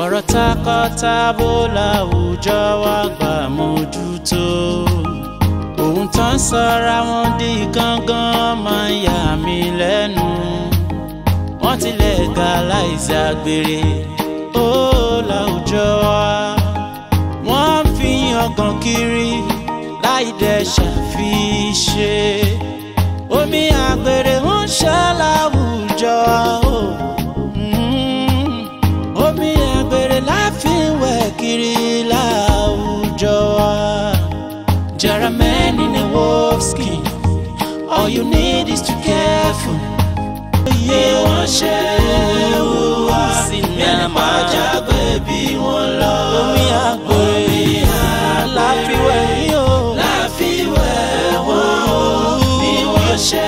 ọ̀rọ̀ takọ-tabo láwùjọ wa gbà mójútó ohun tó ń sọra wọn di gangan máa ń yà mí lẹ́nu wọ́n ti legalize àgbèrè ó láwùjọ wa wọ́n fi ọgàn kiri láì dẹ̀ ṣàfiṣe omi àgbèrè ń ṣe láwùjọ wa. Oh. káàkiri láwùjọ wa. Jeremy Newowski, all you need is to careful. Iye wọn ṣe ewu wa, yẹn máa jágbe bí wọ́n lọ. Omi àgbò ìyá láfiwẹ̀ yóò. Láfiwẹ̀ wọ́n o, bí wọ́n ṣe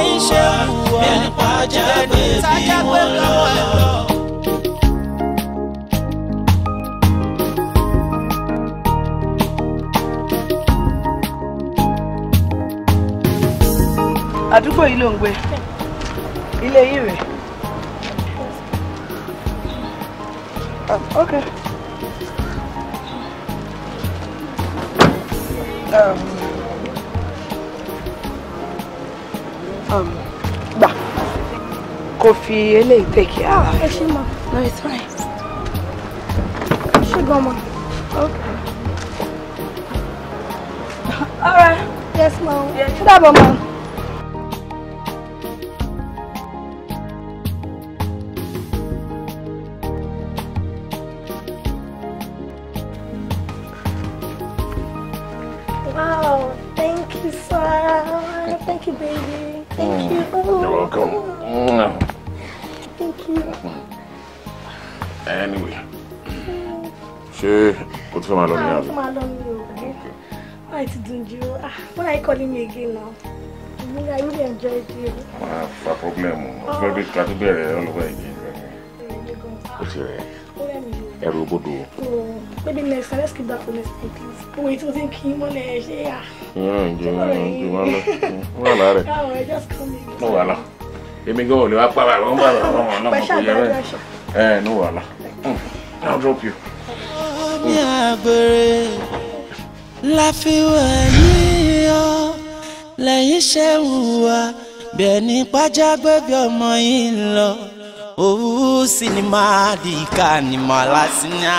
ewu wa, yẹn máa jágbe bí wọ́n lọ. àdúgbò yìí ló ń gbé ilé yìí rèé ah, ok. Um, um, gbà kò fi eléyìí tèkì á. ẹ ṣe mọ no it's fine. ṣé gan mọ. ok. all right. yes ma. yes. dábọ̀ ma. welcome. Thank you. Anyway, ṣé o ti fẹ́ máa lọ ní ah, àná? Máa lọ ní òbí. Why ti dùn jù? Why are you calling me again now? I really enjoyed you. Ah, no problem. Ọ̀fẹ́ bí ká tó bẹ̀rẹ̀ ọlọ́wọ́ ẹ̀jẹ̀ rẹ̀. O ti rẹ̀. Ẹ̀rù òbodò. Maybe next time, let's keep that for next time, please. Wait, o ti ń kí mọ́lẹ̀ ṣé yà? Ǹjẹ́ ǹjẹ́ wọn lọ. Wọ́n wà lára. Oh, just come in. Wọ́n wà lára èmi gan ò lè wá pàrọ̀ àwọn bàbá àwọn ọ̀nà kò yẹ bẹ́ẹ̀ ẹ̀ No, wàhálà mm, I'll drop you. omi àgbèrè la fi wà níyàn lẹ́yìn iṣẹ́ wùwà bẹ́ẹ̀ ni pàjá gbẹ́bí ọmọ yìí ń lọ òwú sinimá dìka ni màlá sinimá.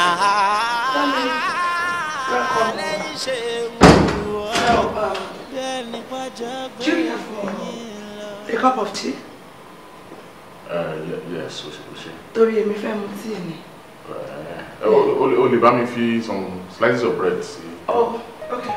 lẹ́yìn iṣẹ́ wùwà bẹ́ẹ̀ ni pàjá gbẹ́bí ọmọ yìí ń lọ. A cup of tea? Eh, yes o ṣe o ṣe. torí èmi fẹ́ mu tíì ni. Eh, eh, o lè bá mi fi some slices of bread sí. oh okay.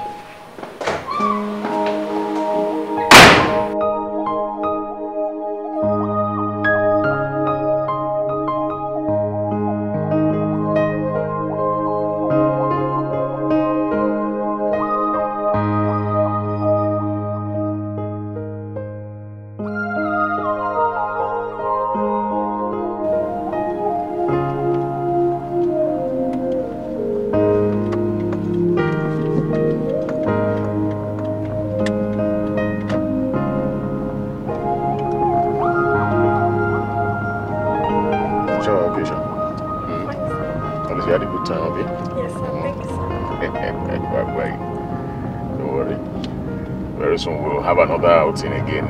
soon we'll have another outing again.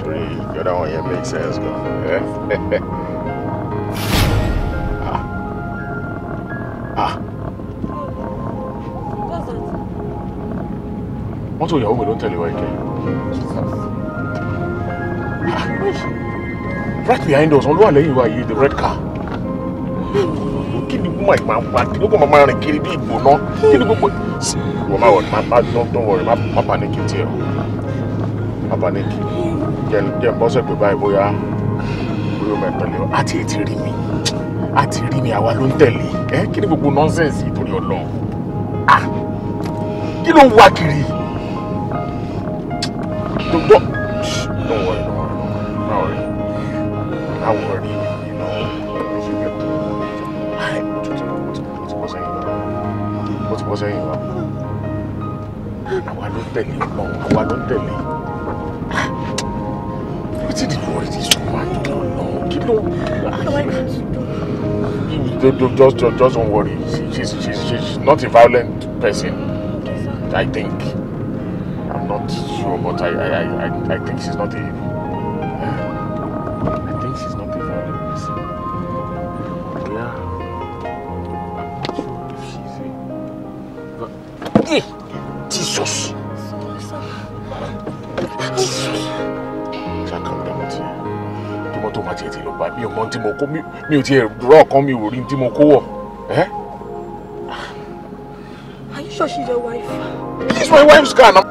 Torí the other one yẹn make sense gan. ah. Ah. Mọ́tò ìyàwó mi ló ń tẹ̀lé wa ike. Right behind us, olúwa lẹ́yìn are you? the red car. Kí ni gbogbo àìpá wa kí ni gbogbo màmá rìn kiri bí ìgbóná kí sí wọ́n má wọ̀rí má don't worry má panic tiẹ̀ o má panic Then, then boss pé báyìí Boya, bóyá ọmọ ẹ̀tọ́ lè ọ àti ètí rí mi àti rí mi àwa ló ń tẹ̀lé ẹ kí ni gbogbo nọ́nsẹ̀nsì ìtòrí ah kí ló ń wá kiri don't, don't, just, just, just don't worry. She's, she's, she's not a violent person, I think. I'm not sure, but I, I, I, I think she's not a mo kó mi ò tiẹ̀ rọ̀ kan mi ò rí tí mo kó wọ̀. Are you sure she's your wife? She's my wife's car. Now.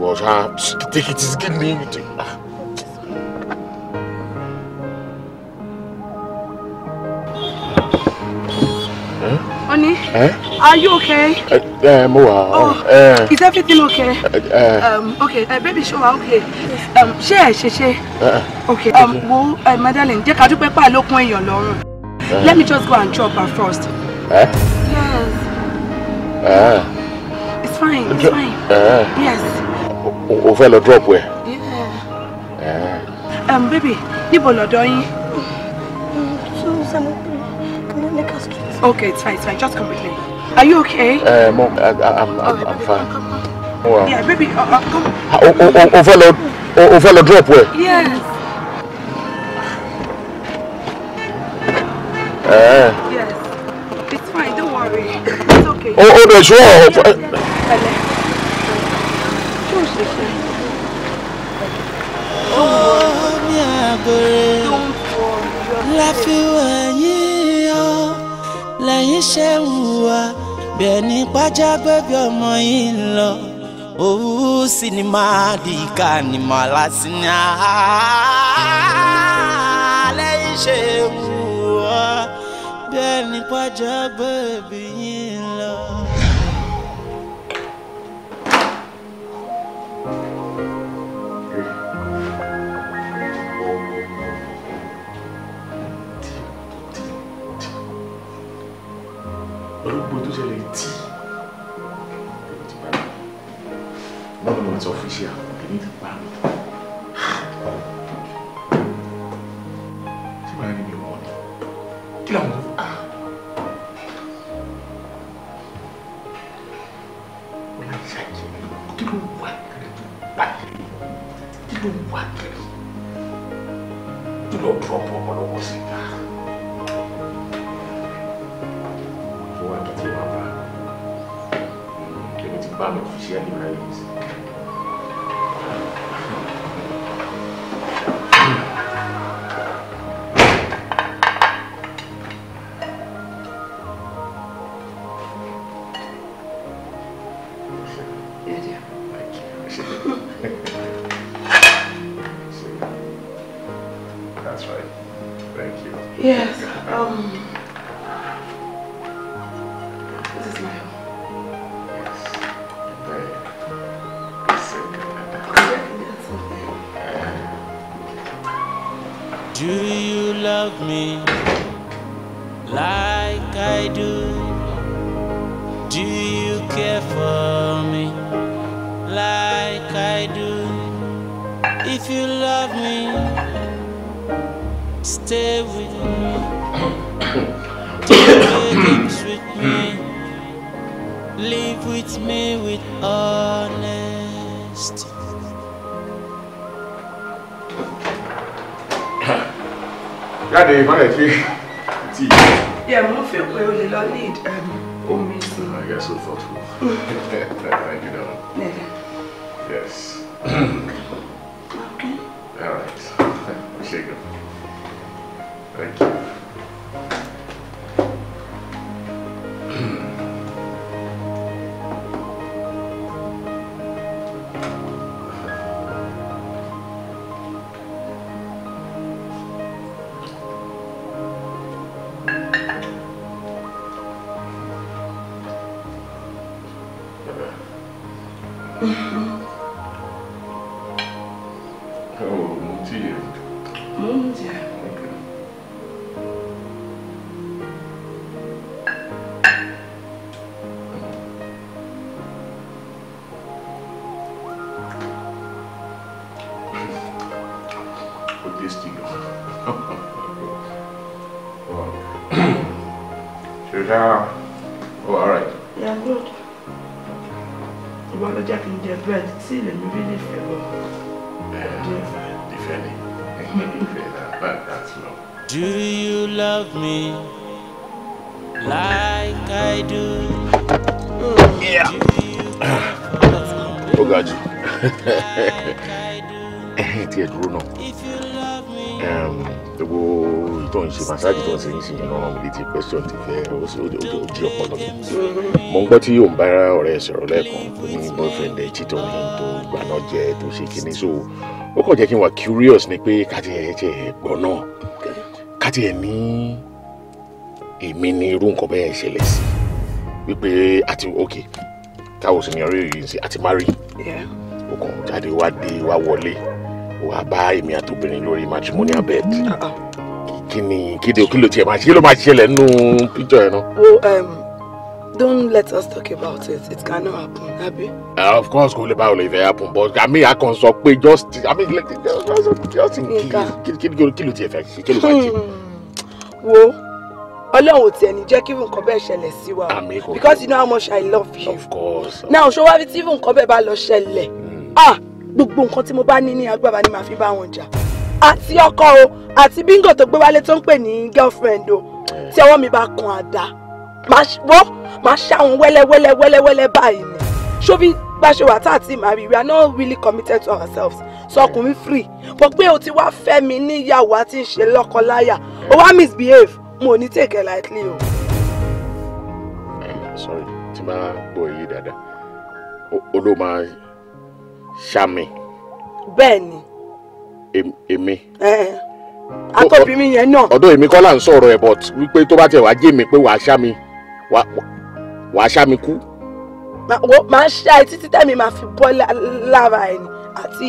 was her. Psst, take it, it's getting me. Ah. Honey, eh? are you okay? Uh, Yeah, mo wà. Oh, eh. Eh, is everything okay? Uh, um, okay, uh, baby show wa okay. Um, ṣé ẹ ṣe Uh, Okay, um, wo uh, Madeline, jẹ́ ká dúpẹ́ Look lókun you're, lọ́rùn. Let me just go and chop her first. Eh? Yes. Eh. It's fine, it's fine. Eh. Yes. O fẹ́ lọ drop wẹ̀? Yeah. Eh. Um, baby, you lọ́dọ̀ yín? Mm, mm, two seven three, Okay, it's fine, it's fine. Just come with me. Are you okay? Uh, eh, mom, I, I, I'm, I'm, oh, I'm fine. Come, come. Yeah, baby, uh, uh come. O, o, o, overload, o, overload drop where? Yes. Uh. Yes. It's fine, don't worry. It's okay. Oh, oh, there's no, wrong. Yes, yes. Don't worry. Don't worry. Don't worry. Don't worry. Don't worry. Don't worry. Don't worry. Don't worry bẹ́ẹ̀ ni pàjá gbẹ́bí ọmọ yìí ń lọ òwú sinimá dìka ni màlá sinmi àlẹ́ ìṣe kù ọ́ bẹ́ẹ̀ pàjá gbẹ́bí yìí ń lọ. pẹ̀lú gbogbo tó ṣẹlẹ̀ tí báwo ni wọ́n sọ fún iṣẹ́ àwọn obìnrin ti pa mí. question ti fẹ́ ojú ọpọlọ mi mo ń gbọ́ tí yóò ń bára ọ̀rẹ́ sọ̀rọ̀ lẹ́ẹ̀kan tó ní boyfriend ẹ̀ títọ́ ní tó gbaná jẹ tó ṣe kíní so ó kàn jẹ́ kí n wà curious ni pé káti ẹ̀ jẹ́ ẹ̀gbọ́ náà káti ẹ̀ ní èmi ni irú nǹkan bẹ́ẹ̀ ṣẹlẹ̀ sí wípé àti ok káwọ sí ni ọ̀rẹ́ yìí sí àti marry ó jáde wá dé wá wọlé wá bá èmi àtòbìnrin lórí matrimonial bed. Uh -uh kí ni o kí ló tiẹ̀ máa ṣe kí ló máa ṣẹlẹ̀ nínú píjọ yẹn um, don't let us talk about it it cannot happen abi. Uh, of course kò lè báwo lè fẹ́ happen but I akàn sọ pé just it. just in kí kí ló tiẹ̀ fẹ́ kí ló máa ṣe. Hmm. wo ọlọ́run ò tiẹ̀ ní jẹ́ kí nǹkan bẹ́ẹ̀ ṣẹlẹ̀ sí wa because you know how much i love you of course now ṣọwọ́ àbí tí nǹkan bẹ́ẹ̀ bá lọ ṣẹlẹ̀ hmm. ah gbogbo nǹkan tí mo bá ní ní agbára ni màá fi bá wọn jà àti ọkọ o àti bíngò tó gbé wálé tó ń pè ní girlfriend o tí ọwọ́ mi bá kan àdá wọ́n máa ṣàwọn wẹ́lẹ́wẹ́lẹ́ wẹ́lẹ́wẹ́lẹ́ báyìí ni ṣóbi bá ṣe wà tá àti marry we are not really committed to ourselves so ọkùnrin free but pé o ti wá fẹ́ mi níyàwó àti ṣe lọ́kọláya o wá misbehave mo ò ní take lightly o. Eh, sorry tí máa gbọ́ èyí dáadáa o ló máa ṣá mi. bẹ́ẹ̀ èmi. atọ́bí mi yẹn náà. ọ̀dọ̀ èmi kọ́ là ń sọ̀rọ̀ ẹ̀ but wípé tó bá tẹ̀ wá jẹ́ mi pé wàá ṣá mi wàá ṣá mi kú. màá ṣá ẹ títí tẹ́mi máa fi bọ́ lára ẹ̀ ni àti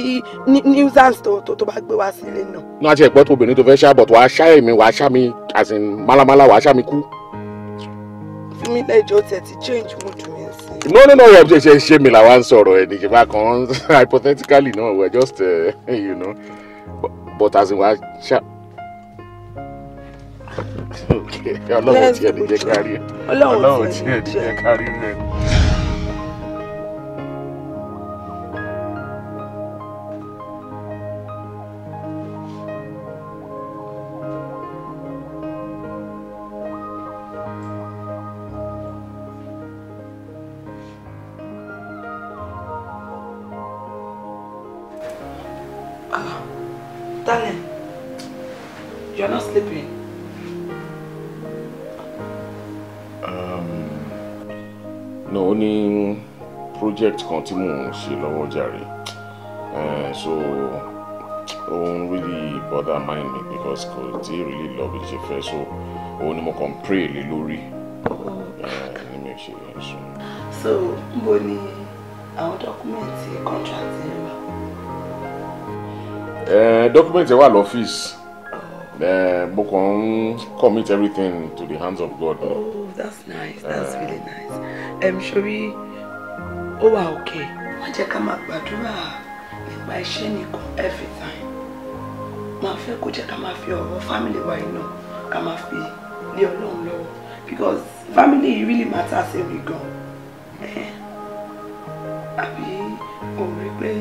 nuisance tó tó bá gbé wá sílé náà. náà ti ẹ̀gbọ́n tó obìnrin tó fẹ́ ṣá but wàá ṣá èmi wàá ṣá mi as in málámálá wàá ṣá mi kú. fún mi lẹ́jọ́ tẹ̀ ti change mood mi no no no ẹ ṣe ṣe mi làwa ń sọ̀rọ̀ ẹ nìyí bá kan hypothetically no we are just uh, you know but as in wa ṣá. ọlọ́run tiẹ̀ ní jẹ́ kárí ọlọ́run tiẹ̀ ní jẹ́ kárí rẹ̀. project kan tí mò ń ṣe lọ́wọ́ jàre eh, so òun really bother mind me because kò tí really love it ṣe so òun ni mo kàn pray lé lórí eh, ni mi ò ṣe yẹn sùn. so níbo ni àwọn dọ́kúmẹ̀ntì contract yẹn wà. Eh, dọ́kúmẹ̀ntì wà lọ́fíìsì oh. mo kàn ń commit everything to the hands of God. oh that's nice that's uh, really nice. Um, ṣorí. Sure ó wà òkè. wọ́n jẹ́ ká máa gbàdúrà nípa iṣẹ́ nìkan every time máa fẹ́ kó jẹ́ ká máa fi ọ̀rọ̀ family wa iná ká máa fi lé ọlọ́run lọ́wọ́ because family really matters every gan àbí o rí pé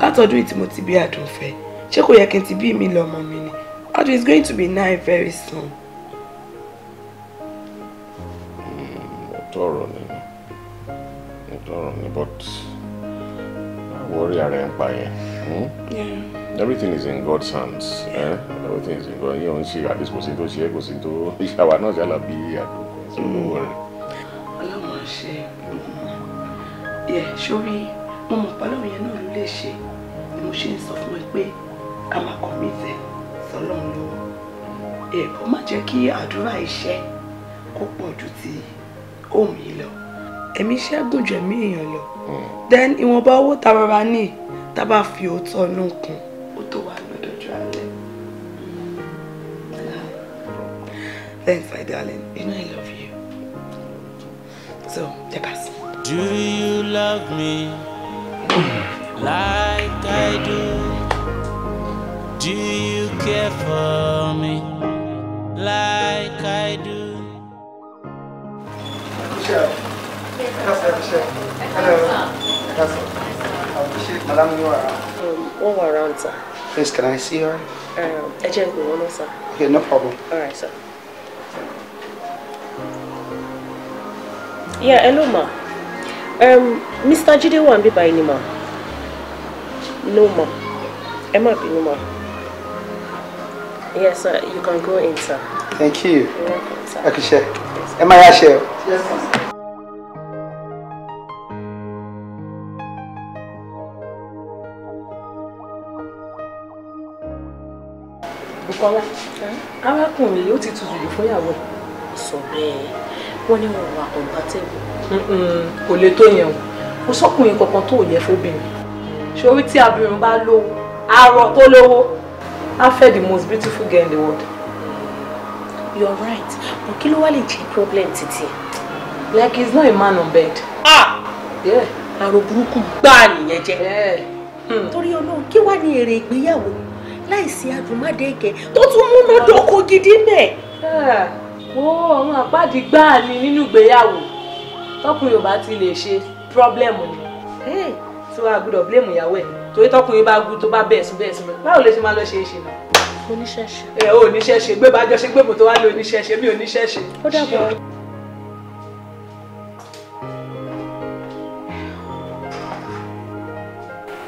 látọdún yìí tí mo ti bí àdùnfẹ́ ṣé kò yẹ kí n ti bí mi lọ́mọ mi ni Adu is going to be nine very soon. Hmm, ọ̀tọ̀ ọ̀rọ̀ ni lọ́rùn ni but worry ara ẹ̀ hmm? everything is in God's hands eh? everything is in God You ń ṣe àdìsí kò sí tó ṣe she kò sí tó ìṣàwà náà ṣàlà bí àkókò sí ló wọlé. ọlọ́run ṣe hmm. yẹ sórí mo mọ̀ pálọ́run yẹn náà ló lè ṣe ni mo ṣe ń sọ fún ẹ pé ká máa kọ̀ mí tẹ̀ sọlọ́run lọ́wọ́ ẹ̀ kó má jẹ́ kí àdúrà iṣẹ́ kó pọ̀ ju ti ohun yìí ẹ̀mí iṣẹ́ gùn èèyàn lọ hmm. then ìwọ̀nba owó ta rọra ní ta bá fi òótọ́ inú kun ó tó wà lódojú alẹ́. thanks my darling you know I love you so jẹ́ ká sùn. Do you love me like I do? Do you care for me like I do? Michelle. Um, one more round, sir. Please, can I see her? Um, I check with one, sir. Okay, no problem. All right, sir. Yeah, hello, ma. Um, Mr. Jide won't be by any ma. No, ma. Emma be no, ma. Yes, sir. You can go in, sir. Thank you. You're welcome, sir. Okay, sure. Yes, Emma, I share. Yes, sir. Bùkọ́lá arákùnrin yìí ó ti tutù jù fún sọ bẹ́ẹ̀ wọ́n ní wọn wà compatible. kò lè tó yẹn o kò sọkùnrin kankan tó yẹ fóbìnrin ṣorí tí abirùn bá lówó àárọ̀ tó lówó á fẹ́ the most beautiful girl in the world. you are right but kí ló wá lè jẹ́ problem títí. like he is not a man on bed. ah àrò burúkú gbáà nìyẹn jẹ. Hmm. torí ọlọ́run kí wàá ní èrè ìgbéyàwó láìsí àdùnmádẹ́gẹ tó tún múná dóko gidi mẹ́. wo àwọn àpáàdì gbáà ni nínú ìgbéyàwó tọkùnrin ò bá ti lè ṣe pírọ́blẹ́mù ni tí wàá gbọ́dọ̀ bílẹ̀mù ìyàwó ẹ̀ torí tọkùnrin bá gún tó bá bẹ̀ẹ̀ sún bẹ̀ẹ̀ sún báwo lè ṣe máa lọ ṣe é ṣe náà. oníṣẹ́ṣe. ẹ ò oníṣẹ́ṣe gbé bá jọṣe gbé mò wá lé oníṣẹ́ṣe mi oníṣẹ́ṣe. ó dàbọ̀.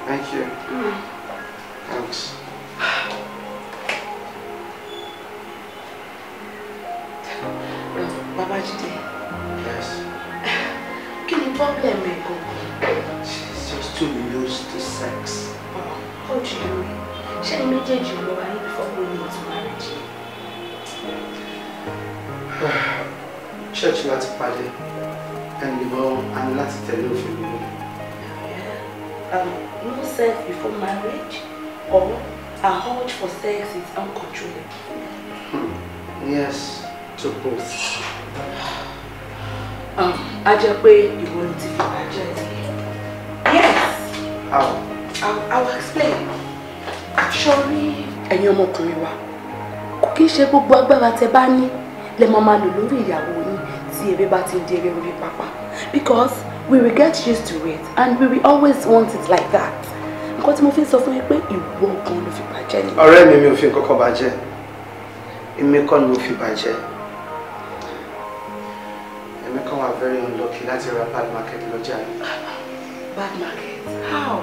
Thank you. Babajide. Yes. Kí ni problem ẹ̀ gan? She's just too used to sex. How do you mean? Ṣé ni méjèèjì lọ wáyé before going into marriage? Church láti pàdé ẹni lọ and you tẹ̀lé òfin gbogbo. Um, no sex before marriage or a alcohol for sex is uncontrollable. Hmm. Yes, to both. Um, a jẹ́ pé ìwọ ló ti fi bàjẹ́ yes how i will explain sọrí ẹ̀yin ọmọkùnrin wa kò kí ń ṣe gbogbo agbára tẹ bá ní lẹ máa máa lò lórí ìyàwó yín tí eré bá ti ń di eré orí pápá because we will get used to it and we will always want it like that nǹkan tí mo fi ń sọ fún yín pé ìwọ gan ló fi bàjẹ́ ni. ọ̀rẹ́ mi mi ò fi nǹkan kan bàjẹ́ èmi kọ́ ni mo fi bàjẹ́ èmi kan wà very unlucky That's your bad market lọ́jà bad market how.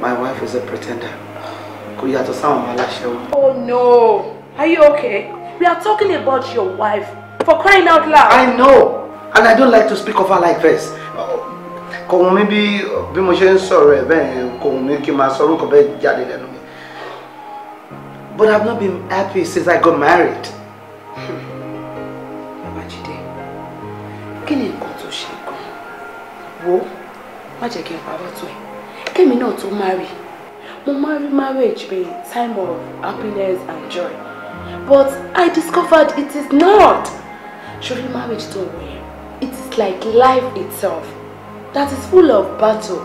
my wife is a pretender kò yàtọ̀ sáwọn ọmọ aláṣẹwọ́. oh no are you okay we are talking about your wife for crying out loud. i know and i don't like to speak of her like this kò maybe mí bí bí mo ṣe ń sọ̀rọ̀ ẹ̀ bẹ́ẹ̀ but I've not been happy since i got married. kí ni nǹkan tó ṣe gan wo má jẹ́ kí n parọ́ tó ẹ̀ kémi náà tó marry mo marry marriage being time of happiness and joy but I discovered it is not surely marriage tó wọ̀ it is like life itself that is full of battle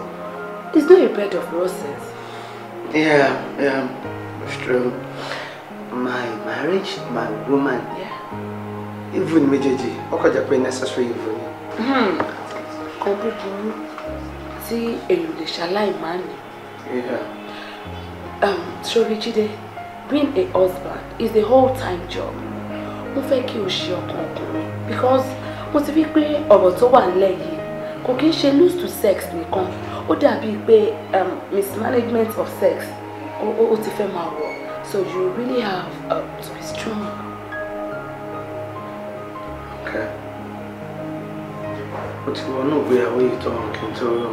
it is not a bed of roses. yeah yeah true my marriage my woman. Yeah even méjèèjì ọkọ̀ jẹ́ pé necessary even ni. Hmm. kan búburú tí èlò lè ṣaláì máa ní. Um, sori Jídé being a husband is a whole time job mo fẹ́ kí o ṣe ọkàn ọkùnrin because mo ti fi pé ọ̀rọ̀ tó wà nílẹ̀ yìí kò kí ń ṣe lose to sex nìkan ó dàbíi pé um, mismanagement of sex ó ti fẹ́ máa wọ̀ so you really have uh, to be strong ó ti wọnú ìgbéyàwó yìí tó hàn kí n tó rò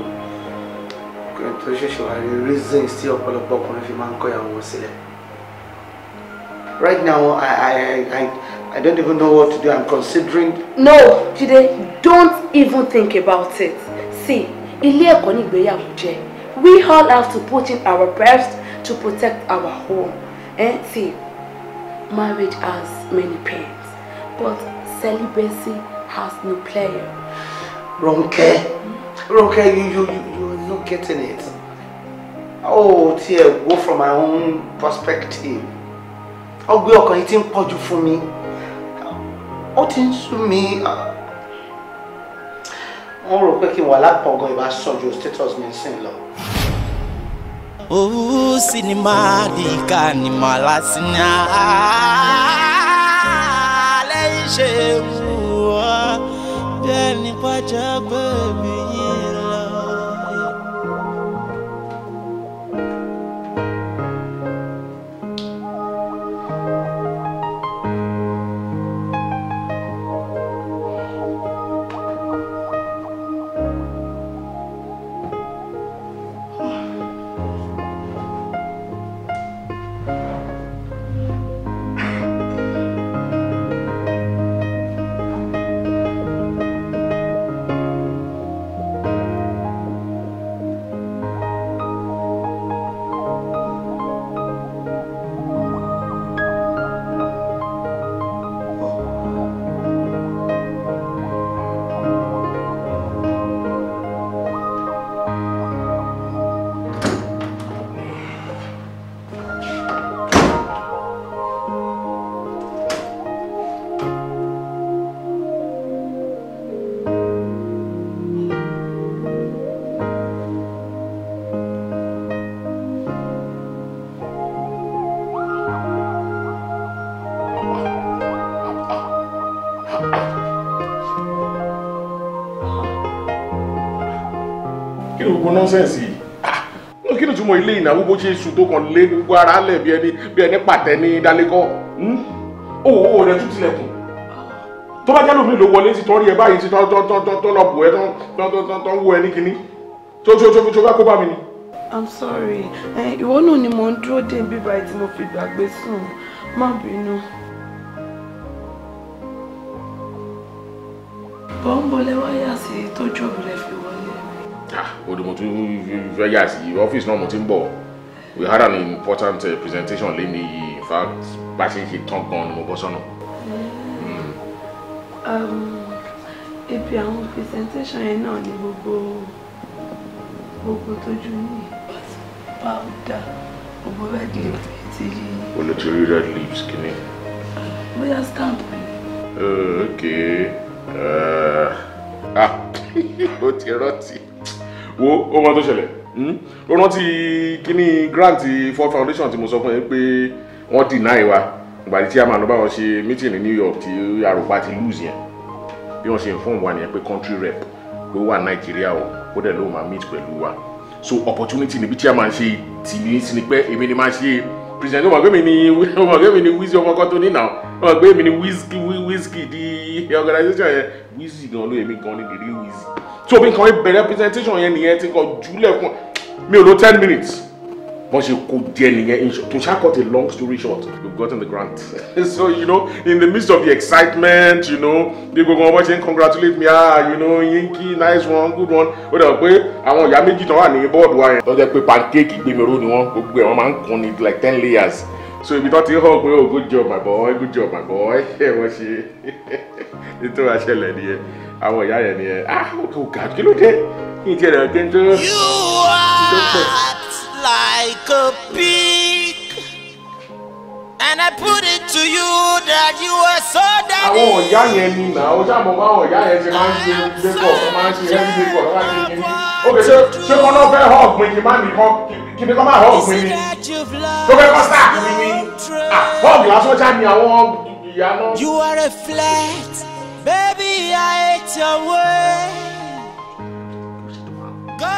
kí n tó ṣẹ̀ṣẹ̀ wá rí reasons tí ọ̀pọ̀lọpọ̀ ọkùnrin fi máa ń kọ̀yàwó sílẹ̀. Right now, I, I, I, I don't even know what to do. I'm considering. No, Jide, don't even think about it. See, ilé ẹ̀kọ́ ní ìgbéyàwó jẹ́. We all have to put in our best to protect our home. Eh? See, marriage has many pains, but celibacy has no player. Ronke, Ronke, you, you, you, you're not getting it. Oh, dear, go from my own perspective. Ọgbẹ́ ọkàn are ti ń pọ̀jù fún mi. Ó ti ń sú mi. Wọ́n rò pé kí n wà lápò ọgọ́ ìbá status mi sìn lọ. Oh, cinema, the cinema, ni màlá ṣe wù ọ́ bí ẹni pàjáwé mi yìí. eléyìí bó ṣe sùn tó kàn lé gbogbo ara lẹ̀ bí ẹni bí ẹni pàtẹ ní dálékọ́ owó hmm? owó rẹ tún tilẹ̀kùn tó bá jẹ́lómi ló wọlé ti tán ẹ báyìí ti tán ẹ tán tán ẹ ní kinní tó tó tó tó bá kó bá mi ni. i'm sorry ìwọ náà ni mo ń dúró dé bí báyìí tí mo fi gbàgbé sùn má bínú. bọ́ńbọ́lẹ́ wáyà sí tójú òbí rẹ̀ fi wọlé odò ah, mo tún fẹ́ yà sí office náà mo ti ń we had an important uh, presentation lẹ́ni yìí in fact bá a ṣe ń ṣe tán gan ni mo bọ́ sọ́nà. Hmm. Um, ibi àwọn presentation yẹn náà ni gbogbo gbogbo tójú ní powder gbogbo red lips hmm. ti yí. olùtúrí red lips kìíní. bóyá stamp mi. ok. Uh, ah ó ti rántí wo ó mọ tó ṣẹlẹ̀ hmm? ó rántí kíní grant Ford Foundation tí mo sọ fún yín pé wọ́n deny wa ìgbà tí chairman bá wọn ṣe meeting ní New York tí àròpá ti lose yẹn bí wọ́n ṣe inform wa nìyẹn pé country rep ló wà Nàìjíríà o ó dẹ̀ ló máa meet pẹ̀lú wa so opportunity níbi chairman ṣe tì mí sí ni pé èmi ni máa ṣe president ọmọ gbé mi ni ọmọ gbé mi ni wizzy ọmọ kan tó ní náà ọmọ gbé mi ni wizzy di organisation yẹn wizzy gan ló yẹ mí gan ni the real wizzy so bí nǹkan bẹ̀rẹ̀ presentation yẹn nìyẹn ti kàn júlẹ̀ fún mi ò lo ten minutes bọ́n ṣe kó díẹ̀ nìyẹn to shall cut a long story short you got gotten the grant so you know in the midst of the excitement you know bí gbogbo wọn ṣe ń congratulate me ah you know yinki nice one good one ó dẹ̀ pé àwọn ìyá méjì tán wà ní bọ́ọ̀dù wa yẹn lọ́jọ́ pé pancake gbẹmẹ̀rọ ni wọ́n gbogbo ẹ̀ wọ́n máa ń kun ní like ten layers so ibi tó ti hàn pé o oh, good job my boy good job my boy ẹ wọ́n ṣe ètò àṣẹlẹ̀ nìyẹn àwọn ìyá yẹn nìyẹn ah o oh, oh, gà kí ló dé kí n tiẹ̀ rẹ̀ kí n tó. you act like a pig and I put it to you that you were so daddy. àwọn ìyá yẹn ni nà ó sábà mọ àwọn ìyá yẹn ti máa ń ṣe gbẹ́kọ̀ máa ń ṣe ẹ́ńdẹ́kọ̀ láti yẹn ní. ó kè ṣe ṣé kọ́nà fẹ́ hàn pé kí n má nìkan kí kí mi kọ́ máa họ́ọ̀gù mi tó fẹ́ kọ́ sáà mi ni lásán ṣáà ni àwọn ìyá náà. you are a flat baby I hate your way. go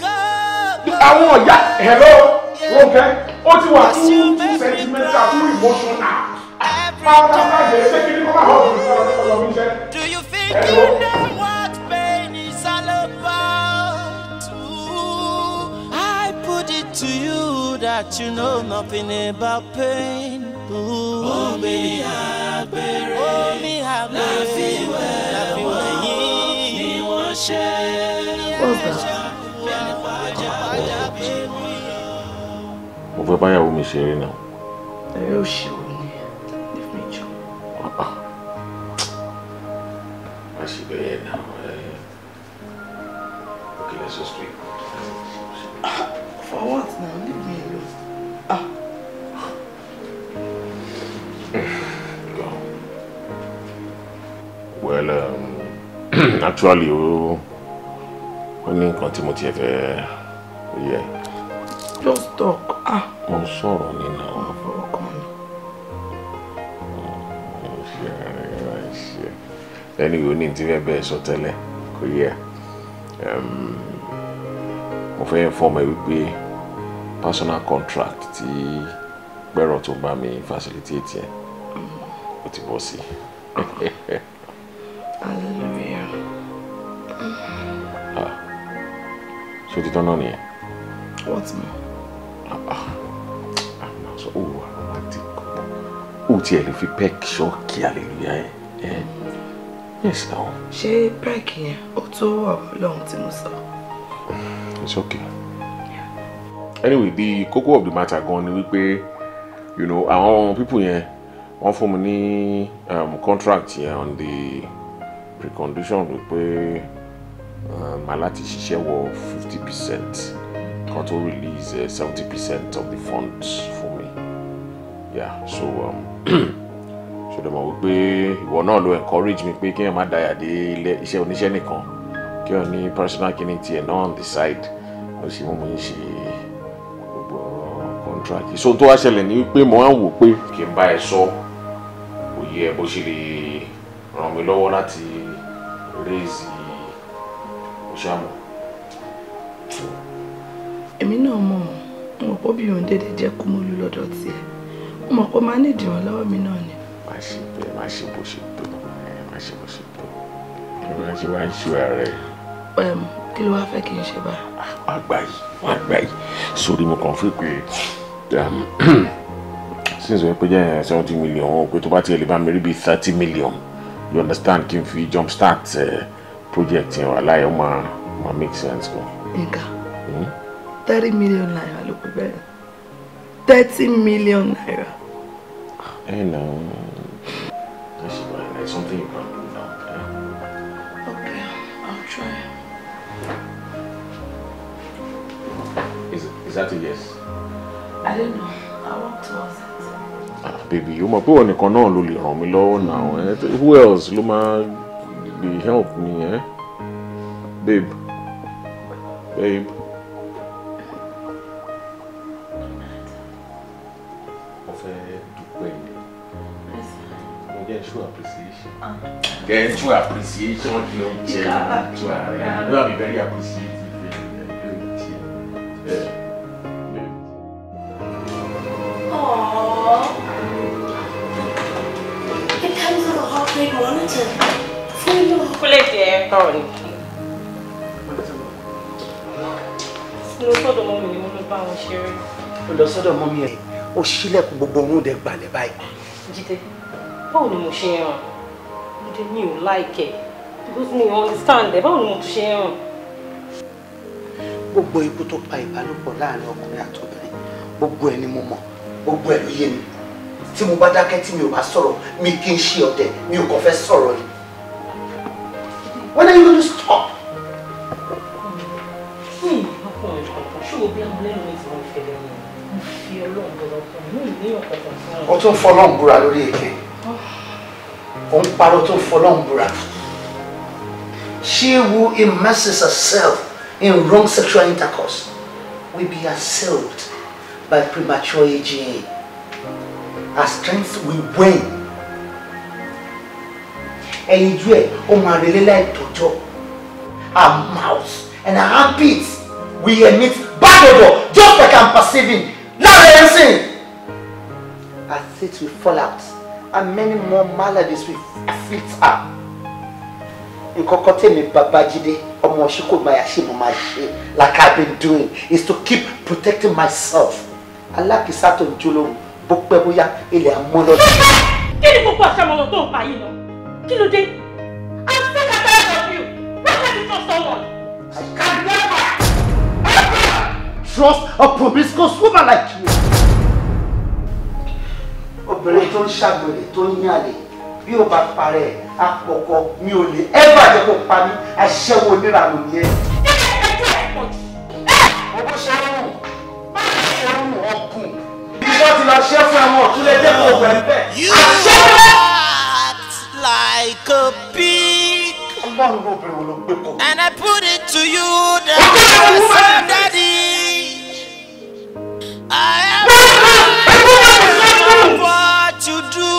go go. àwọn ọ̀yá hello Rónkẹ́ ó ti wà tún tún sentimental tún emotional. máa bá bá jẹ́ ṣé kí ni kọ́ máa họ́ọ̀gù mi sọ̀rọ̀ mi jẹ́. do you you that you know nothing about pain. Omi àgbèrè omi àgbèrè láfiwẹ̀ wọ́n ni wọ́n ṣe. Mo fẹ́ báyàwó mi ṣeré náà. Ẹ̀rẹ́ òṣèlú ni Dèfínjọ. Má ṣe bẹ́ẹ̀ náà. Òkèlè sọ sí. For what now? well um, actually o ó ní nǹkan tí mo tiẹ̀ fẹ́ yẹ. just talk. mo sọ̀rọ̀ nínú àwọn afọwọ́kàn mi. anyway oní ti fẹ́ bẹ́ẹ̀ sọ tẹ́lẹ̀ kò yẹ mo fẹ́ inform ẹ wípé personal contract ti gbẹ́rọ̀ tó bá mi facilitate yẹn ó ti bọ́ sí i. Mm-hmm. Hallelujah. Ah. Ṣé o ti tán náà nìyẹn? What more? Ah, sọ ó wà romantic. Ó tiẹ̀ lè fi pec ṣọ́ọ̀kì hallelujah yẹn. Yes now. Ṣé pec yẹn ó tó ọ̀rọ̀ lọ́hùn tí mo sọ? It's okay. Yeah. Anyway, the cocoa of the matter gone. We pay, you know àwọn people here wọ́n for mi ní um, contract yẹn on the precondition wípé màá um, lati ṣiṣẹ́ wọ fifty percent kan tó release uh, seventy uh, percent of the funds for me. yeah so um, so ṣòdò mọ̀ wípé ìwọ náà ló encourage mi pé kéèyàn má dayà dé ilé iṣẹ́ oníṣẹ́ nìkan kéèyàn ní personal clinic tiẹ̀ náà on the side ó sì mú mi ṣe gbogbo contract so to wá ṣẹlẹ̀ ní wípé mo wá wò pé kí n bá ẹ sọ òye ẹ bó ṣe lè ràn mí lọ́wọ́ blaze oṣuamọ. èmi náà mọ̀ mo mọ̀ pé bí òun dédé jẹ́ kó mo lù lọ́dọ̀ tiẹ̀ mo mọ̀ pé máa nídìí wọn lọ́wọ́ mi náà ni. má ṣe bẹ́ẹ̀ má ṣe bó ṣe tó má ṣe bó ṣe tó ẹ̀rọ náà ṣe wá ń ṣe ara rẹ̀. kí ló wá fẹ́ kí n ṣe bá. Ah, wàá gbà yìí wàá gbà yìí sórí mo kàn fún pé since wọ́n pé jẹ́ seventy million wọ́n pé tó bá tiẹ̀ lè bá mi rí bíi thirty million. you understand kí n jump start uh, project yẹn wà láyé ó máa make sense hmm? thirty million naira look, pẹ́ thirty million naira. I know. that's fine something you can do now. okay I'll try. is is that a yes. I don't know I want to ask. bèbí ó mọ̀ pé wọ́n nìkan náà ló lè ràn mí lọ́wọ́ náà eh? who else ló máa lè help me eh? babe babe. get true appreciation. Get ah. true appreciation. You eh? know, you have very appreciative. Eh? Aww. Wait, monitor. it there. Sorry. Mo sọ́dọ̀ mọ́ mi ni mo ló bá wọn ṣeré. Mo lọ sọ́dọ̀ mọ́ mi ẹ̀. Ó ṣílẹ̀kùn gbogbo orun dẹ̀ gbalẹ̀ báyìí. Jíde, báwo ni mo ṣe ń ràn? Mo dé mi ò láìkẹ̀. Because mi ò understand ẹ̀. Báwo ni mo ṣe ń ràn? Gbogbo ikú tó pa ìbálòpọ̀ láàárín ọkùnrin àtobìnrin, gbogbo ẹ̀ mo mọ̀, gbogbo ẹ̀ ló yé mi tí mo bá dákẹ́ tí mi ò bá sọ̀rọ̀ mi kì í ṣe ọ̀tẹ̀ mi ò kàn fẹ́ sọ̀rọ̀ ni. When are you going to stop? ó tún fọlọ́n búra lórí èké ó ń parọ́ tó fọlọ́n búra. She who immerses herself in wrong sexual intercourse will be assailed by premature aging our strength will wane ẹyinjú oh, ó really like to talk. our mouth and our armpits we emit bad odor, just like i'm perceiving lára ẹsìn our teeth will fall out and many more maladies will afflict her nǹkan kan me babájídé ọmọ ṣíkòmáyà ṣe mo máa ṣe like I've been doing is to keep protecting myself alákìsà tó ń jó lóhùn bó pẹ́ bóyá ilẹ̀ amọ́ lọ́dún. kí ni gbogbo àṣà ọmọ tó ń pa yìí lọ kí ló dé i'm sick and tired of you why can't you trust someone. i can never ever trust a promiscuous woman like you. obìnrin tó ń ṣàgbèrè tó ń yàlè bí ó bá parẹ́ àpọ̀kọ mi ò lè ẹ́ bàjẹ́ kó pa mí aṣẹ́wó oníranù ni ẹ́. you act like a pig. and I put it to you that you are my daddy. I am not what to do.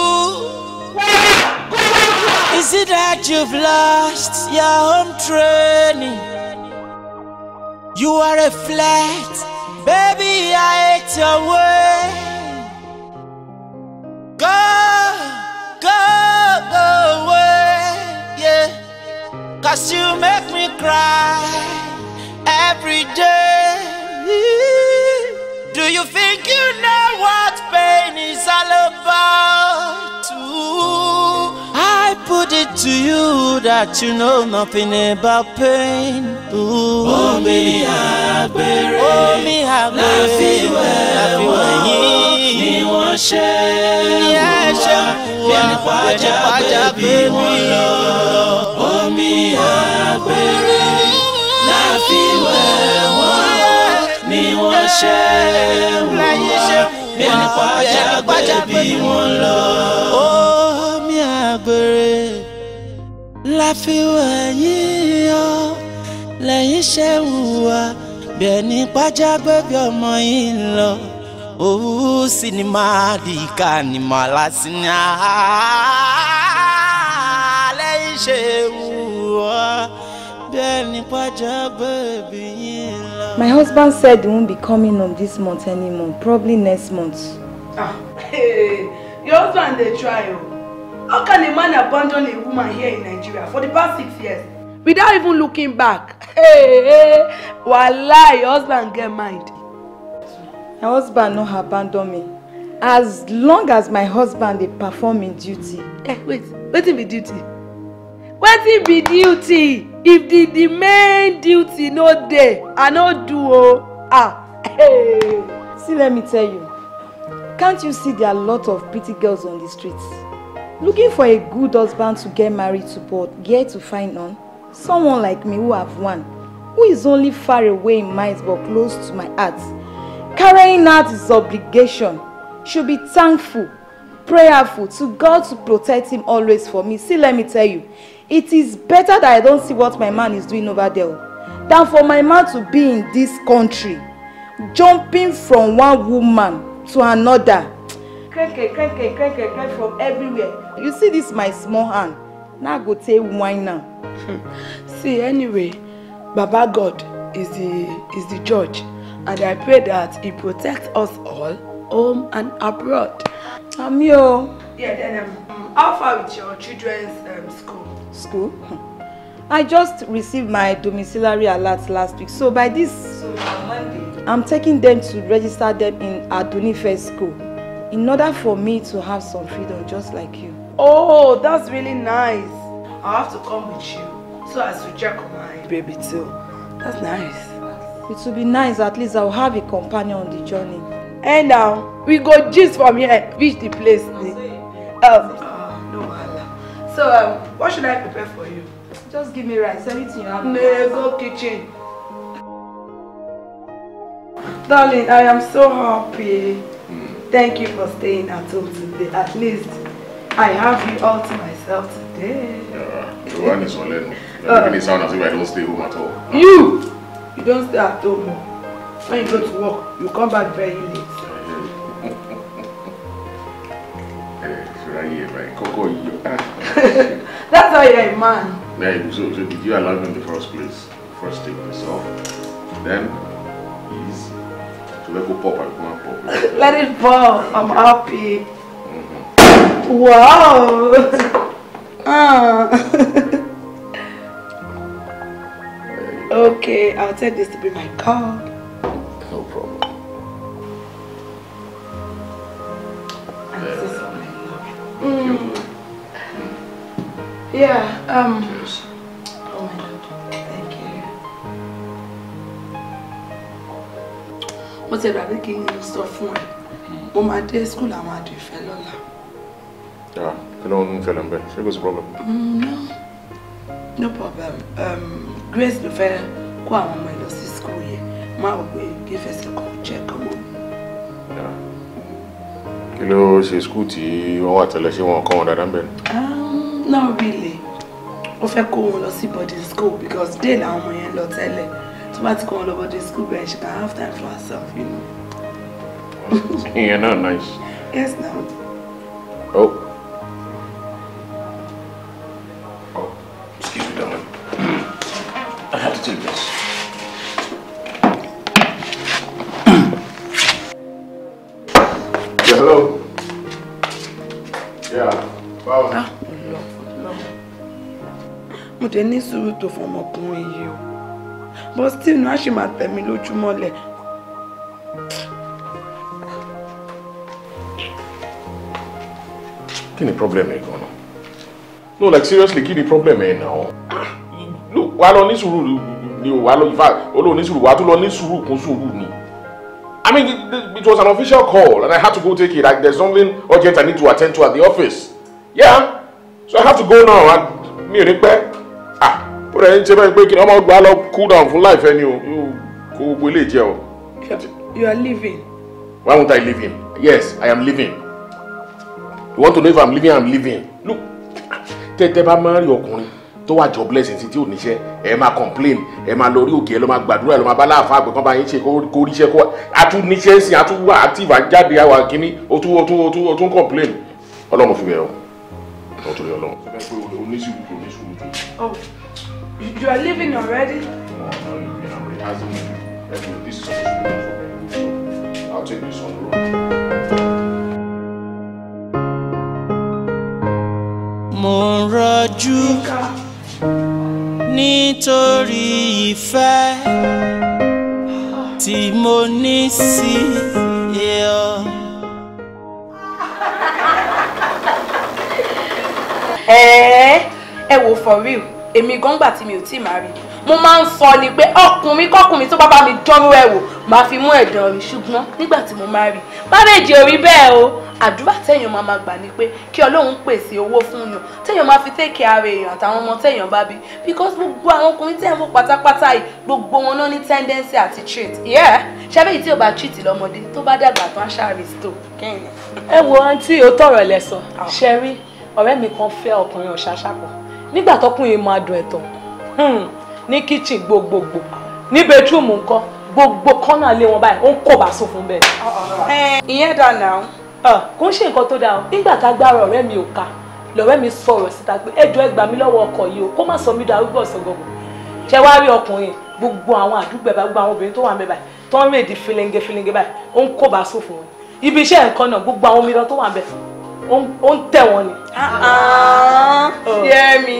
Is it that you've lost your home training? You are a flat, baby. I hate your way. Go, go, go away, yeah. Cause you make me cry every day. Do you think you know what pain is all about? it to you that you know nothing about pain. Ooh. Omi oh, omi àgbèrè, láfiwẹ̀ wọ́n ni wọ́n ṣe wá, bí ẹni pàjá bèbí wọn lọ. Omi àgbèrè, láfiwẹ̀ wọ́n ni wọ́n ṣe wá, bí ẹni pàjá bèbí wọn lọ. Oh la fi wà yìí o lẹ́yìn ṣe hùwà bẹ́ẹ̀ ni pàjá ọmọ yìí ń lọ òwú sinimá dìka ni màlá sinimá lẹ́yìn ṣe hùwà bẹ́ẹ̀ ni pàjá yìí ń lọ. My husband said he won't be coming home this month anymore probably next month. Ah. Hey, your husband dey try o. How can a man abandon a woman here in Nigeria for the past six years without even looking back? Hey, hey, wallahi, your husband get mind. My husband no abandon me. As long as my husband dey perform im duty. Eh, wait, wetin be duty? Wetin be duty? If the the main duty no dey, I no do oh Ah, hey. See, let me tell you. Can't you see there are a lot of pretty girls on the streets? Looking for a good husband to get married to, but yet to find none. Someone like me who have one, who is only far away in mind but close to my heart. Carrying out his obligation should be thankful, prayerful to God to protect him always for me. See, let me tell you, it is better that I don't see what my man is doing over there than for my man to be in this country, jumping from one woman to another keke keke keke keke from everywhere you see this my small hand Now go take wine now. see anyway baba god is the is the judge and i pray that he protects us all home and abroad. ami o. yeah then um, how far with your children's um, school. school. I just received my domiciliary alert last week. So by this so Monday, I'm taking them to register them in Adonife school. in order for me to have some freedom just like you. Oh, that's really nice. I'll have to come with you so as to check on my baby too. That's nice. It will be nice, at least I'll have a companion on the journey. And now, we go just from here, reach the place. Um, uh, no, Allah. So, um, what should I prepare for you? Just give me rice, everything you have. No, go kitchen. Darling, I am so happy. Thank you for staying at home today. At least I have you all to myself today. Yeah, the one is one level. You're uh, making it sound as if I don't stay home at all. You! You don't stay at home. Oh. When you go to work, you come back very late. Eh, That's why you're a man. Yeah, so, so did you allow him the first place? First take this off. Then, easy. go pop, I'll go and pop. Let it pop. I'm happy. Mm -hmm. Wow. ah. okay, I'll take this to be my car. No problem. And this is love. Yeah, um. Cheers. mo ti dàbí kí n sọ fún ẹ mm-hmm. mo máa dé school àwọn adìfẹ́ lọ́la. Ah, kí ló ń ṣẹlẹ̀ ń bẹ̀ ṣé kò sí problem. Mm, no no problem um, Grace ló fẹ́ kó àwọn ọmọ ẹ lọ school yẹn máa wọ pé kí fẹsẹ̀ kọ́ jẹ́ kọ́mọ. kí ló ṣe school tí wọ́n wà tẹ́lẹ̀ ṣé wọn kọ́ wọn dáadáa ń bẹ̀ ni. Um, no really ó fẹ́ kó wọn lọ sí boarding school because dale àwọn ọmọ yẹn lọ tẹ́lẹ̀ tó bá ti kọ́ all over the school bench she can have time for herself you know. You're not nice. Yes, no. Oh. Oh, excuse me, darling. I had to do this. yeah, hello. Yeah, báwo. Ah, mo dé ní sùúrù tó fọmọkùnrin yìí o bó sínú á sì máa tẹ̀mí lójúmọ́lẹ̀. kí ni problem yẹn gan no like seriously kí ni problem yẹn náà look wàá lọ ní sùúrù ni o wàá lọ in fact olóò ní sùúrù wàá tún lọ ní sùúrù kún ni i mean it was an official call and i had to go take it like there's something urgent i need to attend to at the office yeah so i have to go now and mi ò ní ó rẹ̀ ń ṣe báyìí pé kí ọmọ gbà lọ cool down fún láìfẹ́ ni o kó gbogbo ilé jẹ o. you are living. why won't I leave him? yes I am living. you want to know if I am leaving I am leaving. look tẹ́tẹ́ bá máa ń rí ọkùnrin tó wà job blessing sí tí ò níṣẹ́ ẹ máa complain ẹ máa lọ orí òkè ẹ lọ máa gbàdúrà ẹ lọ máa bá láàfà àgbẹ̀ kan bá yín ṣe kó ríṣẹ́ kó atún níṣẹ́ sí atún wà active àjáde àwà kínní o tún o tún o tún o tún complain ọlọ́run fi bẹ̀rẹ̀ o ọ̀tún ọlọ́run. ẹ fẹ́ You are leaving already? No, I'm not leaving. I'm rehearsing with you. Let's go. This is what you I'll take this on the road. Mo rọjú nítorí ìfẹ́ tí mo ní sí for real èmi gan gbà tí mi ò tí ì máa rí mo máa ń sọ ni pé ọkùnrin kọkùnrin tó bá bá mi dánrú ẹ wò máa fi mú ẹ̀dàn rí ṣùgbọ́n nígbà tí mo máa rí bábẹ́ẹ̀jì ò rí bẹ́ẹ̀ o àdúrà téèyàn máa máa gbà ni pé kí ọlọ́run pèsè owó fún yàn téèyàn máa fi tẹ́kẹ̀ ara èèyàn àtàwọn ọmọ téèyàn bá bí because gbogbo àwọn ọkùnrin téèyàn fún pátápátá yìí gbogbo wọn náà ní tendency àti treat yeah ṣẹ́fẹ́ yìí tí ò bá treat lọ́mọdé tó bá dàgbà tó ń ṣàrè sto kẹ́yìn. ẹ wo àǹtí o tọrọ ẹ lẹ sọ ah. ṣẹrí ọ̀rẹ́ mi kan fẹ́ ọkùnrin ọṣàṣàpọ nígbà tọkùnrin máa dùn ẹ̀tàn hmm. ní kitchen gbogbogbò ní bedroom nǹkan gbogbo kọ́nà lé wọn báyìí ó ń kò bá sùn fún bẹ́ẹ̀. Eh, ìyẹn dà náà. kò ń ṣe nǹkan tó dáa nígbà tá a gbára ọ̀rẹ́ mi ò ka lọ́rẹ́ mi sọ̀rọ̀ síta pé ẹjọ́ ẹ gbà mí lọ́wọ́ ọkọ̀ yìí o kó má sọ mí da arúgbó ọ̀sọ̀gọ̀gọ̀ ṣé wàá rí ọkùnrin gbogbo àwọn àdúgbò ẹ̀bá gbogbo àwọn obìnrin tó wà ń bẹ báyìí tó ń rèdí fílẹ̀ngẹ́fílẹ̀ngẹ́ báyìí ó ń kó bá sùn fún wọn ibi iṣẹ́ nǹkan náà gbogbo àwọn omidan tó wà ń bẹ ó ń tẹ̀ wọ́n ni. ṣé mi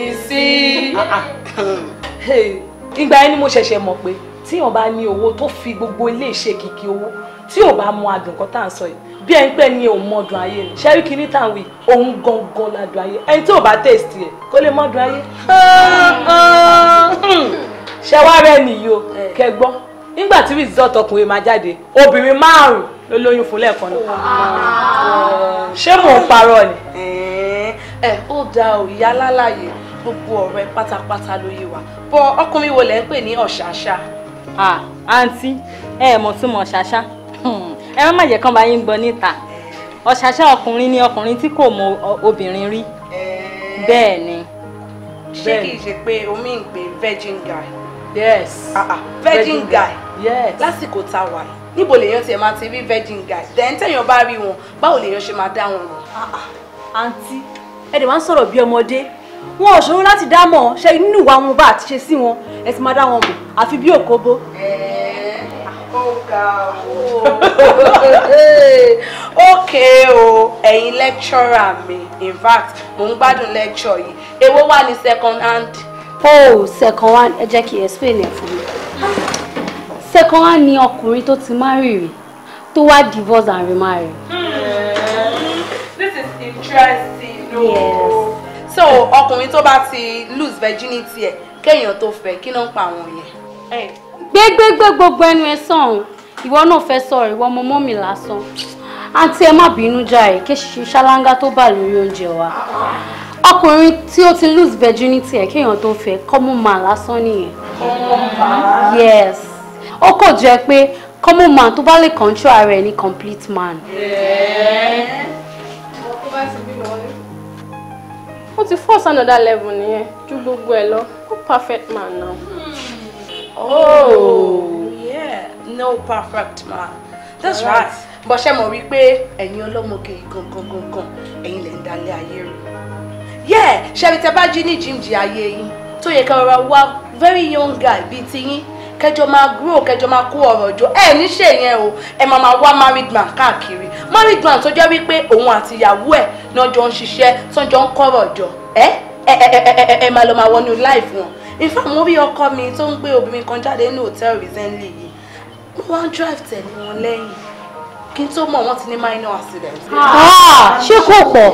sí. ìgbà yẹn ni mo ṣẹ̀ṣẹ̀ mọ̀ pé tíyàn bá ní owó tó fi gbogbo ilé ṣe kìkì owó tí ò bá mọ àdùn kan tá à ń sọ yìí bí ẹni pẹ́ ni òun mọ̀dùn ayé ni ṣẹ́rí kìíní tá à ń wí òun gangan ládùn ayé ẹni tí ò bá tẹ̀sítì ẹ̀ kó lè mọ̀dùn ayé. ṣẹ́wá rẹ̀ nìyí o kẹ́gbọ́n nígbà tí rìsọ́ọ̀tì ọkùnrin máa jáde obìnrin márùn-ún ló lóyún fún lẹ́ẹ̀kan náà ṣé mò ń parọ́ ni. ẹ ó da ò ìyá lálàyé gbogbo ọ̀rọ̀ ẹ pátápátá ló yé wa bọ ọkùnrin wo lẹ ń pè ní ọ̀ṣàṣà. àǹtí ẹ mọ̀ tún mọ̀ ṣàṣà ẹ má má jẹ́ kán bá yín gbọ́ níta ọ̀ṣàṣà ọkùnrin ni ọkùnrin tí kò mọ obìnrin rí bẹ́ẹ̀ ni. ṣé kìí ṣe pé omi ń pè virgin guy. yes. Ah ah. virgin, virgin guy. yes. lásìkò tá a wà yìí níbo lèèyàn tiẹ̀ máa ti rí virgin guy then téèyàn bá rí wọn báwo lèèyàn ṣe máa dá wọn mọ̀. Ah, ah, àǹtí ẹ dẹ̀ máa ń sọ̀rọ̀ bí ọmọdé wọn ò ṣòro láti dá mọ̀ ṣe nínú ìwà wọn bá àti ṣe sí wọn ẹ ti máa dá wọn mọ̀ àfi bí òkóbó. ok o ẹ̀yin lecturer mi in fact mo ń gbádùn lecture yìí èwo wà ní second hand. oh second hand ẹ jẹ́ kí explain ẹ̀ fún mi. Ah ṣé kan á ọkùnrin tó ti marry rí tó wá divorce and remarry. Hmm. This is interesting. No. Yes. So ọkùnrin tó bá ti lose virginity ẹ̀ kéèyàn tó fẹ́ kí ló ń pa àwọn yẹn. gbégbégbé gbogbo ẹnu ẹ sọ̀rùn ìwọ náà fẹ́ sọ̀rọ̀ ìwọ ọmọ mọ́mì lásán àǹtí ẹ má bínú jàre kéṣìṣì ṣáláńgá tó bà lórí oúnjẹ wa ọkùnrin tí ó ti lose virginity ẹ̀ kéèyàn tó fẹ́ common man lásán nìyẹn. common man. yes ó kò jẹ́ pé common man tó bá lè control ara ẹ̀ ní complete man. ó ti force another level nìyẹn ju gbogbo ẹ lọ ó perfect man now. Hmm. oh yeah no perfect man that's right. right bó ṣe mọ̀ wípé ẹ̀yin ọlọ́mọge gangan gangan ẹ̀yin lè ń dalẹ̀ ayé rẹ̀. yẹ́ẹ̀ ṣẹ́bi tẹ bá jí ní jíǹjì ayé yín tó yẹ ká rọra wá very young guy bíi tiyín kẹjọ máa grow kẹjọ máa kó ọ̀rọ̀ jọ ẹ ní ṣe yẹn o ẹ máa máa wá married man káàkiri married man tó jẹ́ wípé òun àti ìyàwó ẹ̀ náà jọ ń ṣiṣẹ́ tó jọ ń kọ́rọ̀ jọ ẹ ẹ ẹ ẹ ẹ máa lọ máa wọnú life wọn in fact mo rí ọkọ mi tó ń gbé obìnrin kan jáde ní hotel recently yìí mo wá ń drive tẹ̀lé wọn lẹ́yìn kí n tó mọ̀ wọ́n ti ní minor accident. Ah, ah, ṣé kò pọ̀.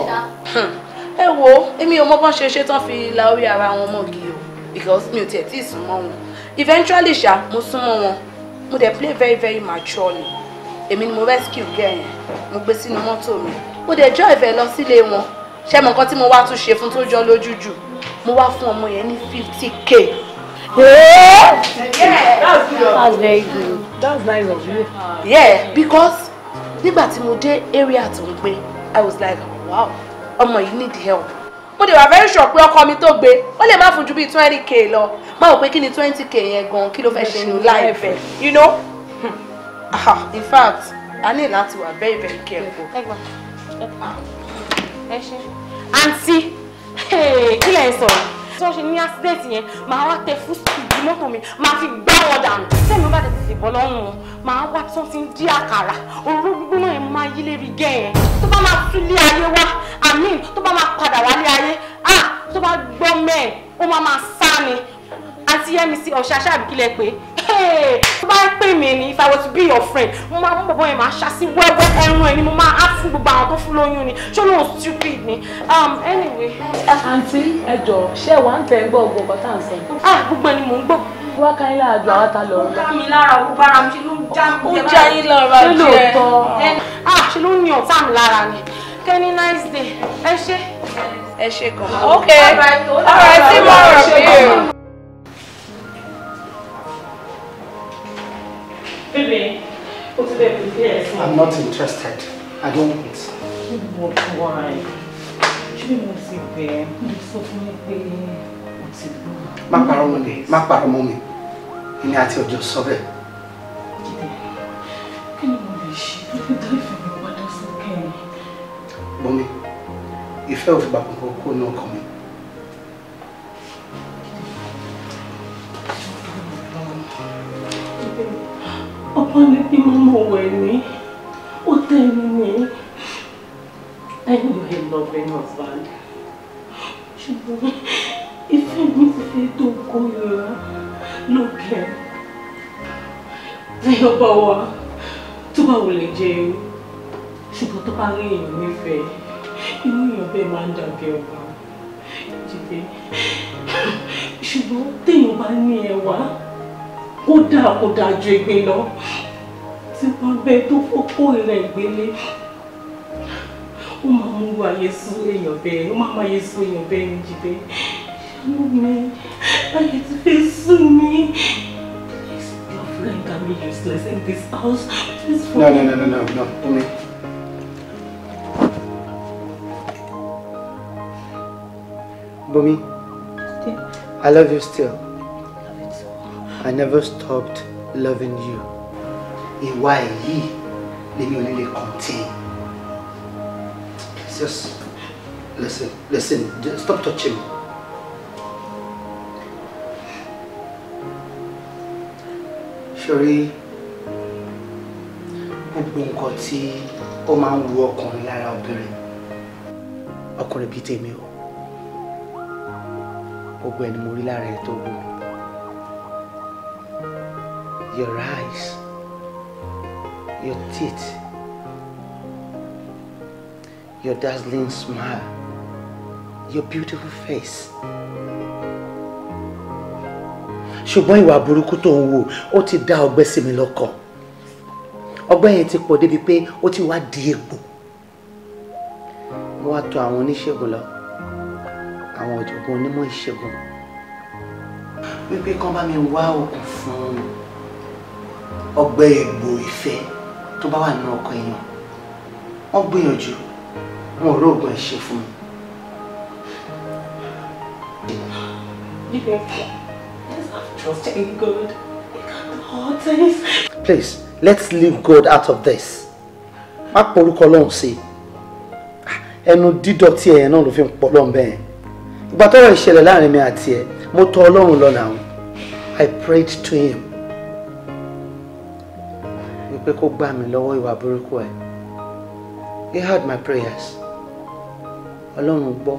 Hmm. ẹ wo èmi ò mọ bọ́n ṣe ṣe tán fi la orí ara wọn mọ́gi o because mi ò tiẹ̀ tí ì sún mọ́ wọn eventually ṣá mo súnmọ́ wọn mo dẹ̀ play very very maturely èmi ni mo rescue girl yẹn mo gbé sínú mọ́tò mi mo dẹ̀ drive ẹ lọ sílé wọn ṣé mo nǹkan tí mo wá tún ṣe fún tó jọ lójú jù mo wá fún ọmọ yẹn ní fifty k. Yeah, that's good. That's very good. That's nice of you. Yeah, because nígbà tí mo dé area tó ń gbé I was like wow ọmọ you need help mo dẹ̀ wà very sure pé ọkọ mi to gbé ó lè má fún ju bíi twenty k lọ má wò pé kí ni twenty k yẹn gan kí ló ṣe ní láìpẹ́ you know hmm. in fact a ní láti wà very very careful. àǹtí kí lẹ̀ ń sọ tí wọ́n ṣe ní accident yẹn màá wá tẹ fún speed mọ́tò mi màá fi gbá wọn dànù sẹ́mi bá tètè fìbọn lọ́rùn wọn màá wá tí wọ́n ti ń dí àkàrà òru gbígbóná yẹn máa yí lérí gẹ́ yẹn tó bá máa tún lé ayé wá àmín tó bá máa padà wálé ayé ah tó bá gbọ́ mẹ́ẹ̀ ó máa máa sá ni àǹtí yẹmísí ọ̀ṣàṣà àbíkílẹ̀ pé tó bá pè mí ni if i was to be your friend mo máa mú bọ̀bọ̀ yẹn máa ṣá wẹ́wẹ́ ẹran ẹ̀ ni mo máa á fún gbogbo àwọn tó fún lóyún ni ṣó lóun stupid ni um, anyway. àǹtí ẹ ṣé wà ń tẹ ẹgbẹ́ ọgbọ́n bàtà ń sọ. Ah, gbogbo ẹni mò ń gbọ́ wá káyín lára ju àwọn ta lọ. ó bá mi lára ó bára mi ṣe ló ń já mi jẹ ó já yín lára jẹ. ṣé ah. ah ṣe ló ń yan ọ̀tá mi lára ni. kẹ́ni nice day ẹ ṣé. ẹ ṣé gan. ok all right see you tomorrow. Baby, what's the prepare for? I'm not interested. I don't want. Why? Ṣé mo You bẹ̀ẹ́? Mo sọ fún mi pé mo ti gbọ́. Má parọ́ mọ́ mi, má parọ́ mọ́ mi. Èmi àti ọjọ́ sọ bẹ́ẹ̀. Jíde, kí ni mo lè ṣe tó you dá ìfẹ́ mi padà sókè? Bọ́mi, ìfẹ́ ò fi gbà kankan kó ní ọkàn mi. ọba mi bí mo mọ̀ wẹ̀ ní ó tẹ́ mi ní ẹnu ẹ̀ lọ́bẹ̀ náà balẹ̀ ṣùgbọ́n ìfẹ́ mi ti fi tó kórìíra lókè tí ọba wa tó bá wò lè jẹ ewu ṣùgbọ́n tó bá rí èèyàn nífẹ̀ẹ́ inú èèyàn bẹ́ẹ̀ máa ń dàbí ọba jìbẹ́ ṣùgbọ́n téèyàn bá ní ẹwà kódà kò dájú ìgbín lọ tí wọ́n bẹ tó kókó rẹ̀ gbélé ó máa mú ayé sún èèyàn bẹ́ẹ̀ ó máa máa yé sún èèyàn bẹ́ẹ̀ ní jìbẹ́ ṣàánú mi ayé ti fẹ́ sún mi no, no no no no no Omi. Bomi, I love you still. I never stopped loving you. Ìwà èyí lèmi ò ní contain. just listen, listen, just stop touching me. Ṣorí gbogbo nǹkan tí ó máa ń wu ọkùnrin lára obìnrin ọkùnrin bíi tèmi o gbogbo ẹni mo rí lára ẹ tó wù your eyes, your teeth, your dazzling smile, your beautiful face. ṣùgbọ́n ìwà burúkú tó ń wò ó ti dá ọgbẹ́ sí mi lọ́kàn ọgbẹ́ yẹn ti pọ̀ débi pé ó ti wá di egbò mo wá tọ̀ àwọn oníṣègùn lọ àwọn ọ̀jọ̀gbọ́n onímọ̀ ìṣègùn wípé kán bá mi wá okùn fún un ọgbẹ́ egbò ìfẹ́ tó bá wà nínú ọkọ èèyàn wọ́n gbìyànjú wọn ò róògùn ẹ̀ ṣe fún mi. Please, let's leave God out of this. Má porúkọ lọ́hùn sí i. Ẹnu dídọ̀tí ẹ̀yẹn náà ló fi ń pọ̀ lọ́hùn bẹ́ẹ̀. Ìgbà tọ́rọ̀ ìṣẹ̀lẹ̀ láàrin mi àti ẹ̀, mo tọ̀ Ọlọ́run lọ́nà àwọn. I prayed to him pé kó gbà mí lọ́wọ́ ìwà burúkú ẹ̀ he heard my prayers ọlọ́run gbọ́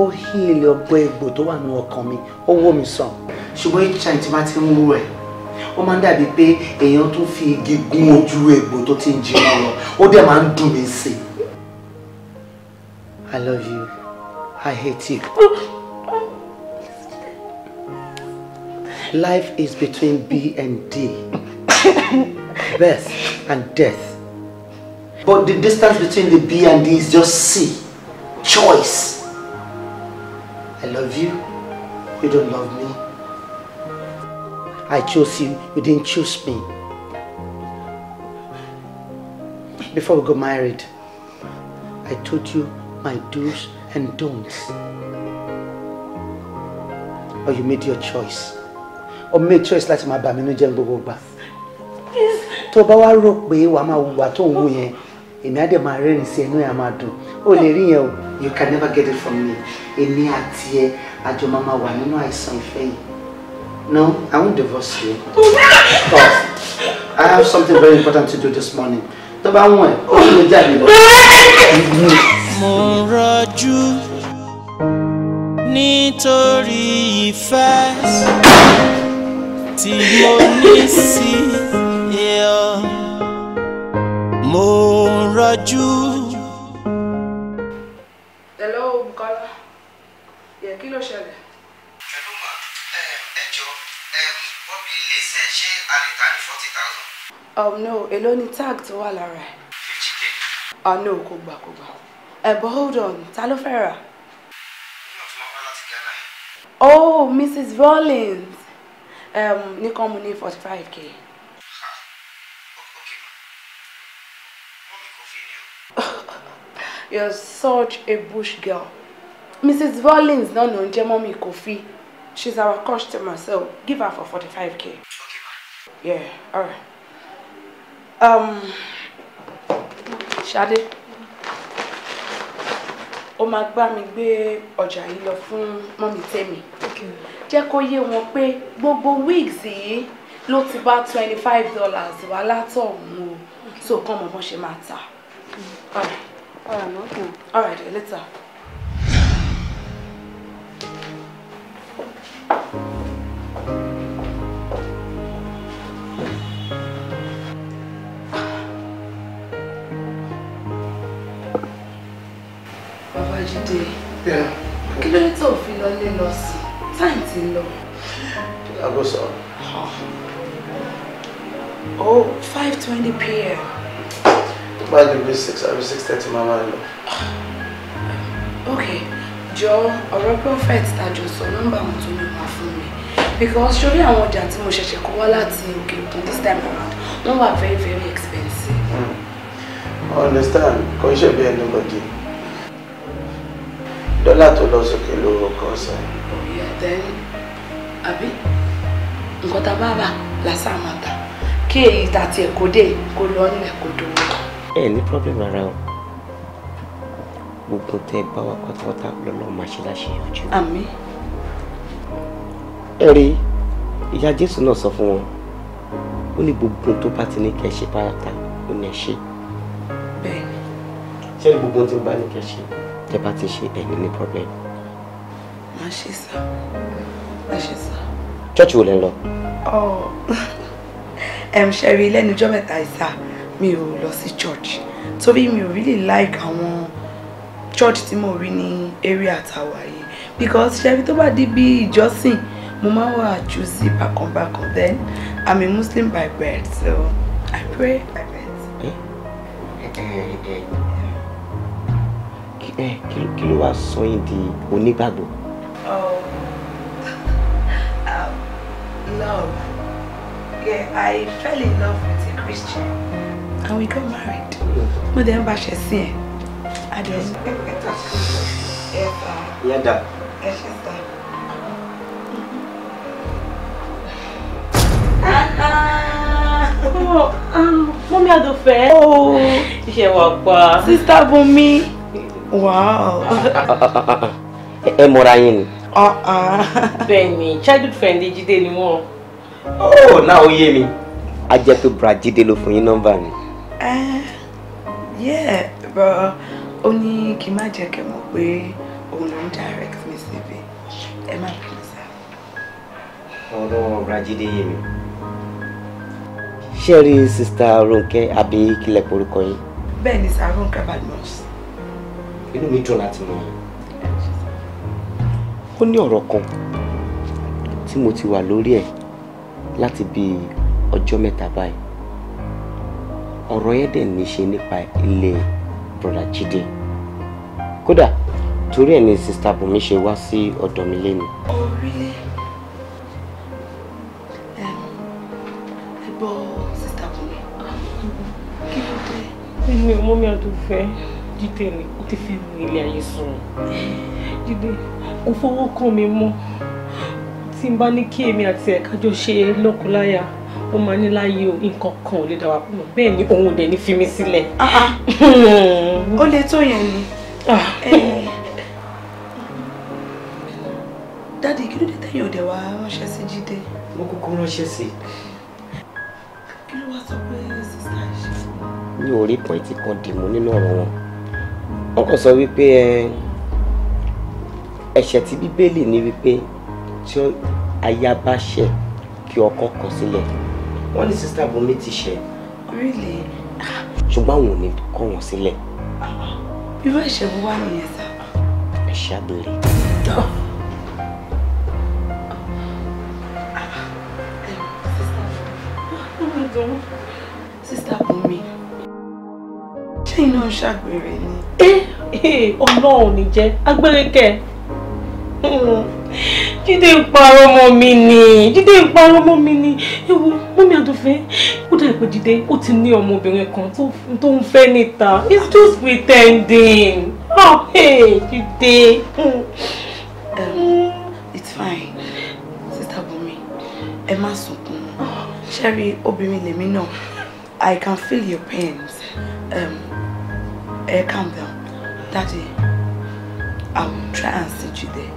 ó hí ilé ọgbẹ́ egbò tó wà ní ọkàn mi ó wó mi sàn ṣùgbọ́n each time tí máa ti ń wú ẹ̀ ó máa ń dàbí pé èèyàn tó fi igi gún ojú egbò tó ti ń jiná lọ ó dẹ̀ máa ń dùn mí sí I love you. I hate you. Life is between B and D. birth and death. But the distance between the B and D is just C. Choice. I love you. You don't love me. I chose you. You didn't choose me. Before we got married, I told you my do's and don'ts. Or you made your choice. Or made choice like my bà mí nínú tó bá wá rò pé wàá máa wùwà tó ń wù yẹn èmi á dẹ̀ máa rẹ́rìn sí ẹnu ẹ̀ á máa dùn ó lè rí yẹn o you can never get it from me èmi àti ẹ àjọ máa máa wà nínú àìsàn ìfẹ́ yìí no I won't divorce you because I have something very important to do this morning tó bá wọ̀n ẹ̀ ó lè jáde lọ. mo rọjú nítorí ìfẹ́ tí mo ní sí i mo rọjú. hello Bukola yẹ kí ló ṣẹlẹ̀. hello ma ẹ jọ bọ́bí lè ṣe ṣé a lè ta ní forty thousand. um no èló ni tag tó wà lára ẹ. fifty k. ah no kò gbà kò gbà ẹ eh, but hold on ta ló fẹ́ rà. oh Mrs. Rollins. um, ní kàn mú ní forty five k. You're such a bush girl. Mrs. Rollins náà ló ń jẹ́ mọ́mí Kofi. She's our customer, so give her for 45k. Yeah, alright. Um, Shadi, o máa gbá mi gbé ọjà yìí lọ fún mọ́mí Okay. Jẹ́ kó yé wọn pé gbogbo wigs yìí ló ti bá twenty five dollars wá látọ̀hún o. So kàn mọ̀ bọ́n ṣe máa tà. All right. All right, okay. All right, dear, later. Babajide. Yeah. Kí ló dé tó fi lọ lé lọ sí? Táì ti lọ. Àgọ́sọ. Oh, 5.20 p.m máa lè bí six àbí six thirty máa máa lọ. ok jọ ọ̀rọ̀ prophet tàjọ sọ nọ́mbà àwọn tó lè wá fún mi because surely I want tí mo ṣẹ̀ṣẹ̀ kó wá láti this time around wọ́n wà very very expensive. Mm. I understand kò ń be anybody dọ́là tó lọ sókè ló kọ́ sọ. òye oh, àtẹ́yìn àbí nǹkan tá a bá rà lásán àmàtà kí èyí tàti ẹ̀ kó dé kó lọ́ọ́ nílẹ̀ kó ẹ ní problem rárá o gbogbo tẹ bá wa pátápátá lọ́nà máa ṣe láṣeyọjú. àmín. ẹ rí ìyá jésù náà sọ fún wọn ó ní gbogbo tó bá ti ní kẹ́ ṣe pátá ó ní ẹ ṣe. bẹ́ẹ̀ni. ṣé gbogbo tí ń bá ní kẹ́ ṣe tẹ bá ti ṣe ẹ̀yìn ní problem. má ṣe sá má ṣe sá. chọ́ọ̀chì wo lẹ ń lọ. ọ̀ oh. ẹ̀m ṣẹ̀rí lẹ́nu ọjọ́ ìsà mi ò lọ sí church torí mi ò really like àwọn church tí mo rí ní area àtàwà yìí because ṣebí tó bá di bí ìjọsìn mo máa ń wà choosy bákan bákan then I'm a Muslim by birth so I pray by birth. Eh? Eh, eh, kí ló wá sọ yín di onígbàgbọ́. Oh, um, love. Yeah, I fell in love with a Christian and we got married mo dẹ̀ ń bá ṣe sí ẹ̀ adé. ìyá dà. ẹ ṣe sá. mọ́mí àdófẹ́. Oh. iṣẹ́ wa pa. sísá Bùnmi. wow. ẹ mọ̀ra yín ni. Uh-uh. bẹ́ẹ̀ni childhood friend Jídé ni wọ́n. oh náà ó yé mi. a jẹ́ pé bra Jídé ló fún yín nọ́mbà number. Eh, yeah bọ́ only ní kí n má jẹ́ direct mi síbi ẹ má bínú sá. ọ̀rọ̀ rajide yé mi ṣé rí sista Rónkẹ́ àbí kílẹ̀ porúkọ yín. bẹ́ẹ̀ ni sá Rónkẹ́ Badmus. inú mi dùn láti mọ̀ yín. ó ní ọ̀rọ̀ kan tí mo ti wà lórí ọ̀rọ̀ yẹn dẹ̀ ní ṣe nípa ilé broda Jídé kódà torí ẹ̀ ni sista Bùnmi ṣe wá sí ọ̀dọ̀ mi lẹ́nu. orí oh, um, ẹ gbọ́ sista Bùnmi kí ló dé. inú ẹ̀ mọ́mí àdúfẹ́ Jídé ni ó ti fẹ́ mú ilé ayé sùn Jídé kò fọwọ́ kàn mí mọ́ tí n bá ní kí èmi àti ẹ̀ka jọ ṣe lọ́kùnláyà ó máa ní láyé o nǹkan kan ò lè dá wa pọ̀ mọ́ bẹ́ẹ̀ ni òun dẹ̀ ní fi mi sílẹ̀. Ah, ah. ó lè tó yẹn ni. Ah. Eh. dáàdi kí ló dé tẹ̀yìn òde wa ránṣẹ́ sí Jídé. mo kúkú ránṣẹ́ sí. kí ló wá sọ pé sísá ṣe. mi ò rí pọ̀ etí kan dìmú nínú ọ̀rọ̀ wọn wọn kàn sọ wípé eh, ẹ̀ṣẹ̀ tí bíbélì ní wípé tí ayaba ṣẹ̀ kí ọkọ kọ̀ sílẹ̀ wọ́n ní sísá Bùnmi ti ṣẹ̀. Really? ṣùgbọ́n àwọn ò ní kọ́ wọn sílẹ̀. irú ẹ̀ṣẹ̀ wo wá nìyẹn sá. ẹ̀ṣẹ̀ àgbèrè. sísá Bùnmi ṣé iná ń ṣàgbèrè ni. ọlọ́run ní jẹ́ agbèrè kẹ́ jíde ń parọ́ mọ́ mi ni jíde ń parọ́ mọ́ mi ni ewu mọ́mí àdùnfẹ́ ó dẹ̀ pé jíde ó ti ní ọmọbìnrin kan tó ń fẹ́ níta it's just pretending oh hey jíde. Hmm. Um, it's fine sista Bumi ẹ má sunkún ṣẹ́rí obìnrin lèmi náà I can feel your pains um, ẹ calm down daddy I will try and sit you there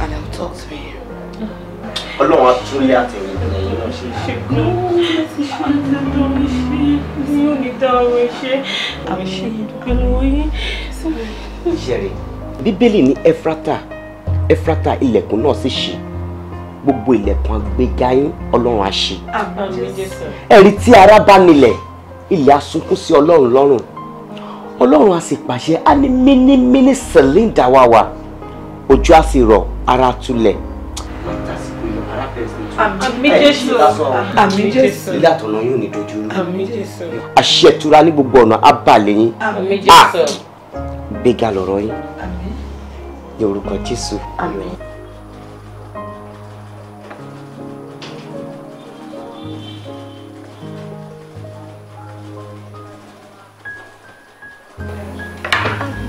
and I will talk to you ọlọ́run atúlé àtẹ̀yìn ìbẹ̀rẹ̀ yìí náà ṣe. ṣùgbọ́n mo àtẹ̀tọ̀ mi ṣe ní onídàáwọ̀ ṣe àmì ṣe ìdúpẹ́ lọ́wọ́ yín. ṣẹ̀rẹ̀ bíbélì ní efrata efrata ilẹ̀kùn náà sì ṣí gbogbo ilẹ̀kùn agbègbè yín ọlọ́run á ṣí. ẹ̀rí tí ara bá nílẹ̀ ilẹ̀ á sunkún sí ọlọ́run lọ́rùn ọlọ́run á sì pàṣẹ á ní mínímíní sẹ̀lẹ́ńdà wá wá á sì rọ̀ ara tulẹ̀ àmì jésù àmì jésù ilé àtọ̀nà yóò ní dojú rú àmì jésù àṣẹ ìtura ní gbogbo ọ̀nà abàlẹ̀ yín àmì ah! jésù gbéga lọ̀rọ̀ yín ní orúkọ jésù àmín.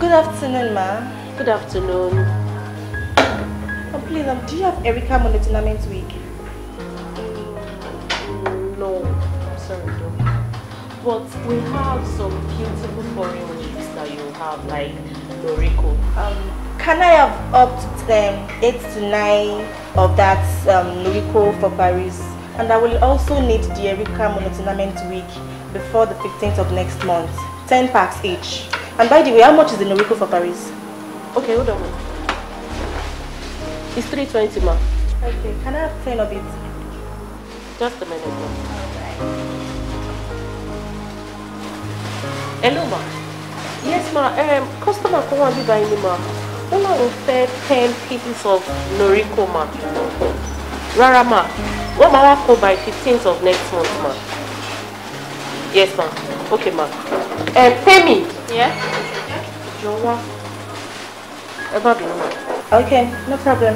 Good afternoon, ma'am. Good afternoon. Oh, please, um, do you have Erica Monotonament with? No, I'm sorry, no. But we have some beautiful foreign wigs that you have, like Noriko. Um, can I have up to um, 8 to 9 of that um, Noriko for Paris? And I will also need the Erika monotonament week before the 15th of next month. 10 packs each. And by the way, how much is the Noriko for Paris? Okay, hold on. It's 320, ma. Okay, can I have 10 of it? Just a minute. Hello, ma. Yes, ma. Um, customer come and be by me, ma. Wọ́n náà ń fẹ́ ten pieces of Noriko, ma. Rárá, ma. Wọ́n máa wá kó by of next month, ma. Yes, ma. Okay, ma. Um, pay me. Yeah. Jọ̀wọ́. Ẹ bá bínú, ma. Okay, no problem.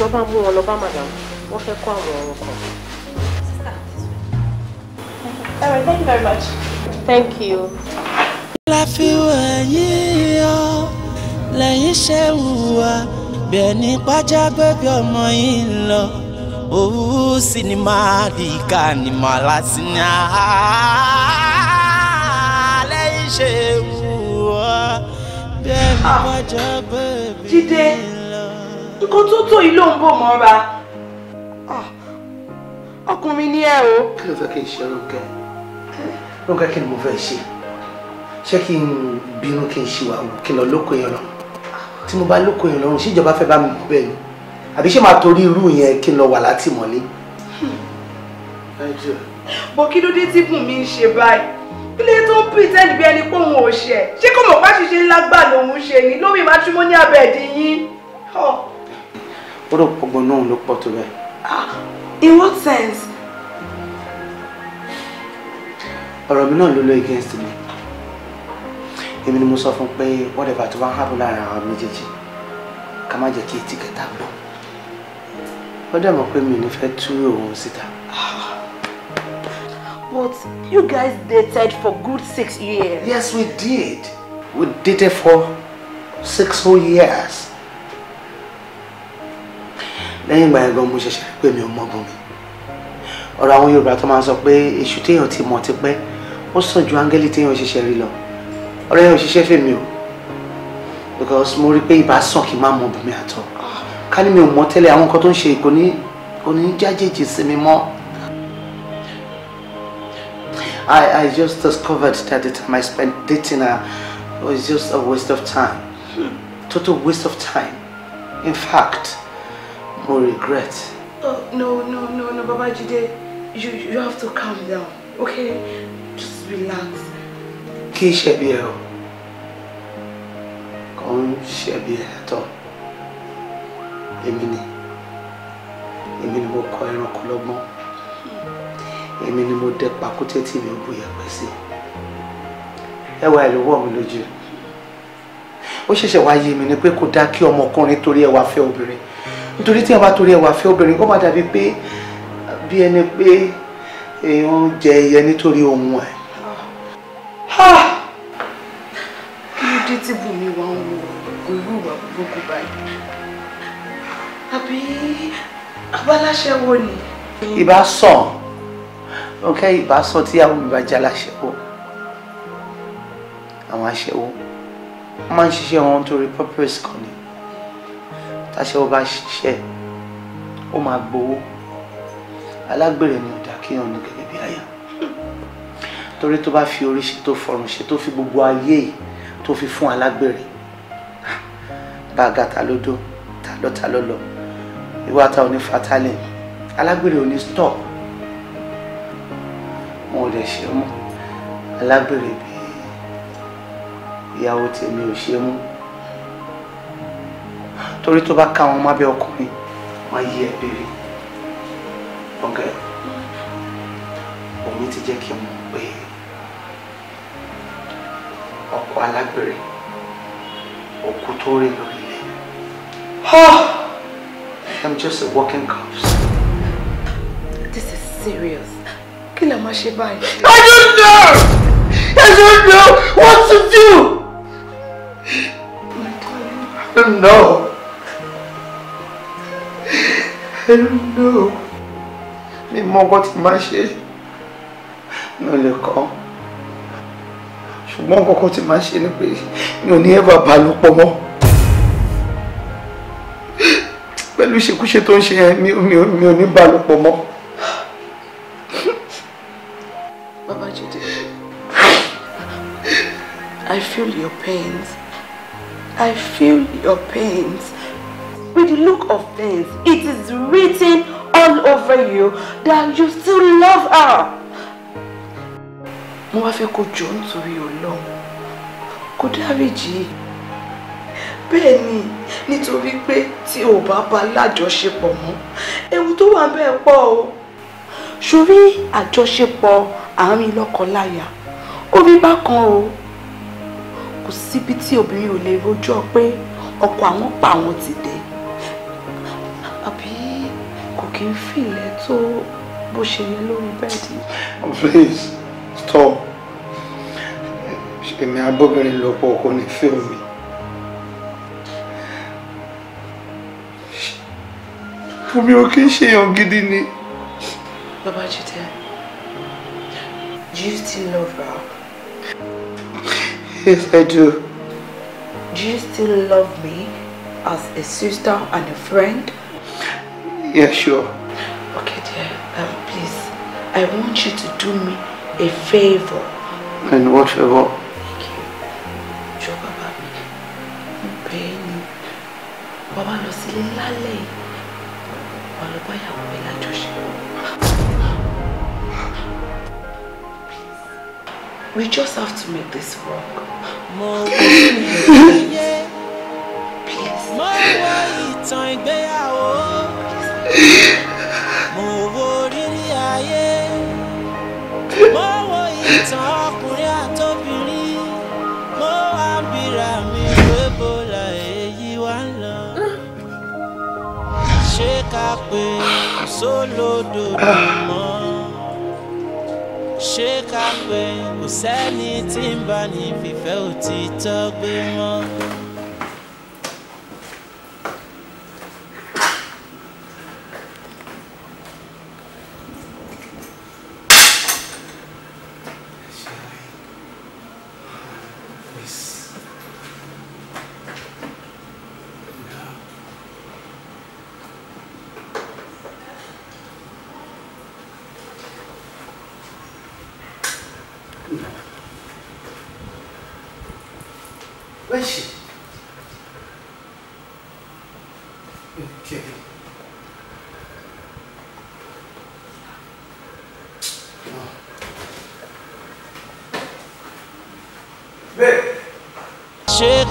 ìjọba mú wọn lọ bá madam wọ́n fẹ́ kó àwọn ọ̀rọ̀ kan. thank you very much. Thank you. La fi ọmọ yìí ń lọ òwú sinimá dìkà ni màlá sinimá lẹ́yìn ṣe hùwà bẹ́ẹ̀ ọmọ yìí ń lọ nǹkan tó tó yìí ló ń bò mọ́ra ah, ọkùnrin ni ẹ o. kí ló fẹ́ kí n ṣe Rónkẹ́ Rónkẹ́ kí ni mo fẹ́ ṣe ṣé kí n bínú kí n ṣìwà kí n lọ lóko yẹn lọ tí mo bá lóko yẹn lọ́rùn ṣíjọba fẹ́ bá mi bẹ́ẹ̀ ni àbí ṣé máa torí irú yẹn kí n lọ wà látìmọ́lé. Hmm. bó kí ló dé tí bùn mi ń ṣe báyìí ilé tó ń pretend bí ẹni pé òun ò ṣe ṣé kò mọ̀ pá ṣiṣẹ́ ńlá gbà lòun ṣe ni lórí matrimonial bed yín ó rò pọ̀gbọ́n náà ló pọ̀ tó bẹ́ẹ̀. Ah, in what sense. ọ̀rọ̀ mi náà ló lọ against me èmi ni mo sọ fún pé whatever tó bá ń happen láàrin àwọn méjèèjì ká má jẹ́ kí etí kẹta gbọ́ ó dẹ̀ mọ̀ pé mi ò ní fẹ́ tú òun síta. But you guys dated for good six years. Yes, we did. We dated for six whole years lẹ́yìn ìgbà yẹn gan mo ṣẹ̀ṣẹ̀ rí pé mi ò mọ́gun mi ọ̀rọ̀ àwọn Yorùbá tó máa ń sọ pé èṣù téèyàn ti mọ̀ ti pẹ́ ó sàn ju áńgẹ́lì téèyàn ṣiṣẹ́ rí lọ ọ̀rẹ́ yẹn ò ṣiṣẹ́ fèmi o because mo rí pé ibà sàn kí n má mọ obìnrin àtọ̀ ká ní mi ò mọ̀ tẹ́lẹ̀ àwọn nǹkan tó ń ṣe kò ní kò ní jájèjì sí mi mọ́. I, I just discovered that the time I spent dating her was just a waste of time. Total waste of time. In fact, No regret. Oh, no, no, no, no, Baba Jide, you, you have to calm down, okay? Just relax. Ki í ṣe o, kò ń ṣe bí ẹ tọ́, èmi ni, èmi ni mo kọ́ ẹranko lọ́gbọ́n, èmi ni mo dẹ pàkúté tí mi ò bu yẹpẹ sí, ẹwà ẹ̀ ló wọ̀ mí lójú, ó ṣẹ̀ṣẹ̀ wá yé mi ni pé kò dá kí ọmọkùnrin torí ẹwà fẹ́ obìnrin nítorí tí a bá torí ẹwà fẹ́ obìnrin ó má dàbí pé bí ẹni pé èèyàn eh, jẹ ẹyẹ nítorí ohun ẹ̀. kílódé tí bùnmi wà ń wo irú ìwà burúkú báyìí àbí abáláṣẹ́wó ni. ìbá sàn ọ̀kẹ́ ìbá sàn tí àwọn ìbá jẹ́ aláṣẹ́wó àwọn aṣẹ́wó wọ́n máa ń ṣiṣẹ́ wọn nítorí purpose kan ni táṣẹ́wó bá ṣiṣẹ́ ó máa gbowó alágbèrè ni ò dá kéèyàn ní gẹ́gẹ́ bí aya torí tó bá fi orí ṣe tó fọrùn ṣe tó fi gbogbo ayé yìí tó fi fún alágbèrè bá a ga ta ló ta lọ ta ló lọ ìwà ta òní fatalin alágbèrè òní stop wọn ò dẹ̀ ṣe mú alágbèrè bíi ìyàwó tèmi ò ṣe mú torí tó bá ká wọn má bẹ ọkùnrin wọn yí ẹ béèrè ọgẹ omi ti jẹ́ kí n mọ̀ pé ọkọ alágbèrè òkú tó rìn lórí ilẹ̀ I'm just a walking corpse. This is serious. Kí la máa ṣe báyìí? I don't know! I don't know what to do! I don't know. I Mi mọ nǹkan tí màá ṣe. Mi ò lè kọ́. Ṣùgbọ́n nǹkan kan tí ṣe ni pé mi ò ní ẹ̀bà bàlòpọ̀ mọ́. Pẹ̀lú ìṣekúṣe tó ń ṣe yẹn mi ò ní bàlòpọ̀ mọ́. Baba Jide, I feel your pains. I feel your pains with the look of things, it is written all over you that you still love her. Mo wá fẹ́ kó jọ nítorí Ọlọ́run. Kó dáríjì. Bẹ́ẹ̀ ni, nítorí pé tí ò bá ba lájọṣepọ̀ mọ́, ewu tó wà bẹ́ẹ̀ pọ̀ o. Ṣorí àjọṣepọ̀ àárín lọ́kọláya, ó rí bákan o. Kò síbi tí obìnrin ò lè rojọ́ pé ọkọ àwọn pa àwọn ti dé kì í fìlẹ̀ tó bó ṣe yẹ lórí oh, please stop èmi abóbìnrin lọ́pọ̀ kò ní fẹ́ mi. Fúnmi ò kí ń ṣèyàn gidi ni. Bàbá Jídé, do you still love her? Yes, I do. Do you still love me as a sister and a friend? Yeah, sure. Okay, dear. Um, please, I want you to do me a favor. And what favor? Thank you. Jọ̀ọ́ bàbá mi, mo bẹ̀ ẹ́ ni. Bàbá lọ sílé lálẹ́ yìí. Wà lọ bá ìyàwó We just have to make this work. Please. mo wo ìtàn ọkùnrin àtobìnrin mo wá bíra mi pé bọ́lá èyí wá ń lọ ṣé ká pé sólódòdò mọ́ ṣé ká pé kò sẹ́ni tí ń bá ní fífẹ́ òtítọ́ gbé mọ́.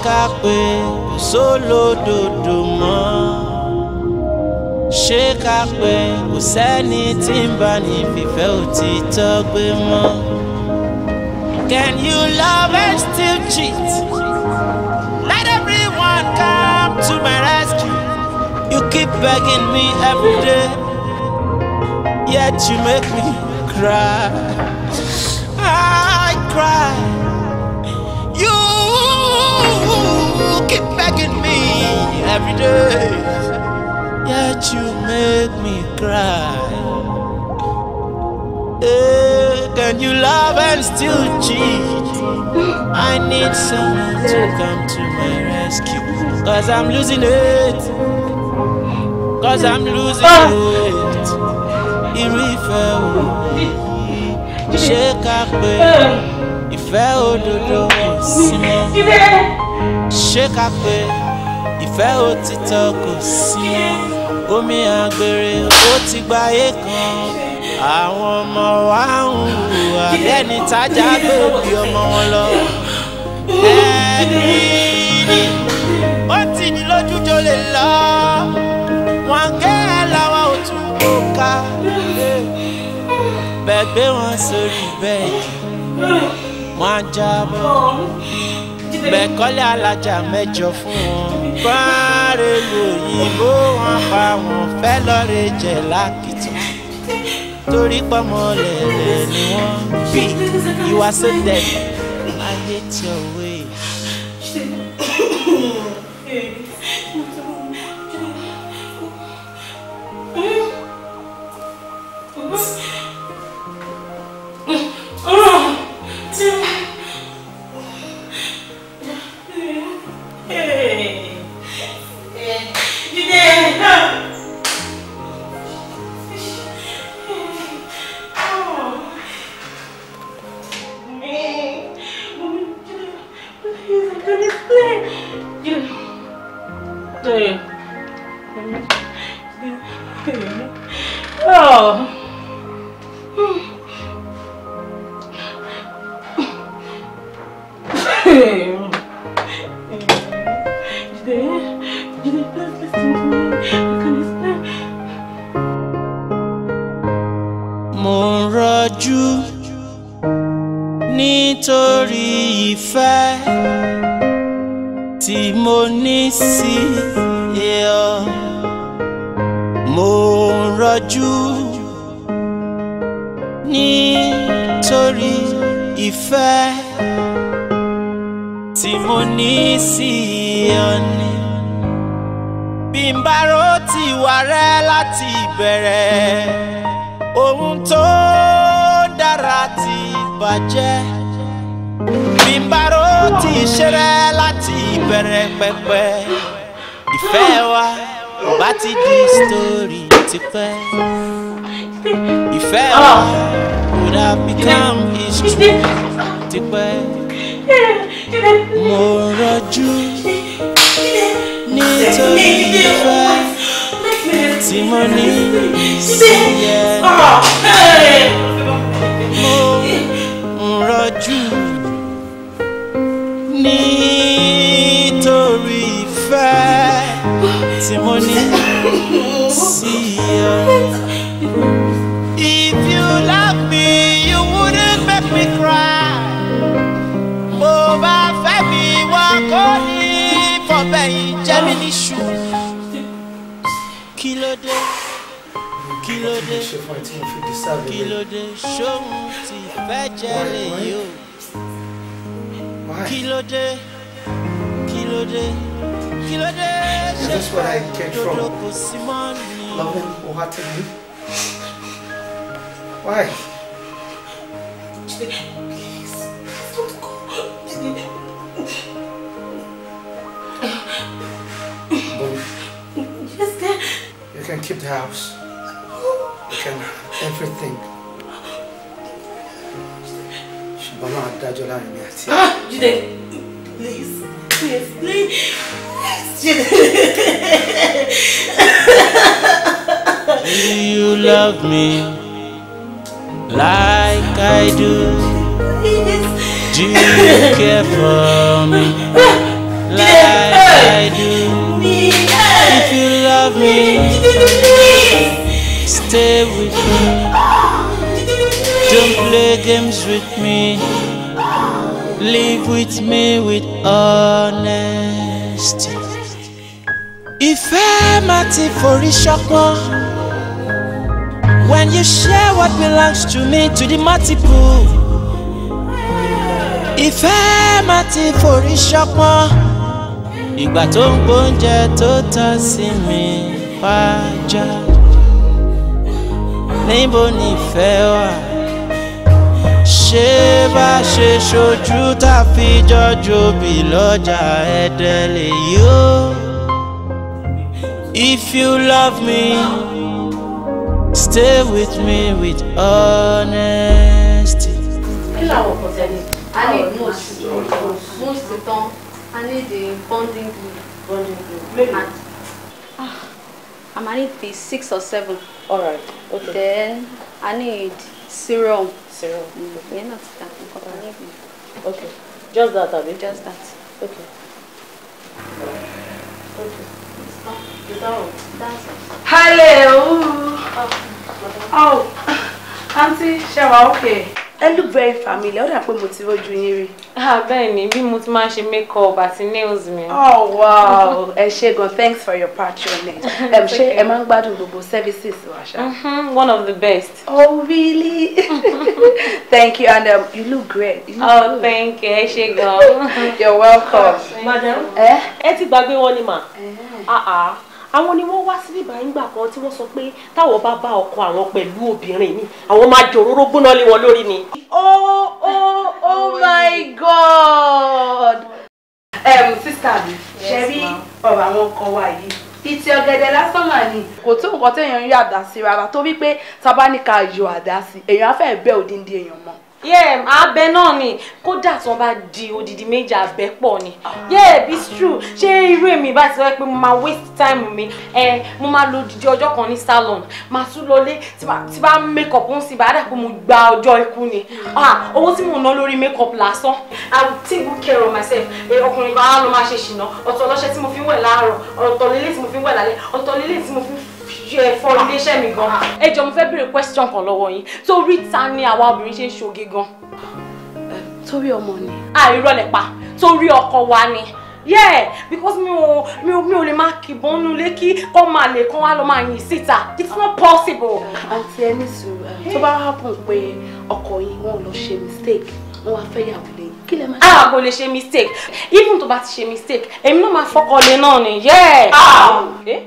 ká pé kò sólódodo mọ́ ṣé ká pé kò sẹ́ni tí ń bá ní fífẹ́ òtítọ́ gbé mọ́. Can you love and still cheat? Let everyone come to my rescue. You keep begging me every day, yet you make me cry. I cry. keep begging me every day. Yet you made me cry. Eh, can you love and still cheat? I need someone to come to my rescue. Cause I'm losing it. Cause I'm losing ah! it. I o, ṣé ṣé ká pé ìfẹ́ òtítọ́ kò sí omi àgbèrè ó ti gbáyé kan àwọn ọmọ wa ń hùwà lẹ́ni tájà gbòòbí ọmọ wọn lọ. ẹni ní ó tì ní lójújó lè lọ wọn gé làwọn ò tún kó ká bẹ́ẹ̀ gbé wọn sórí bẹ́ẹ̀dì wọn á jábọ́ mẹ̀kọ́lé alájà mẹ́jọ fún wọn. gbọ́nrẹ́ lòyìnbó wọn pa wọn fẹ́ lọ́ọ́rẹ́ jẹ̀ lákìtàn torí pọ́nmọ́ lẹ̀lẹ̀ ni wọ́n. ìwà sódẹ̀ máa yé tí ọ̀wé. like I do. Do you care for me like I do? If you love me, stay with me. Don't play games with me. Live with me with honesty. Ìfẹ́ máa ti forí ṣọpọ́n. When you share what belongs to me to the multiple Ìfẹ́ má ti forí ṣọpọ́n Ìgbà tó ń gbóúnjẹ tó tán sí mi wájà Níbo ni ìfẹ́ wà? Ṣé bá ṣe ṣojú tá a fi jọjú bí lọ́jà ẹ̀dẹ̀ lè yó? If you love me. Stay with me with honesty. Kí làwọn kan tẹ̀lé? A ní mousse, mousse ti tán, a ní the bonding glue, bonding glue. Ah, I'm I need the six or seven. Alright, okay. Then I need serum. Serum. Ìyẹn náà ti tàn nǹkan Okay, just that àbí? Just that. Okay. Okay. Hello. Oh. oh, aunty, ṣé wà okay? I look very familiar, What dà pé mo ti Ah, yín we must ni, bí mo ti máa nails me. Oh wow, ẹ thanks for your patronage. Ṣé ẹ máa ń gbádùn the services wa ṣá? Mm-hmm, one of the best. Oh really? thank you and um, you look great. You look oh good. thank you, ẹ You're welcome. Madam, Eh? ẹ ti gbàgbé wọn eh. Ah ah àwọn ni wọ́n wá sí bíbá ìgbà kan tí wọ́n sọ pé táwọn bá bá ọkọ àwọn pẹ̀lú obìnrin mi àwọn máa jòróró gbóná lé wọn lórí ni. oh oh oh my god. ẹ̀rù sísá mi ṣe rí ọ̀rọ̀ àwọn ọkọ wa yìí ìtì ọ̀gẹ̀dẹ̀ lásán mà ni. kò tó nǹkan téèyàn ń yọ àdá sí rárá torí pé tá yọ àdá sí èèyàn á fẹ́ bẹ́ òdìndín èèyàn mọ́ yeah abẹ náà ni kódà tí wọn bá di odidi méjì abẹ pọ̀ ni yeah it's true ṣé irú èmi bá ti wáyé pé mo máa waste time mi ẹ mo máa lo odidi ọjọ́ kan ní salon máa tún lọlé tí bá make up ń sì bá dà pé mo gba ọjọ́ ikú ni hmm. ah, owó tí mo ná lórí make up lásán i take good care of myself ọkùnrin bá lọ máa ṣe ṣìnà ọ̀tọ̀ ọlọ́ṣẹ́ tí mo fi ń wẹ̀ láàárọ̀ ọ̀tọ̀ lélẹ̀ tí mo fi ń wẹ̀ lálẹ́ ọ̀tọ̀ lélẹ̀ tí mo fi ń yẹ fọ iléeṣẹ́ mi gan. ẹ jọ mo fẹ́ béèrè question kan lọ́wọ́ yín torí ta ni àwa obìnrin ṣe ń ṣoge gan. torí ọmọ ni. àìrọ̀ lẹ̀ pa torí ọkọ wa ni yeah because mi ò mi ò mi ò lè máa kìbọn nu lé kí kọ́ máa lè kọ́ wá lọ máa yìn síta it's not possible. àǹtí ẹni sùúrù tó bá happen pé ọkọ yín wọn ò lọ ṣe mistake wọn wá fẹ́ yàwó lẹ́yìn kí lè máa àwọn kò lè ṣe mistake even tó bá ti ṣe mistake èmi náà máa fọkọ lé náà ni yeah. Ah! Eh?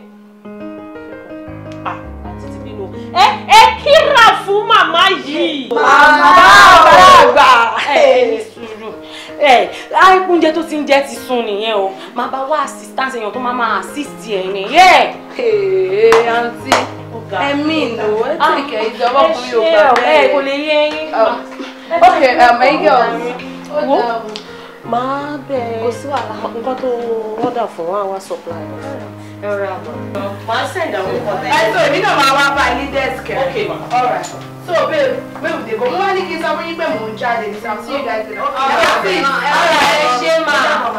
ẹ ẹ kíra fún màmá yìí. màmá àgbà ẹ sùúrù ẹ oúnjẹ tó ti ń jẹ ti sun nìyẹn o máa bá wá assistance èèyàn tó máa máa assist ẹ nìyẹn. ee àǹtí ẹ̀mí ìnáwó ẹ̀ tí kẹ̀ ìjọba ọkùnrin ò gbà bẹ́ẹ̀. ẹ kò lè yé yín. Ah, ok ẹ̀yìn gẹ̀ ọ̀hún máa bẹ̀rẹ̀ kò sí wàhálà nǹkan tó order fún wa wá supply. ẹ rọra bọ̀. máa send àwọn nǹkan tẹ́lẹ̀. ẹ sọ èmi náà máa wá bá ní desk ẹ. ok all right so babe babe dey go mo wá ní kí n sọ fún yín pé mò ń jáde ní sàm sí ìgbà ìgbà. ọ̀rọ̀ ẹ ṣe máa.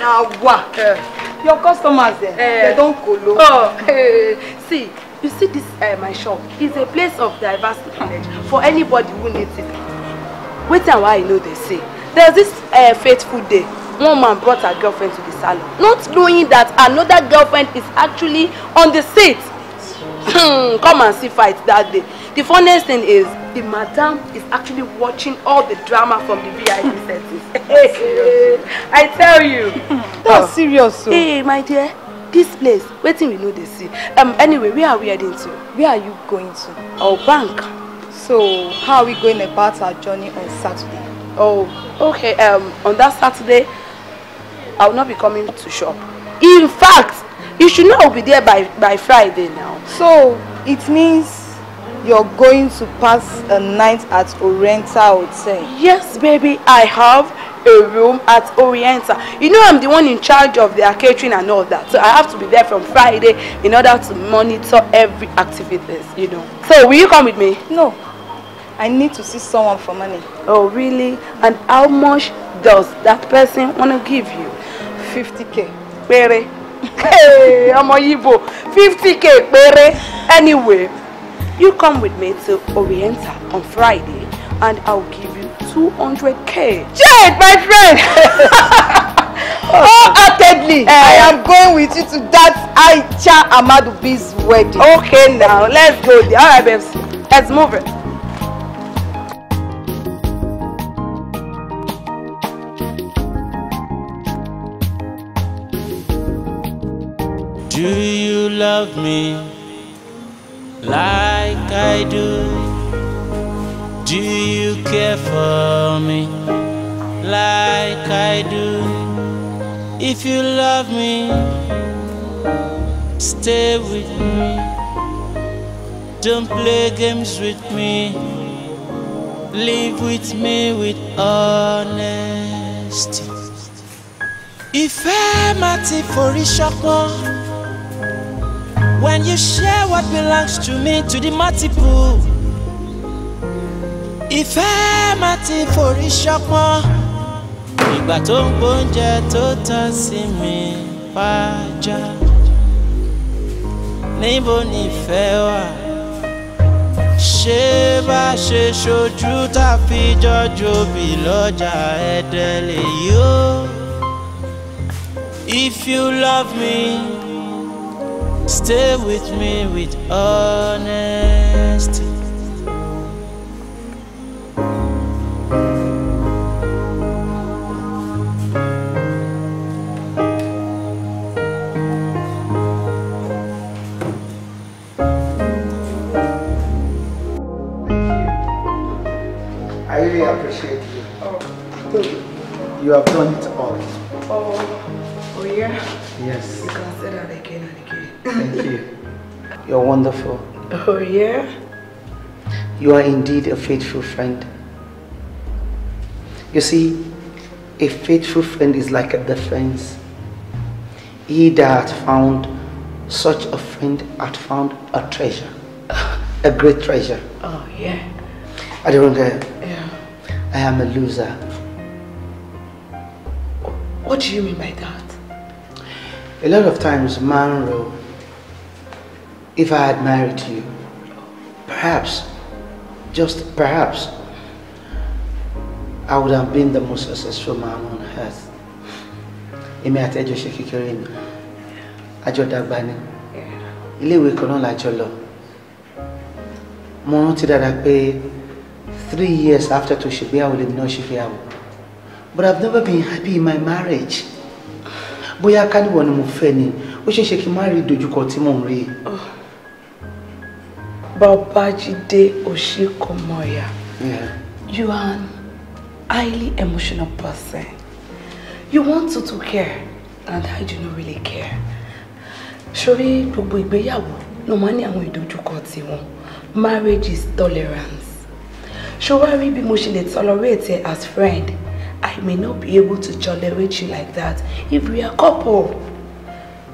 àwa your customers eh, eh. they don kolo. Oh, eh, see you see this uh, my shop is a place of diverse knowledge for anybody who needs it. wetin and why i know dey say there's this uh, fateful day one man brought her girlfriend to the salon not knowing that another girlfriend is actually on the seat hmm, come and see fight that day the funniest thing is the madam is actually watching all the drama from the VIP settings I tell you that's ah. oh. serious so hey my dear this place wetin we know dey see um, anyway where are we heading to. where are you going to. our bank. so how are we going about our journey on Saturday. Oh, okay. Um, on that Saturday, I will not be coming to shop. In fact, you should not be there by, by Friday now. So, it means you're going to pass a night at Oriental say. Yes, baby, I have a room at Oriental. You know I'm the one in charge of their catering and all that. So I have to be there from Friday in order to monitor every activities, you know. So will you come with me? No, I need to see someone for money. Oh, really? And how much does that person want to give you? 50k. Péré. Hey, I'm a Yibo. 50k péré. Anyway, you come with me to Orienta on Friday and I'll give you 200k. Jade, my friend! Wholeheartedly, oh, uh, I am going with you to that Aicha Amadu wedding. Okay, now let's go there. All right, babes, let's move it. Do you love me like I do? Do you care for me like I do? If you love me, stay with me. Don't play games with me. Live with me with honesty. it for a forí ṣọpọ́n. When you share what belongs to me to the multiple Ìfẹ́ má ti forí ṣọpọ́n Ìgbà tó ń gbóúnjẹ tó tán sí mi pàjá Níbo ni ìfẹ́ wà? Ṣé bá ṣe ṣojú tá a fi jọjọ bí lọ́jà ẹ̀dẹ̀ lèyí o? If you love me. Stay with me with honesty. I really appreciate you. Oh. You have done it all. Oh, oh yeah? Yes. Thank you. You're wonderful. Oh, yeah? You are indeed a faithful friend. You see, a faithful friend is like a defense. He that found such a friend had found a treasure, a great treasure. Oh, yeah. I don't care. Yeah. I am a loser. What do you mean by that? A lot of times, man if I had married you. Perhaps, just perhaps, I would have been the most successful man on earth. Èmi àti ẹjọ́ ṣe kékeré ni. Àjọ dàgbà ni. Ilé ìwé kan náà lájọ lọ. Mo rántí dáadáa pé three years after to tó ṣègbéyàwó lèmi náà ṣègbéyàwó. But I've never been happy in my marriage. Bóyá káníwọ̀ ni mo fẹ́ ni, ó ṣeé ṣe kí n má rí ìdojúkọ tí mò ń Oh. Babajide Oshikomoya, yeah. you are an highly emotional person. You want to, to care, and I do not really care. Ṣorí gbogbo ìgbéyàwó ló máa ń ní àwọn ìdojúkọ tiwọn. Marriage is tolerance. Ṣọwárí be mo ṣe tolerate as friend, I may not be able to tolerate you like that if we are couple.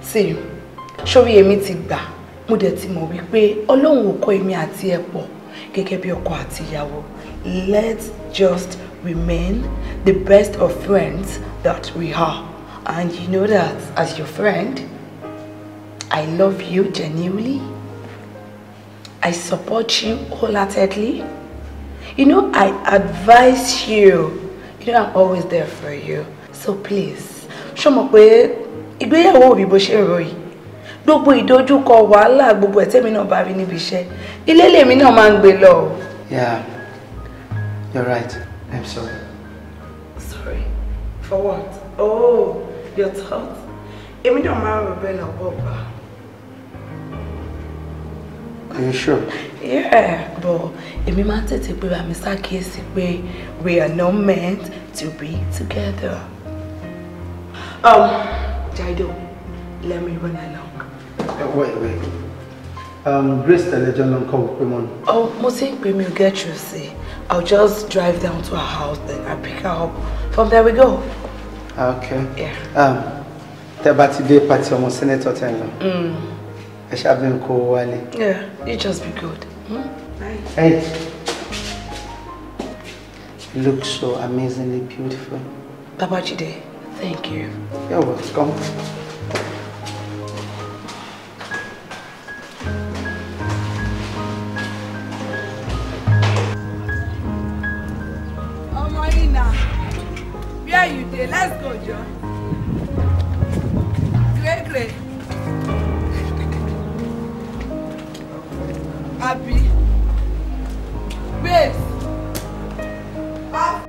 See, ṣorí èmi ti gbà mo dẹ̀ ti mọ̀ wípé ọlọ́run ò kọ́ èmi àti ẹ pọ̀ gẹ́gẹ́ bí ọkọ àti ìyàwó let's just remain the best of friends that we are and you know that as your friend I love you genuinely I support you wholeheartedly you know I advise you you know I'm always there for you so please ṣọmọ pé ìgbéyàwó òbí bó ṣe ń ròyìn gbogbo ìdojúkọ wàhálà gbogbo ẹ̀ náà bá rí níbi iṣẹ́ ilé lèmi náà máa ń gbé lọ. yeah you're right i'm sorry. sorry for what? oh your thought èmi náà máa ń rò bẹ́ẹ̀ náà bọ̀ Are you sure? Yeah, but èmi máa ń tètè pé ra mi ṣàkíyèsí pé we are not meant to be together. Um, Jaido, let me run along. Uh, wait wait um, Grace tẹlẹjọ ló come with wípé oh mo ti ń get you see I'll just drive down to her house then I pick her up from there we go. okay yeah. um, the bá ti dé pati ọmọ sẹ́nẹ́tọ̀ tẹ̀ ń lọ mm. ẹ ṣáà bí yeah you just be good. Hmm? Hey. You look so amazingly beautiful. Babajide, thank you. You're welcome. Let's go, John. Great, great. Abi. Babes. Ah.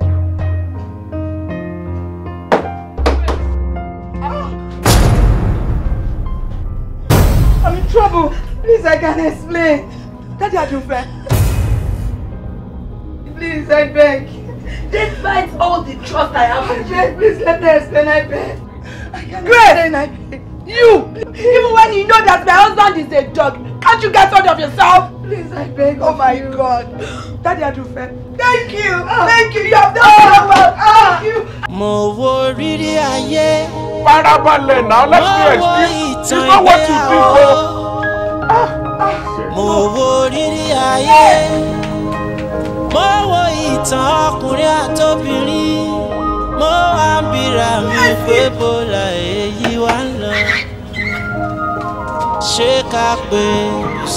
I'm in trouble. Please, I can explain. Daddy Adufe. Please, I beg. Despite all the trust I have in you. Please let me explain, I beg. Grace! I beg. You! Please. Even when you know that my husband is a dog, can't you get hold of yourself? Please, I beg. Oh my you. God. Daddy Adufe, thank you! Ah. Thank you! You have done so ah. well! Ah. Thank you! Mo wo riri ayé. Farabalẹ̀ now, let me explain. It's not what you think, bro. Oh. Ah, ah. More worried riri ayé. More. wo ìtàn ọkùnrin àtobìnrin mo wá ń bira mi pé bọ́lá èyí wá ń lọ. ṣé ká pè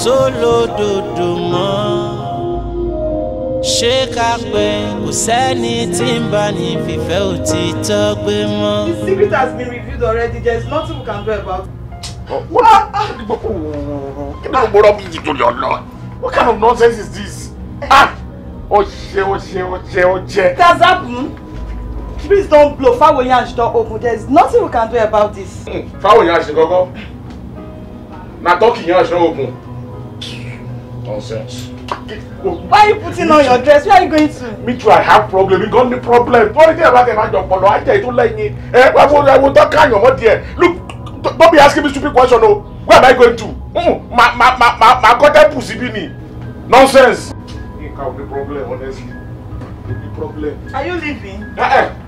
sólódodo mọ́ ṣé ká pè kò sẹ́ni tí ń bá ní fífẹ́ òtítọ́ gbé mọ́. His secret has been revealed already there is nothing we can do about it. What? Kí ni mo gbọ́dọ̀ bí ìjì ọ̀nà? What kind of nonsense is this? Ah! o ṣe o ṣe o ṣe o jẹ. kazabun breeze don blow fawoyin ash don open there is nothing we can do about this. fawoyin ash kankan na turkey yan ash don open nonsense. Why are you putting on your dress? Where are you going to? Me too, I have problem. You got me problem. What is it about my job? Polo, I tell you, like me. Eh, I will, I will talk kind of what here. Look, don't be asking me stupid questions. No, oh. where am I going to? Hmm, my, my, my, my, my God, I pussy be me. Nonsense car with the problem, honestly. the problem. Are you leaving? Ah, eh.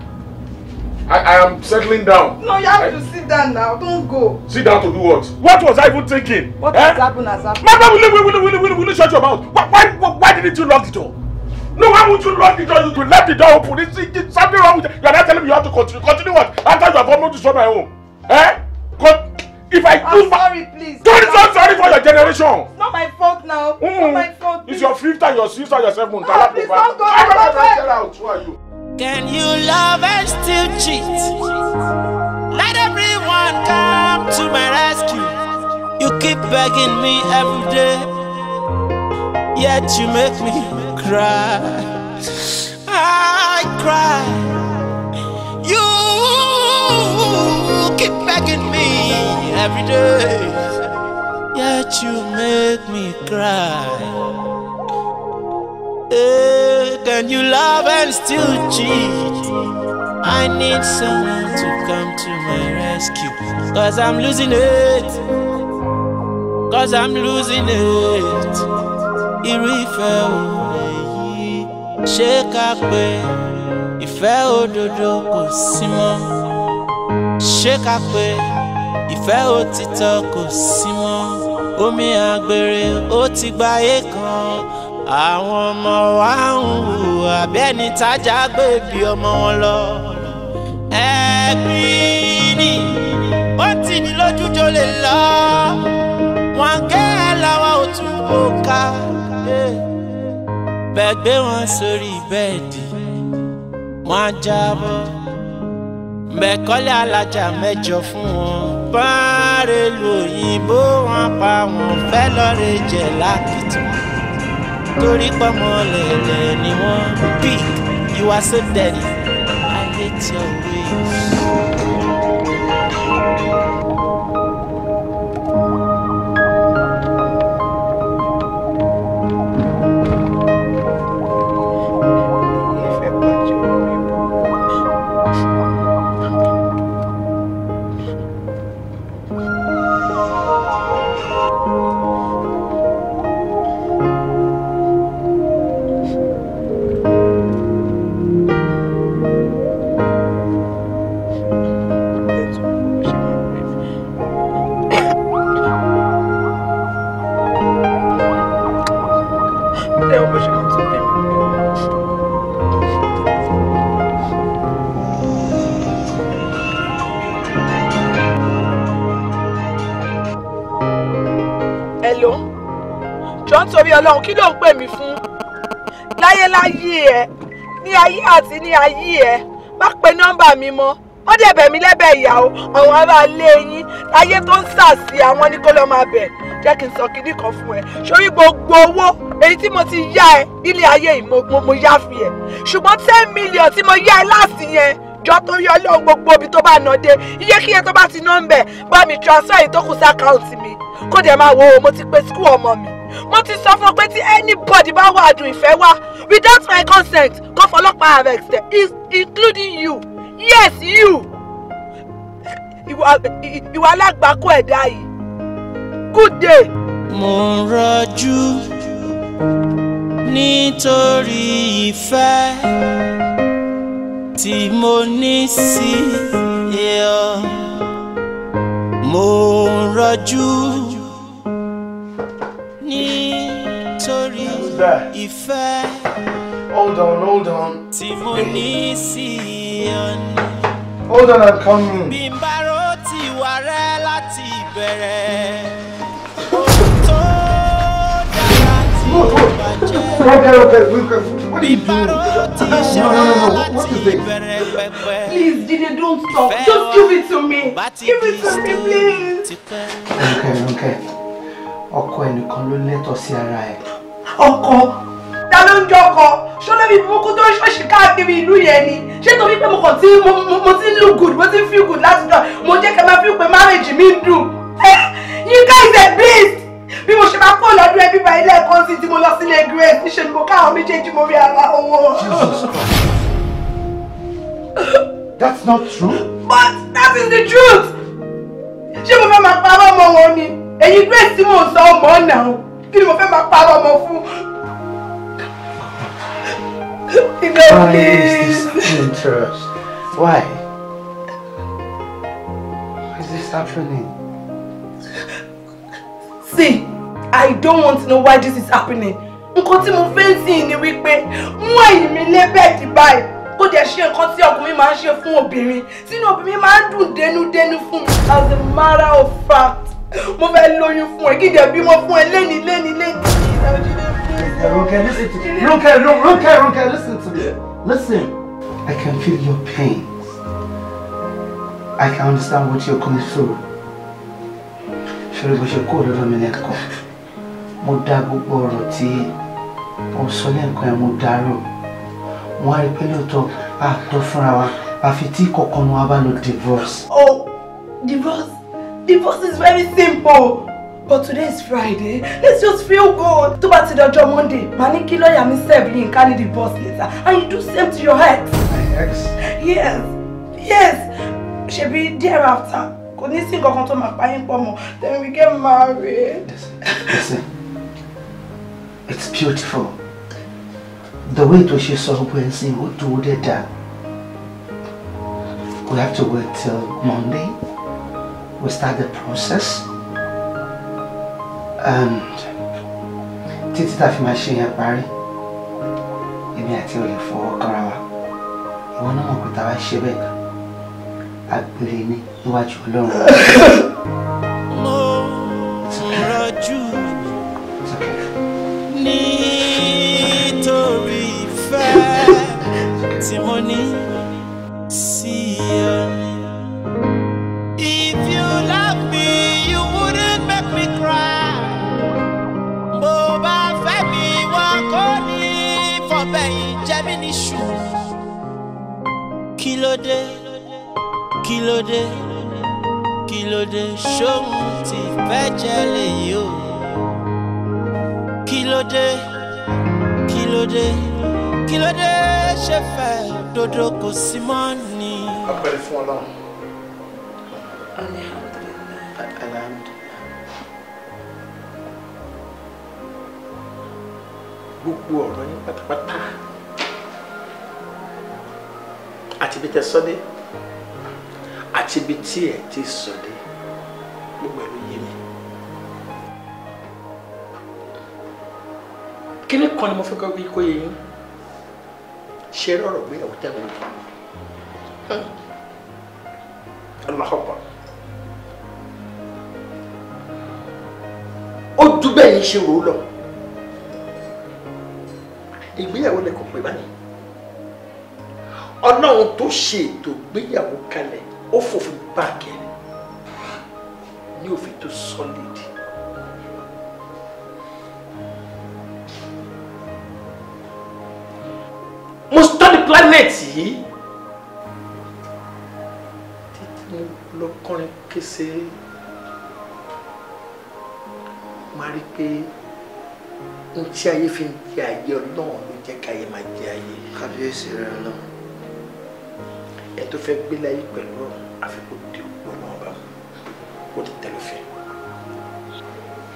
I, I am settling down. No, you have I, to sit down now. Don't go. Sit down to do what? What was I even thinking? What eh? has happened has happened. Madam, will you, will you, will you, will you, shut your mouth? Why, why, why didn't you lock the door? No, why would you lock the door? You, you left the door open. It's, it's something wrong with you. You are not telling me you have to continue. Continue what? After you have come to show my home. Eh? Con If I do I'm sorry, please. Don't be so sorry for your generation. not my fault now. Mm. not mm-hmm. my fault. It's your fifth and your sixth and your seventh. Oh, please don't go. I'm not going to get out. Who are you? Can you love and still cheat? Let everyone come to my rescue. You keep begging me every day, yet you make me cry. I cry. You keep begging me every day. Yet you make me cry. Eh, then you love and still cheat. I need someone to come to my rescue. Cause I'm losing it. Cause I'm losing it. Irú ìfẹ́ òun èyí ṣé ká pé ìfẹ́ ṣé ká pé ìfẹ́ òtítọ́ kò sí mọ́ omi àgbèrè ó ti gbáyé kan àwọn ọmọ wa ń hùwà bẹ́ẹ̀ni tájà gbé bí ọmọ wọn lọ. ẹ̀gbìn ni ó ti ní lójújó lè lọ wọn kẹ́ ẹ làwọn ò tún kó ká bẹ́ẹ̀ gbé wọn sórí bẹ́ẹ̀dì wọn á jábọ́ mẹ́kọ́lé alájà mẹ́jọ fún wọn. bọ́ọ̀rẹ́ lu òyìnbó wọn pa wọn fẹ́ lọ́ọ́rẹ́ jẹ lákìtì wọn. torí pọ́nmọ́ lẹ̀lẹ̀ ni wọ́n bí you are so dirty I hate your ways. ọlọ́run kí ló ń pè mí fún láyéláyé ẹ ní ayé àti ní ayé ẹ má pe nọ́mbà mi mọ́ ó dẹ̀ bẹ̀ mí lẹ́bẹ̀ ìyàwó àwọn ará ilé yín ayé tó ń sàsì àwọn ní kó lọ́ọ́ máa bẹ̀ jẹ́ kí n sọ kinní kan fún ẹ sórí gbogbo owó èyí tí mo ti yá ẹ nílé ayé yìí mo mo yá fi ẹ ṣùgbọ́n ten million tí mo yá ẹ láti yẹn jọ torí ọlọ́run gbogbo ibi tó bá nà dé iye kíyẹn tó bá ti ná ń bẹ̀ bá mi transfer yìí tó kù sí àkáǹtì mi kó dẹ̀ máa wo mo ti pe school ọmọ mi mo ti sọ fún ọ pé tí anybody bá wá àdùn ìfẹ́ wá without my consent kó fọlọ́pàá arrest them including you yes you ìwà alágbàkú ẹ̀dá yìí good day. mo ń rọjú nítorí ìfẹ́ tí mo ní sí ẹ mo ń rọjú nítorí ìfẹ́. hold on hold on. tí mo ní sí ọ̀nà. hold on i'm coming. bí n bá rò tiwa rẹ láti ìbẹ̀rẹ̀. tó dára tí ó bàjẹ́. What are you doing? No, no, no, no. What is this? Please, Jide, don't stop. Just give it to me. Give it to me, please. Okay, okay ọkọ ẹnìkan ló lẹ́tọ̀ọ́ sí ara ẹ̀. ọkọ ta ló ń jọ ọkọ ṣọlá mi burúkú tó ń ṣọ́ọ̀ṣì káàkiri ìlú yẹn ni ṣé torí pé mo kàn ti mo ti look good mo ti feel good láti dọ̀ mo jẹ́ kẹ́ máa fi pé marriage mi ń dùn. Eh, you guys dey beast bí mo ṣe máa kó lọ́dún ẹbí ba ilé ẹ̀kọ́ sí tí mo lọ sílé grace níṣẹ́ ni mo káwọn méjèèjì mo rí ara owó. that's not true. but that is the truth. ṣé mo fẹ́ máa parọ́ ọmọ wọn ni èyí grace tí mò sọ ọmọ náà kí ni mo fẹ́ máa parọ́ ọmọ fún. Iná please. Why? Why is this happening? See, I don't want to know why this is happening. Nǹkan tí mo fẹ́ sí ni wípé mú ẹ̀yìn mi lé bẹ́ẹ̀dì báyìí. Kó jẹ́ ṣe nǹkan tí ọkùnrin máa ń ṣe fún obìnrin. Sínú obìnrin máa ń dùn dénúdénú fún mi as a matter of fact mo fẹ́ lóyún fún ẹ kí dẹ̀ bímọ fún ẹ lẹ́ni lẹ́ni lẹ́ni. Ronke, listen to me. Ronke, Ronke, Ronke, listen to me. Listen, I can feel your pain. I can understand what you're going through. Ṣé bó ṣe kúrò lọ́dọ̀ mi lẹ́kọ̀ọ́? Mo dá gbogbo ọ̀rọ̀ tí mo sọ lẹ́ẹ̀kan ẹ̀ mo dárò. Wọ́n á rí pé lóòótọ́ àtọ́ fúnra wa àfi tí kọ̀ọ̀kan wa bá lọ divorce. Oh, divorce divorce is very simple but today is Friday let's just feel good tó bá ti dọjọ́ Monday màá ní kí lọ́ọ̀yà mi divorce later, and you do same to your ex. my ex. yes yes ṣebí thereafter kò ní sí nǹkan kan tó máa pa then we get married. listen listen it's beautiful the way to ṣe sọ bó ẹ sìn ó dúró dé we have to wait till Monday. we start the process and títí tá a fi máa ṣe yẹn parí èmi àti olè fọwọ́ kanra wa ìwọ náà mọ̀ pé tá a wá ṣe bẹ́ẹ̀ àgbèrè ní iwájú ọlọ́run. ló dé kí ló dé ṣóun ti fẹ́ jẹ́ lèyí o kí ló kí ló kí ló ṣe fẹ́ dodo kò sí mọ́ ni. apẹ̀rẹ̀ fún ọlọ́run. gbogbo ọ̀rọ̀ yín pátápátá àti bí tẹ sọ́dẹ́ àti ibi tí ẹ ti sọdé gbogbo ẹ ló yé mi. kíní kan ni mo fẹ́ kọ́ bí kò yé yín ṣe rọrọ̀ gbé ẹ̀wọ̀ tẹ̀ wọ́n. Hmm. aláhọ̀pọ̀ ó ju bẹ́ẹ̀ yín ṣe rò ó lọ ìgbéyàwó lẹ kò pé báyìí ọlọ́run tó ṣe ètò ìgbéyàwó kalẹ̀ ó fòfin báàkì ẹni ní òfin tó sọ́lìdì. mo study planet yìí títí mo lọ kọrin kése máa rí pé n tí ayé fi ń jẹ ayé ọlọ́run ló jẹ́ káyé máa jẹ ayé. kábíyèsí rẹ̀ ọlọ́run ẹ tó fẹ́ gbé láyé pẹ̀lú ọ̀run àfikún di òpó náà bá ó ti tẹ̀lé fẹ́.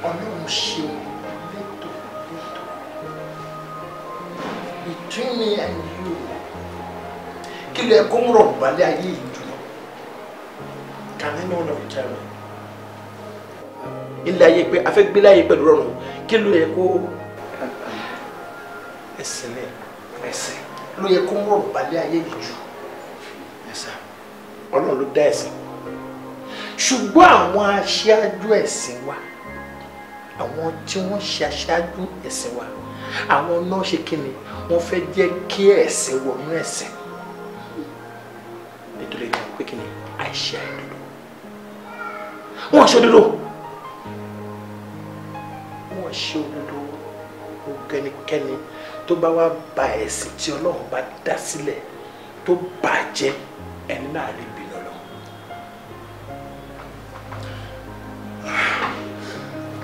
ọlọ́run ṣeun létò létò between me and you kí ló yẹ kó ń rọ̀ balẹ̀ ayé yìí jùlọ can I know of each other. ilé ayé pé a fẹ́ gbé láyé pẹ̀lú ọ̀run kí ló yẹ kó ẹsẹ̀ lẹ̀ ẹsẹ̀ ló yẹ kó ń rọ̀ balẹ̀ ayé yìí jù ọlọ́run ló dá ẹ̀sìn ṣùgbọ́n àwọn aṣáájú ẹ̀sìn wa àwọn tí wọ́n ṣe aṣáájú ẹ̀sìn wa àwọn náà ṣe kí ni wọ́n fẹ́ jẹ́ kí ẹ̀sìn wọnú ẹ̀sìn nítorí ìtàn pé kí ni àìṣe àìdodo wọ́n ṣe òdodo wọ́n ṣe òdodo gbogbo ẹnikẹ́ni tó bá wá ba ẹ̀sìn tí ọlọ́run bá dá sílẹ̀ tó bàjẹ́ ẹni náà lè bínú lọ.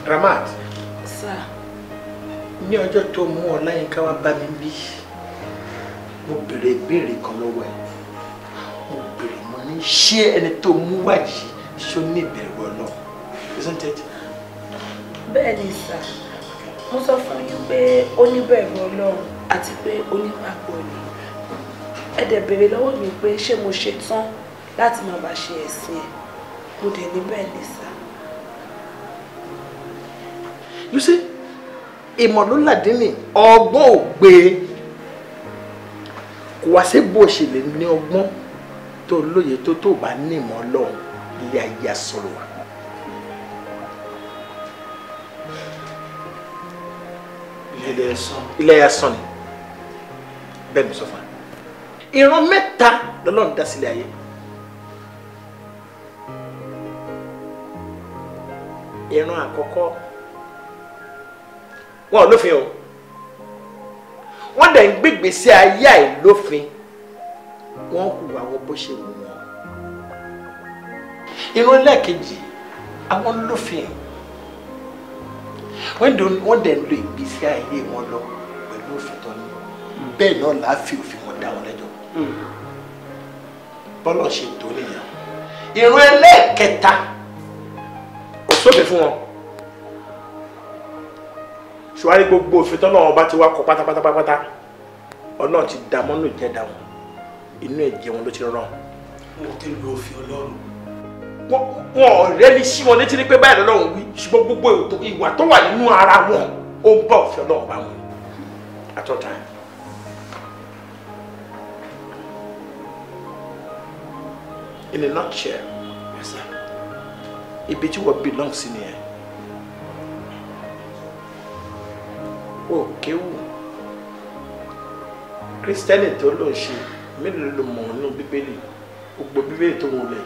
Ramat. Sá. Ní ọjọ́ tó mú Ọláyínká wá bá mi bí, mo béèrè ìbéèrè kan lọ́wọ́ ẹ̀. Mo béèrè mo ní ṣé ẹni Isn't it? Bẹ́ẹ̀ ni sá, mo sọ fún yín pé ó ní bẹ̀rù Ọlọ́run àti pé ó ní pàpọ̀ ni ẹ dẹ̀ lọ́wọ́ mi pé ṣé mo ṣe tán láti máa bá ṣe ẹ̀sìn ẹ̀ mo dẹ̀ níbẹ̀ ní sá. you see ìmọ̀ ló làdí ni ọgbọ́n ò gbé e kò wá sí bó ṣe lè ní ọgbọ́n tó lóye tó tó bá ní ìmọ̀ ọlọ́run ilé ayé asọ̀rọ̀ wa. ilé ẹ̀sán ni bẹ́ẹ̀ ni sọ fún wa ìran mẹ́ta lọ́lọ́run dá sílẹ̀ ayé ìran àkọ́kọ́ wọn ò lófin o wọ́n dẹ̀ ń gbégbé sí ayé àìlófin wọ́n hùwà wọ bó ṣe wù wọ́n ìran lẹ́ẹ̀kejì àwọn lófin wọ́n dẹ̀ ń lo ìgbésí ayé wọn lọ pẹ̀lú òfin tó ní hmm. bẹ́ẹ̀ náà láàfin òfin wọn dá wọn lẹ́jọ́ bọ́lọ̀ ṣe tó nìyẹn ìrun ẹlẹ́ẹ̀kẹta kò sófin fún wọn ṣùwárí gbogbo òfin tọ́nà ọba ti wá kọ pátápátápátá ọ̀nà ti dà mọ́nú ìjẹ́dá wọn inú ẹ̀jẹ̀ wọn ló ti rán. wọn ti lu òfin ọlọ́run. wọn ọ̀rẹ́ mi sí wọn létí ní pé báyìí lọ́lọ́run wí ṣùgbọ́n gbogbo ìwà tó wà nínú ara wọn ó ń bá òfin ọlọ́run bá wọn at all times. in a nutshell yes sir A ibi tí wọ́n belong sí nìyẹn o kéwù kristẹni tó lọ ṣe mélòó ló mọ̀ nínú bíbélì baby. bíbélì baby ń lẹ̀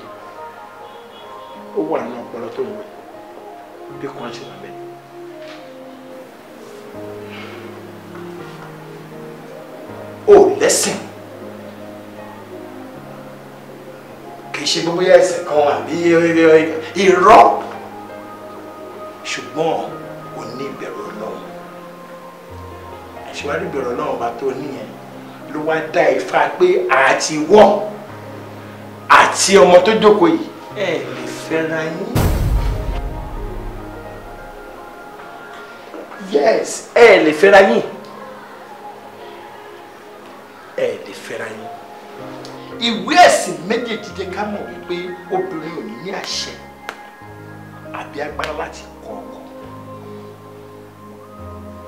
ó Oh, nínú ọpọlọ tó ń wẹ̀ bí Be conscious of it. Oh, listen. kì í ṣe gbogbo ẹ̀sẹ̀ kan àbí irọ́ ṣùgbọ́n o ní ìbẹ̀rù ọlọ́run àṣewárí ìbẹ̀rù ọlọ́run bá tó níyẹn ló wá dá ifá pé àti wọ́ àti ọmọ tó jókòó yìí ẹ lè fẹ́ra yín. yes ẹ lè fẹ́ra yín ẹ lè fẹ́ra yín ìwé ẹ̀sìn méjèèjì jẹ́ ká mọ̀ wípé obìnrin ò ní ní àṣẹ àbí agbára láti kọ ọkọ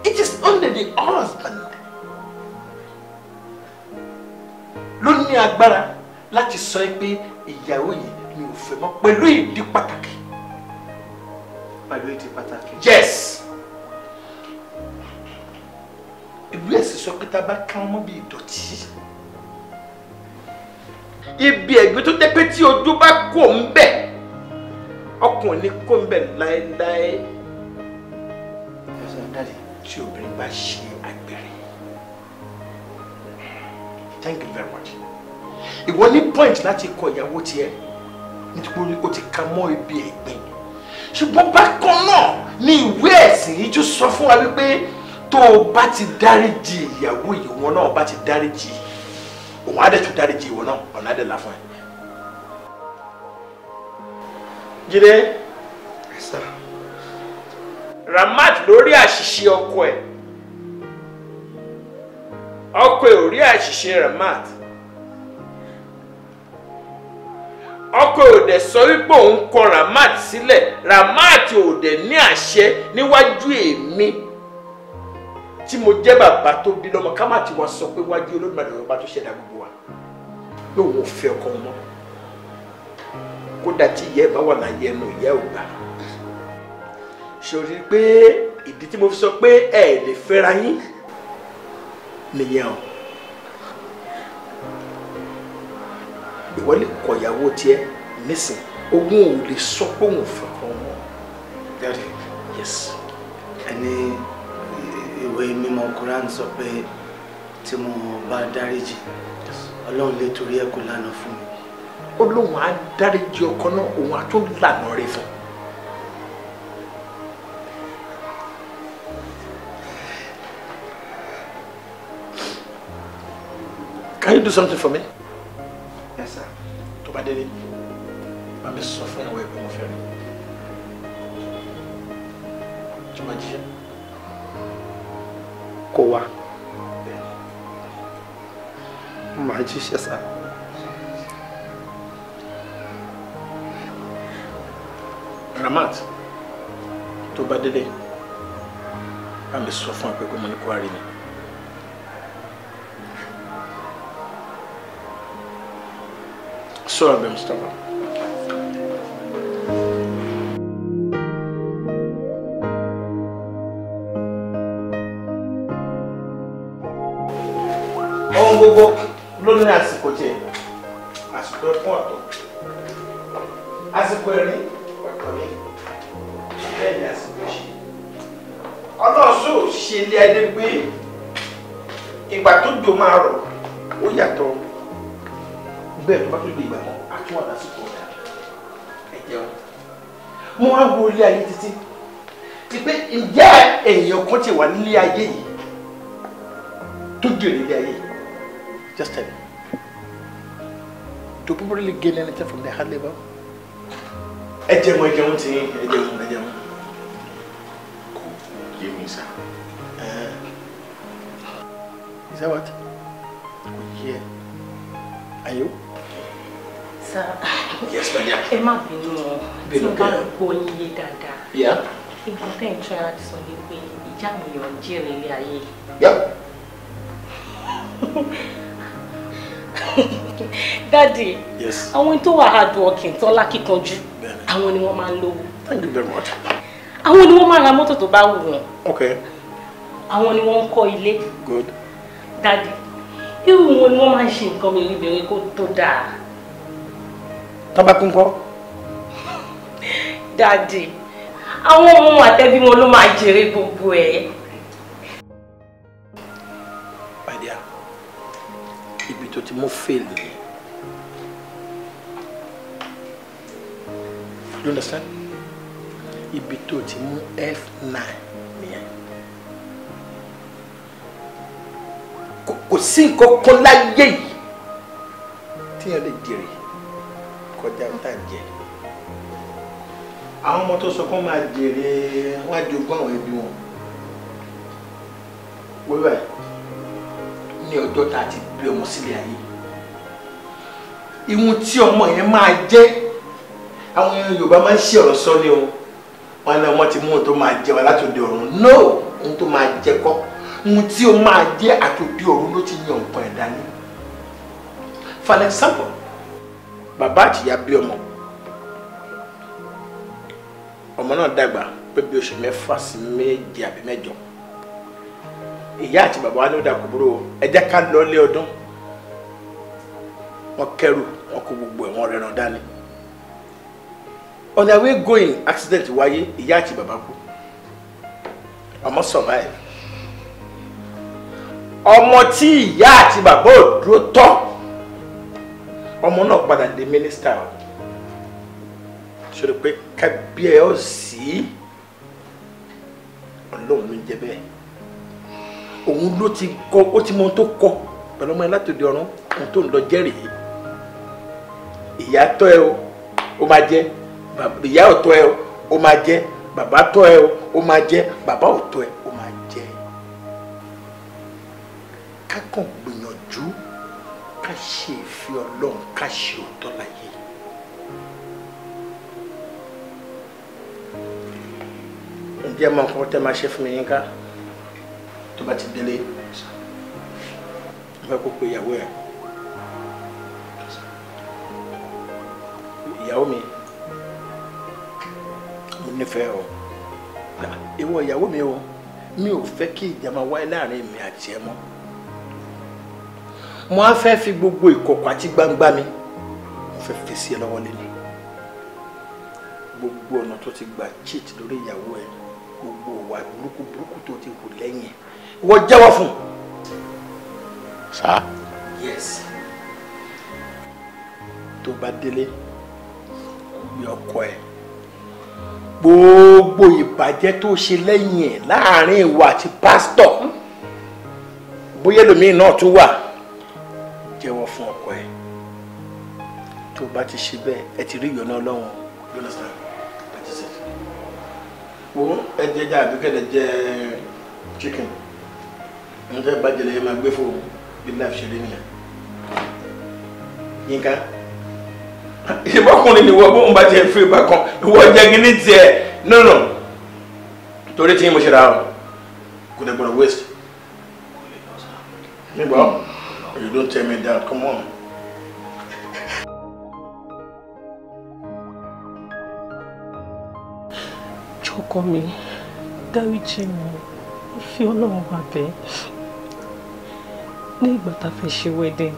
it is only the husband ló ní agbára láti sọ ẹ pé ìyàwó yìí mi ò fẹ́ mọ́ pẹ̀lú ìdí pàtàkì. pẹ̀lú ìdí pàtàkì. yes ìwé ẹ̀sìn sọ pé tá a bá ká wọn mọ́ ìdọ̀tí ibi ẹ̀gbin tó jẹ́ pé tí ojú bá kò ń bẹ̀ ọkùnrin ní kò ń bẹ̀ láéláé. tí obìnrin bá ṣe àgbèrè thank you very much ìwọ ní point láti kọ ìyàwó tiẹ̀ nítorí o ti ka mọ́ ibi ẹ̀gbin ṣùgbọ́n bákan náà ni ìwé ẹ̀sìn yìí tún sọ fún wa wípé tó o bá ti dáríjì ìyàwó ìwọ náà bá ti dáríjì òun á dẹ̀ tún dáríjì ìwọ náà ọ̀nà á dẹ̀ là fún ẹ. jíde Ramat lórí àṣìṣe ọkọ ẹ ọkọ ẹ ò rí àṣìṣe Ramat ọkọ ẹ ò dẹ̀ sọ wípé òun Ramat sílẹ̀ Ramat ò de ní àṣẹ níwájú èmi. E tí mo jẹ́ bàbá tó bí lọ́mọ ká má ti wá sọ pé wájú olódùmarè ọba tó ṣẹ̀dá gbogbo wa pé òun ò fẹ́ ọkọ mọ́ kódà tí ìyá ẹ̀ bá wà láyé ẹnu ìyá ò gbà sori pé ìdí tí mo fi sọ pé ẹ lè fẹ́ra yín nìyẹn o ìwọ lè kọ̀yàwó tiẹ̀ nísìn ogún ò lè sọ pé òun ò fẹ́ ọkọ mọ́. yes ẹni ìwé mímọ́ Quran sọ pé tí mo bá dáríjì ọlọ́run lè torí ẹ̀ lànà fún mi. ó lóun á dáríjì ọkọ náà òun á tó lànà rẹ fún. Can you do something for me? Yes, sir. tó bá délé bá mi sọ fún ìwé ìgbìmọ̀ fẹ́rẹ̀ tó bá jíṣẹ́ kó wa màá jíṣẹ́ sá. Ramat tó bá délé bá mi sọ fún ẹ pé kó mo ní kó àárín mi. bẹ́ẹ̀ Mustapha. gbogbo ló ní àsìkò tiẹ̀ àsìkò ẹkún ọ̀tọ̀ àsìkò ẹ̀rín ọ̀tọ̀ ni bẹ́ẹ̀ ni àsìkò ṣe ọlọ́sùn ṣe ilé ẹni pé ìgbà tó jò máa rọ̀ ó yàtọ̀ bẹ́ẹ̀ tó bá tó di ìgbà kan á tún wà lásìkò ọ̀dà ẹ jẹun mo wá wo ilé ayé títí ti pé ǹjẹ́ èèyàn kan ti wà nílé ayé yìí tó jèrè ilé ayé yìí. Just tell me. Do people really gain anything from their hard labor? Ẹ jẹun, ẹ jẹun tí yín, ẹ jẹun, ẹ jẹun. Kò yé Is that what? Kò Are you? Sir. Yes, my dear. Ẹ má bínú o. Bínú kẹ́. Tí mo bá Yeah. Nǹkan tẹ́ ń you ara ti sọ ni pé ìjà mi yàn jẹ́ nílé ayé. Yeah. Daddy. Yes. Àwọn tó wà hard working tó lákìkanjú. Àwọn ni wọ́n máa ń lówó. Thank you very much. Àwọn ni wọ́n máa ra mọ́tò tó bá wù wọ́n. Okay. Àwọn ni wọ́n ń kọ́ ilé. Good. Daddy. Irú wọn ni wọ́n máa ń ṣe nǹkan mèremère kó tó dáa. Tọ́ba kún kọ́. Daddy. Àwọn ọmọ àtẹ́bí wọn ló máa jèrè gbogbo ẹ̀. tó ti mú fail nìyẹn. you understand? ibi tó ti mú f nine, nìyẹn. kò sí nǹkan kan láyé yìí tíyẹn lè jèrè kọjá tá à ń jẹ. àwọn ọmọ tó sọ kó máa jèrè wọn á àwọn ẹbí wọn. wíwá ní ọjọ́ tá a ti gbé ọmọ sílé ayé ìwọ̀n tí ọmọ yẹn máa jẹ́ àwọn Yorùbá máa ń ṣe ọ̀rọ̀ sọ ni o wọn ní ọmọ ti mú ohun tó máa jẹ wá láti òde ọ̀run no ohun tó máa jẹ kọ́ ohun tí ó máa jẹ àtòdì ọ̀run ló ti yan nǹkan ẹ̀dá ni for example bàbá àtìyá bí ọmọ ọmọ náà dàgbà pé bí oṣù mẹ́fà sí méje àbí mẹ́jọ ìyá àti bàbá wa ní ọ̀dà kúburú o ẹ jẹ́ ká lọ lé ọdún wọn kẹrù wọn kó gbogbo ẹ̀ wọn rẹran dání on their way going accident wáyé ìyá àti bàbá kú ọmọ survive ọmọ tí ìyá àti bàbá ò dúró tọ́ ọmọ náà padà di mínísítà ṣòro pé kábíyèsí ọlọ́run ló ń jẹ bẹ́ẹ̀ òun ló ti kọ ó ti mọ ohun tó kọ pẹ̀lú ọmọ yẹn láti òde ọ̀run ohun tó ń lọ jẹ́ rèé ìyá tọ́ ẹ o ó máa jẹ́ ìyá ò ẹ o ó máa jẹ́ bàbá tọ́ ẹ o ó máa jẹ́ bàbá ò tọ́ ẹ ó máa jẹ́ ká kàn gbìyànjú ká ṣe ìfẹ́ ọlọ́run ká ṣe òótọ́ láyé ǹjẹ́ mọ̀ nǹkan tẹ́ máa ṣe fún mi yín ká tó bá ti délé ẹ fẹ́ kó pe ìyàwó ẹ̀ ìyàwó mi mo nífẹ̀ẹ́ ọ ìwọ ìyàwó mi o mi ò fẹ́ kí ìjà máa wáyé láàrin mi àti ẹ mọ́ mo á fẹ́ fi gbogbo ìkọ̀kọ̀ àti gbangba mi mo fẹ́ fi sí ẹ lọ́wọ́ lélẹ̀ gbogbo ọ̀nà tó ti gbà cheat lórí ìyàwó ẹ gbogbo ìwà burúkú burúkú tó ti hù lẹ́yìn ẹ ìwọ jẹ́wọ́ fún. sá. yes. tó bá délé gbé ọkọ ẹ gbogbo ìbàjẹ́ tó ṣe lẹ́yìn ẹ̀ láàrin ìwà àti pásítọ̀ bóyá ẹlòmíín náà tún wà jẹ́wọ́ fún ọkọ ẹ tó bá ti ṣe bẹ́ẹ̀ ẹ ti rí ìyọ́nú ọlọ́run ẹ jẹ jẹ àbíkẹ́ ẹ jẹ chicken n tẹ́ bàjẹ́ lẹ́yìn máa gbé fóònù bí láì ṣe lé ni wọ́n bó ń bá tiẹ̀ fi ìgbà kan ìwọ jẹ́gi ní tiẹ̀ nínú torí tí mo ṣe ra ọ kò dẹ̀ gbọ́dọ̀ waste nígbà you don't tell me that come on. ọkọ mi dáríjì mi fi ọlọ́run bàbẹ́ ní ìgbà tá a fẹ́ ṣe wedding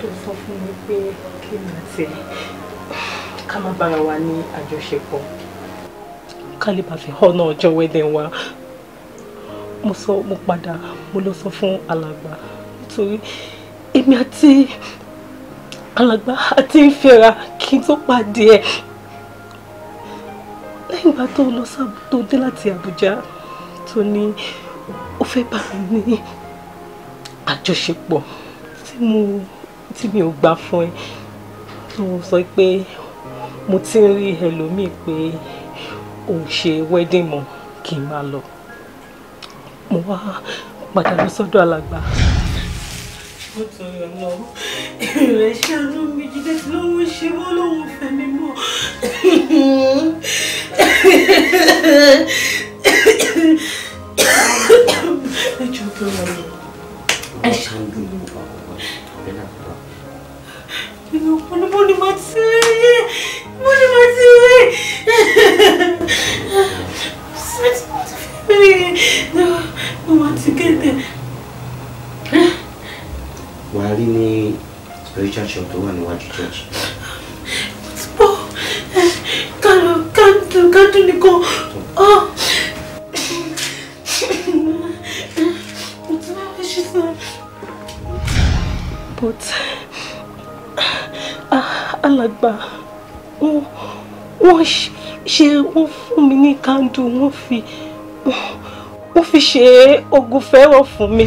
tó sọ fún mi pé kí n àti ká má bára wa ní àjọṣepọ̀ ká lè bá fi ọ̀nà ọjọ́ wedding wa mo sọ mo padà mo lọ sọ fún alàgbà nítorí èmi àti alàgbà àti ìfẹ́ra kí n tó pàdé ẹ̀ lẹ́yìn ìgbà tó lọ sáà tó dé láti Àbújá tó ní ó fẹ́ bá mi ní àjọṣepọ̀ tí mo tí mi ò gbà fún ẹ tí sọ pé mo ti ń rí ẹlòmíì pé ò ṣe wedding mọ́ kí n máa lọ mo wá padà lọ sọ́dọ̀ alàgbà. mo tọrọ lọ ìrẹsì àánú mi jíde tí ló ṣe mọ́ lóun fẹ́ mi mọ́. dùn wọ́n fi wọ́n fi ṣe ogun fẹ́ràn fún mi.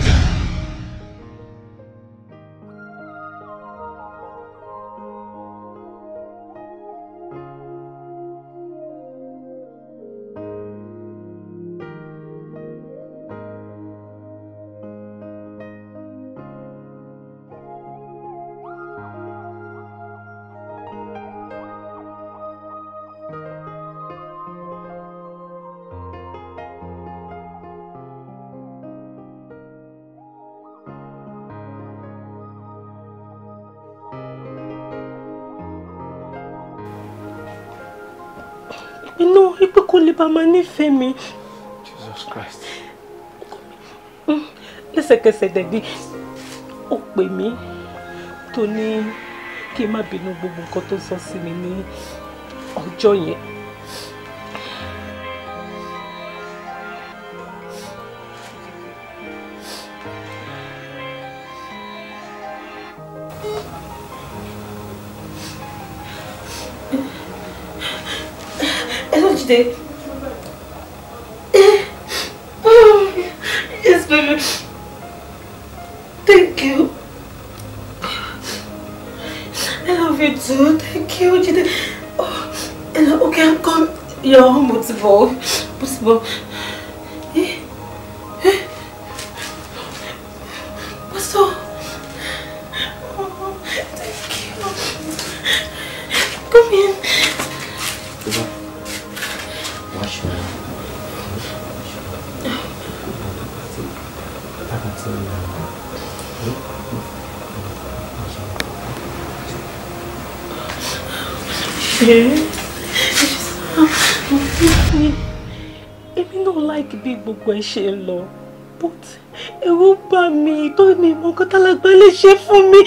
bá máa nífẹ̀ẹ́ mi. Jesus Christ. Hmm, lẹ́sẹ̀kẹsẹ̀ dẹ̀bi ó pè mí tó ní kí n má bínú gbogbo nǹkan tó sọ sí mi ní ọjọ́ yẹn. Tuesday Yes, baby. Thank you. I love you too. Thank you. Jide. Oh, and okay, I'm coming. You're home, Mutsibo. Mutsibo. Eh? Eh? Oh, thank you. Come here. bẹ̀rẹ̀ èmi náà láìkí bí gbogbo ẹ ṣe lọ but ẹ̀rù bà mí tó mi mọ nǹkan tálágbá lè ṣe fún mi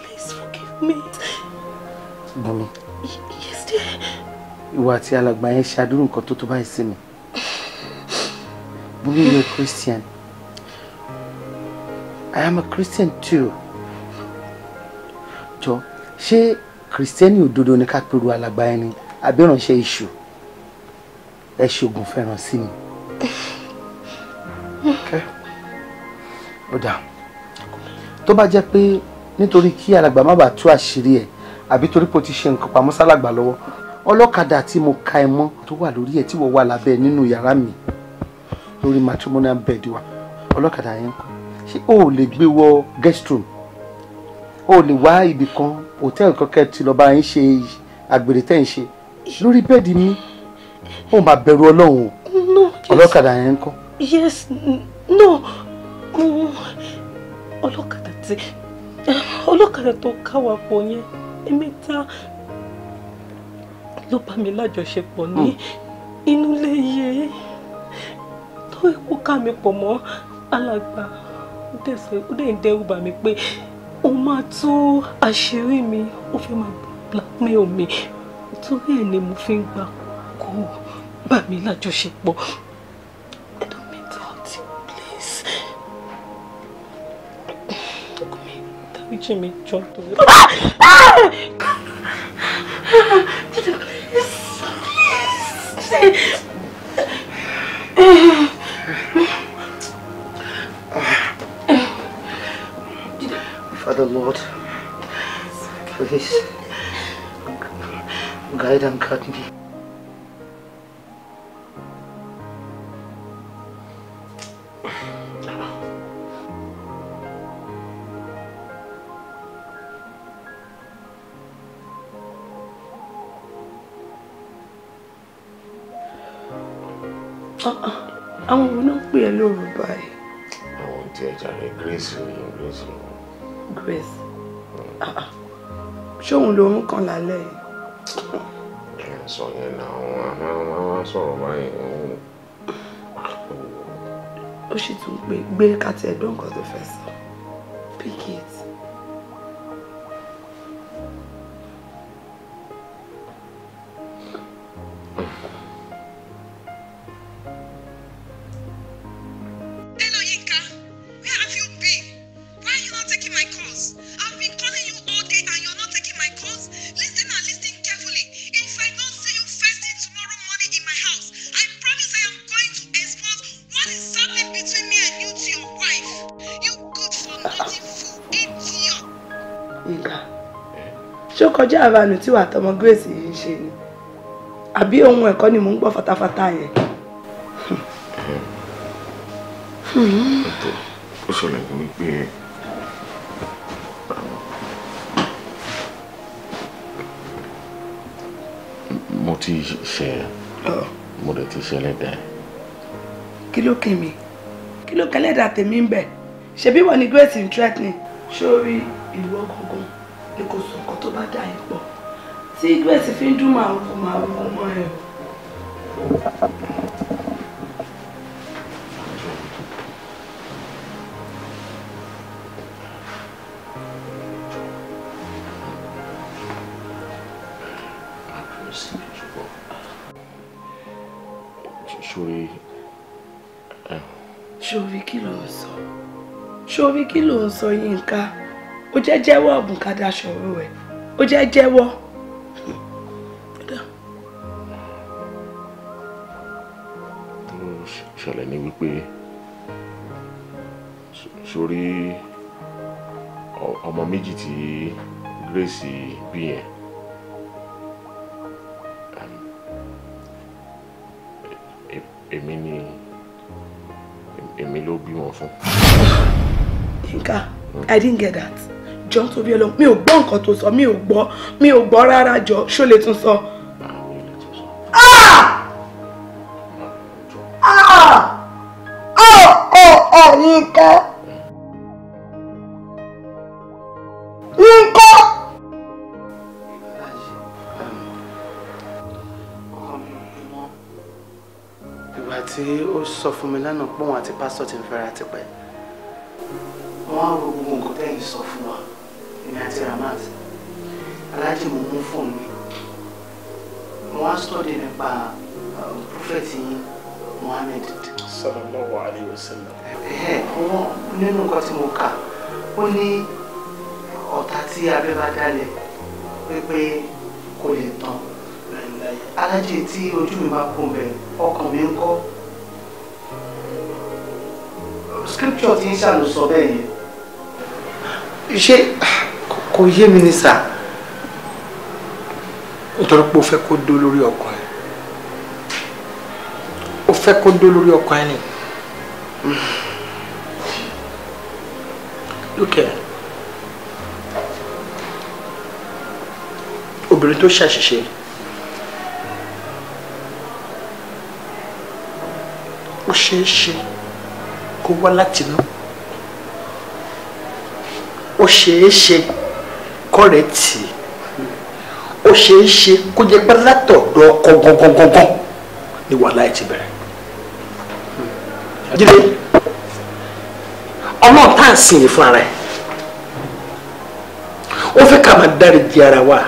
please forgive me. bọ́lá ìwà àti alàgbà yẹn ṣe àdúrà nǹkan tó tó báyìí sí mi Bulu you're a Christian I am a Christian too jọ ṣé kìrìsìtẹ́nì òdodo ni ká pẹ̀lú alàgbà ẹni abẹ́ránṣẹ́ iṣu ẹ ṣoògùn fẹ́ràn sí mi. ó dà tó bá jẹ́ pé nítorí kí alàgbà má bàa tú àṣírí ẹ̀ àbí torí pé o ti ṣe nǹkan pamọ́ sálàgbà lọ́wọ́ ọlọ́kadà tí mo ka ẹ mọ́ tó wà lórí ẹ̀ tí wọ́n wà lábẹ́ nínú yàrá mi lórí matrimonial bed wa ọlọ́kadà yẹn kọ́ ṣé o ò lè gbé wọ guest room o ò lè wá ibì kan hòtẹ́ẹ̀lì kankan ti lọ́ọ́ bá yín ṣe àgbèrè tẹ́ ń ṣe lórí bẹ́ẹ̀dì mi ó máa bẹ̀rù ọlọ́run o ọlọ́kadà yẹn ń kọ́. yes no mo ọlọ́kadà tí ọlọ́kadà tó káwa pọ̀ yẹn ẹ̀mẹ́ta ló bá mi lájọṣepọ̀ ní hmm. inú ilé yìí tó ikú ká mi pọ̀ mọ́ alàgbà ó dẹ̀ ń dẹ́rù bà mí pé máa tú àṣírí mi ó fẹ́ máa blackmail mi torí ẹ̀ ni mo fi ń gbà kó bá mi lájọṣepọ̀ I don't mean to hurt you please kò mí dáríjì mi jọ please. Guide and guard me. àwọn òun náà pè é lóru báyìí. àwọn tí ẹ jàre grace ni grace ni. grace. Uh -uh. ṣóun ló mú kan lálẹ́ yìí. ẹ sọ yẹn náà àwọn àwọn sọ̀rọ̀ báyìí ó sì tún gbé gbé káti tó fẹ́ sọ pick it. àbànú tí wàá tọmọ Grace yìí ń ṣe ni àbí ohun ẹ̀kọ́ ni mò ń gbọ́ fatafata yẹn. ó ṣẹlẹ̀ fún mi pé mo ti ṣe oh. mo dẹ̀ ti ṣe ẹlẹ́dàá ẹ̀. kí ló kì mí kí ló kẹlẹ́dàá tèmi ń bẹ̀ ṣebí wọ́n ni Grace ń threatening sórí ìlú ọgọ́gùn pé kò sọ nǹkan tó bá dà ẹ́ pọ̀ tí igbó ẹ̀ sì fi ń dún màrúkú màrúkú mọ́ ẹ o. sórí kí ló ń sọ sórí kí ló ń sọ Yínká ó jẹ́ jẹ́wọ́ ọ̀bùn ká daṣọ òru ẹ̀ ó jẹ́ jẹ́wọ́. ṣẹlẹ̀ ni wípé sórí ọmọ méjì tí Grace bí yẹn èmi ni èmi ló bí wọn fún. Yinka, I didn't get that jọ torí Ọlọ́run mi ò gbọ́ nǹkan tó sọ mi ò gbọ́ mi ò gbọ́ rárá jọ ṣó lè tún sọ. Yínká Yínká. ìgbà tí ó sọ fún mi lánàá pé òun àti pásítọ̀ ti ń fẹ́ra tipẹ́ wọ́n á ro gbogbo nǹkan tẹ́yìn sọ fún wa èmi àti Ramat aláàjì mo mú fóònù mi mo wá sọ́dẹ̀ nípa uh, prọfẹ̀tì Muhammad. sallallahu alayhi wa sallam. wọn nínú nǹkan tí mo kà ó ní ọ̀tá tí abẹ́ bá dálẹ̀ pé kò lè tán alájẹ tí ojú mi bá kún bẹ ọkàn mi ń kọ́ scripture ti ń ṣàlùsọ bẹ́ẹ̀ yẹn. ṣé kò yé mi ní sà nítorí pé o fẹ́ kó dó lórí ọkọ ẹ o fẹ́ kó dó lórí ọkọ ẹ ni lókè obìnrin tó ṣàṣìṣe ó ṣeé ṣe kó wá látinú ó ṣeé ṣe ọkọ rẹ̀ tì ó ṣeé ṣe kó jẹ́ pé látọ̀dọ̀ ọkọ gangan ni wàhálà ẹ̀ ti bẹ̀rẹ̀. jíde ọlọ́run tá à ń sìn ní fún ara ẹ̀ ó fẹ́ ká máa dáríji ara wa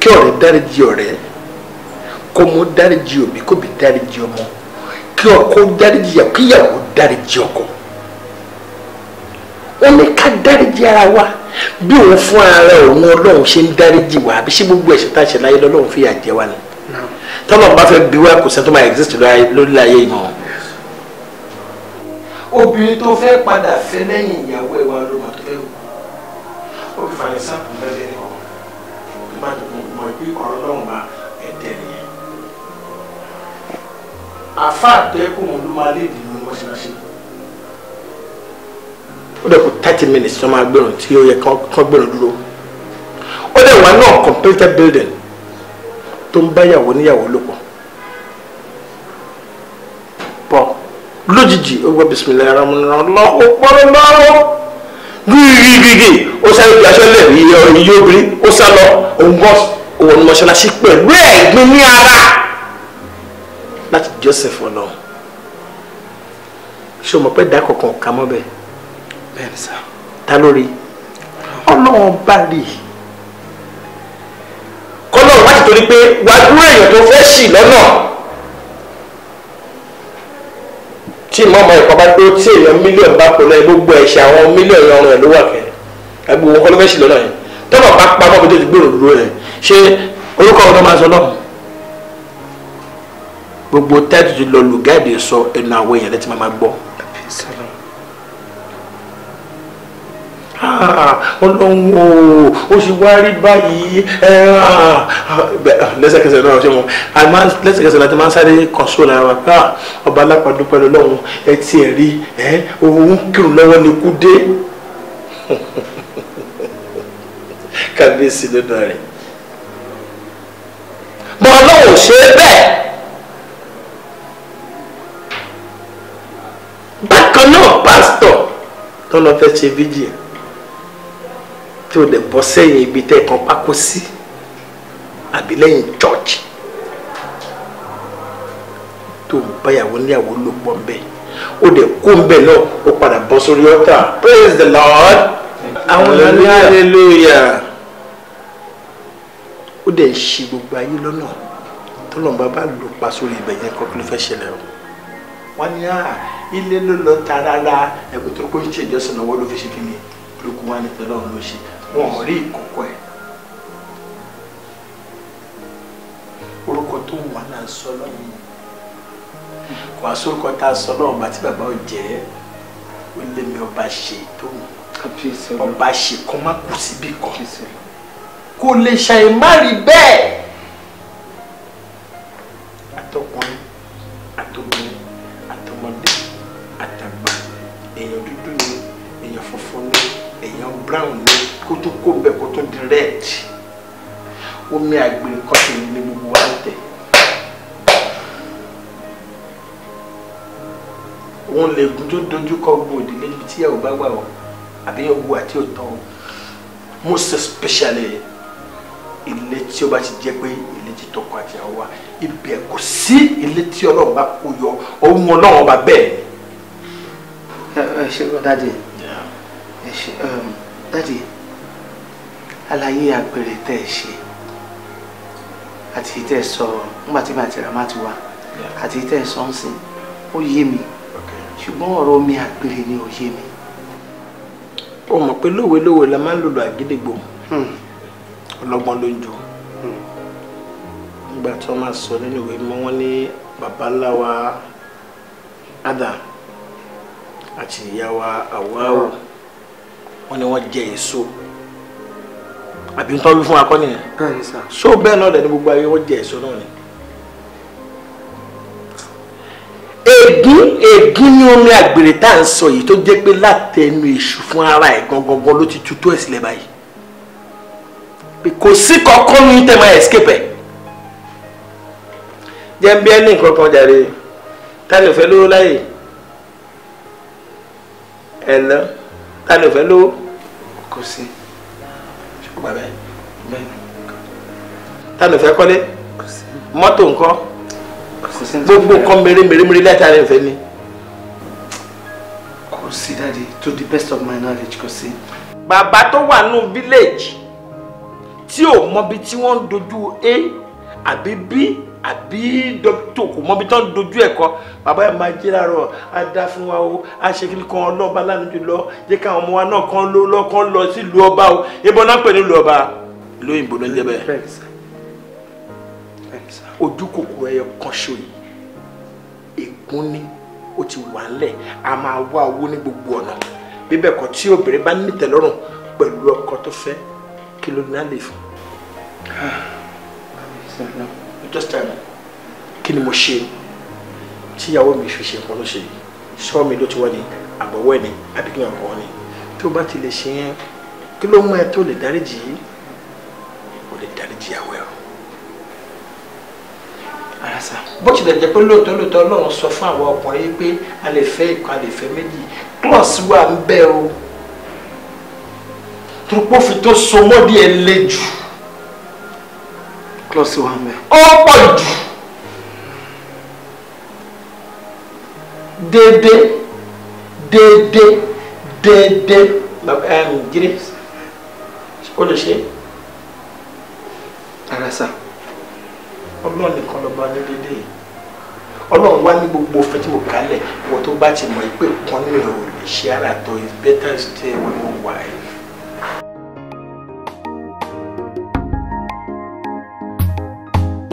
kí ọ̀rẹ́ dáríji ọ̀rẹ́ kó mú dáríji òbí kó bí dáríji ọmọ kí ọkọ dáríji ìyàwó kí ìyàwó dáríji ọkọ ó ní ká dáríjì ara wa bí òun fún ara òun ọlọ́run ṣe ń dáríjì wa àbí ṣé gbogbo ẹ̀ṣẹ̀ tá a ṣe láyé lọ́lọ́run fìyà jẹ wa ni tọ́lọ̀ bá fẹ́ bí wa kò sẹ́ni tó máa exist lórí ayé ìmọ̀ wọn. obìnrin tó fẹ́ padà fẹ́ lẹ́yìn ìyàwó ẹ̀ wa ló máa tó fẹ́ wò ó fi fàlẹ́ sáàpù lẹ́lẹ́ ní ọ̀hún tó bá dùn mọ̀ ìpín ọ̀rọ̀ lọ́hùn máa ẹ̀dẹ̀ nìyẹn. àfáà tẹ́kùn máa léèdì ó dẹ̀ kó thirty minutes tó máa gbẹ̀rùn tí ó yẹ kán gbẹ̀rùn dúró ó dẹ̀ wà náà completed building tó ń báyàwó níyàwó lò pọ̀ pọ̀ lójijì ó gbọ́ bisimilayi ramuna lọ́wọ́ pọ́nlọ́wọ́ gírígírígí ó sáré gbé aṣọ lẹ́bi iye obìnrin ó sá lọ òun bọ́ òun mọ̀ṣáláṣí pẹ̀lú ẹ̀gbin ní ara láti Joseph ọ̀nà ṣé o mọ̀ pé dá kankan kà mọ́ bẹ́ẹ̀. Talori. sá. ta ló rí ọlọ́run bá rí i. kọ́lọ́run má ti torí pé wàá dúró èèyàn tó fẹ́ ṣì lọ́nà tí ìmọ̀ọ́mọ́ ẹ̀kọ́ bá dó tí èèyàn mílíọ̀nù bá pọ̀ náà gbogbo ẹ̀ṣẹ̀ àwọn mílíọ̀nù ọrùn ẹ̀ ló wà fẹ́ ẹgbẹ́ wọn kọ́lọ́ fẹ́ ṣì lọ́nà yẹn tọ́lọ̀ bá pa mọ́ mi tó ti gbèrò dúró rẹ̀ ṣé orúkọ ọ̀dọ́ máa sọ náà gbogbo táìtù ti lọ lùgáàdì sọ ẹnu àwọn èèyàn lẹ́tí máa máa gbọ́. ọlọ́run o ó ṣe wá rí báyìí lẹ́sẹ̀kẹsẹ̀ náà ṣe mọ́ lẹ́sẹ̀kẹsẹ̀ láti máa ń sáré console ara wa pé ah, ọba alápàdúpẹ́ lọ́wọ́ ẹ tiẹ̀ rí òun kírun lọ́wọ́ ni kú dé kábíyèsí lọ́dọ̀ rẹ̀ bọ́ ọlọ́run ṣe bẹ́ẹ̀. bákan náà pásítọ̀ tó lọ fẹ́ ṣe fídíò tí o dẹ̀ bọ́ sẹ́yìn ibi tẹ́ kan pákó sí àbí lẹ́yìn church tó báyàwó níyàwó ló pọ̀ nbẹ̀ o dẹ̀ kó nbẹ̀ náà o padà bọ́ sórí ọ̀tá praise the lord àwọn ọ̀nà hallelujah ó dẹ̀ ṣe gbogbo ayé lọ́nà tọ́lọ́mùbá bá lò pa sórí ibẹ̀ yẹn kọ́ kí ló fẹ́ ṣẹlẹ̀ o wọ́n ní à ah, ilé ló lọ tààrà ra ẹ̀kú tó kó ń ṣèjọsìn náà wọ́n ló fi ṣe kí ni olùkú wa ní tọ́lọ́run ló ṣe wọn ò rí ìkókó ẹ̀ orúkọ tó wà náà sọ lọ́yìn kò wá sórúkọ tá a sọ lọ́wọ́ bá tí bàbá ò jẹ́ ó lé mi ọba ṣe tó ọba ṣe kó má kù síbì kan kó lè ṣàyè má rí bẹ́ẹ̀. dojúkọ gbogbo ìdílé ibi tí ìyàwó bá wà o àbíyàn wo àti òtọ́ o most especially ilé tí ó bá ti jẹ́ pé ilé tí tọkọ àti ìyàwó wà ibẹ̀ kò sí ilé tí ọlọ́run bá kó yọ ohun ọlọ́run ọba bẹ́ẹ̀ ẹ ṣe lọ dáàdi ẹ ṣe dáàdi um, àlàyé àpẹẹrẹ tẹ ẹ ṣe àti tẹ ẹ sọ nígbà tí màá má ti wá àti tẹ ẹ sọ ń sìn ó yé mi. Yeah ṣùgbọ́n ọ̀rọ̀ omi àgbèrè ni ò yé mi. o mọ̀ pé lówelówe la máa ń lòlò àgídìgbò hmm. ọlọ́gbọ́n ló ń jọ hmm. nígbà tí wọ́n máa sọ nínú ìwé mọ́ wọ́n ní babaláwa Adam àti ìyàwó àwòrán hmm. wọ́n ní wọ́n jẹ èso àbí ń tọ́jú fún akọ́nìyàn so bẹ́ẹ̀ náà dẹ̀ ní gbogbo ayé wọ́n jẹ èso náà ni. ègún ègún ni omi àgbèrè tá à ń sọ yìí tó jẹ́ pé látẹnu èṣù fún ara ẹ̀ gangan ló ti tutù ẹ̀ sílẹ̀ báyìí pé kò sí kankan ní tẹ̀mọ̀ escape ẹ̀ jẹ́ ń bí ẹni nǹkan kan jàre tani òfẹ́ lówó láyè ẹ̀ lọ tani òfẹ́ lówó kò sí ṣùgbọ́n bẹ́ẹ̀ tani òfẹ́ kọ́lé mọ́tò nǹkan gbogbo nǹkan mèremère látàrí ìfẹ́ ni. kò sí dáadé to the best of my knowledge kò sí. bàbá tó wà nù village tí ò mọbi tí wọ́n dojú a àbí b àbí dókítà kò mọbi tó ń dojú ẹ̀ kọ bàbá ẹ̀ máa jí láàárọ̀ á dá fún wa o á ṣe kí kan ọlọ́ba lánàá lọ jẹ́ káwọn ọmọ wa náà kan ló lọ́ kan lọ sílùú ọba o ebọn náà pè ní ìlú ọba lóyìnbó ló ń jẹ bẹ́ẹ̀ ojú kòkòrò ẹyọ kan ṣo yìí ègún ni ó ti wà ńlẹ̀ a máa wá owó ní gbogbo ọ̀nà bíbẹ̀ kọ́ tí obìnrin bá nítẹ̀lọ́rùn pẹ̀lú ọkọ tó fẹ́ kí ló ní á lè fún. just time kí ni mo ṣe tíyàwó mi fi ṣe nǹkan ló ṣe yìí sọ mi ló ti wọ́n ni àbọ̀wọ́ ẹ̀ ni àbí kí wọ́n bọ̀ ni tó bá ti lè ṣe yẹn kí ló mú ẹ tó lè dáríjì yìí ó lè dáríjì àwẹ̀ o bó tilẹ̀ jẹ́ pé lóòótọ́ lóòótọ́ Ọlọ́run sọ fún àwọn ọkùnrin yìí pé a lè fẹ́ ìkan a lè fẹ́ méjì plus wà ń bẹ́ o torípò fi tó so mọ́dí ẹ lé jù plus wà ń bẹ́ ó pọ̀ jù déédéé déédéé déédéé jírí o lè ṣe ara sáà ọlọ́run nìkan lọ́ba ní dédé ọlọ́run wá ní gbogbo òfin tí mo kálẹ̀ ìwọ tó bá ti mọ̀ pé kan ní ò lè ṣe ara tó it's better stay away from wife.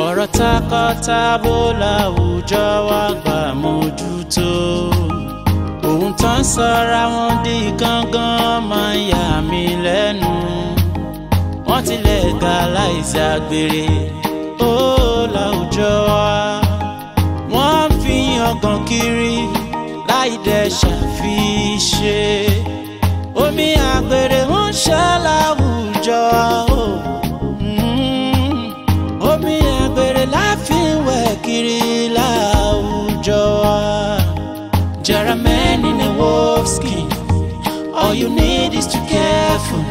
ọ̀rọ̀ takọ-tabo láwùjọ wa gbà mójútó ohun tó ń sọra wọn di gángan máa ń yà mí lẹ́nu wọ́n tilẹ̀ ga láìsí àgbèrè ó láwùjọ wa wọ́n fi ọgàn kiri láì dẹ̀ ṣàfiṣe omi àgbèrè ń ṣe láwùjọ o mm-hmm. omi àgbèrè láfiwẹ̀ kiri láwùjọ wa jẹrẹ mẹ́ni ní wolf skin all you need is to care for.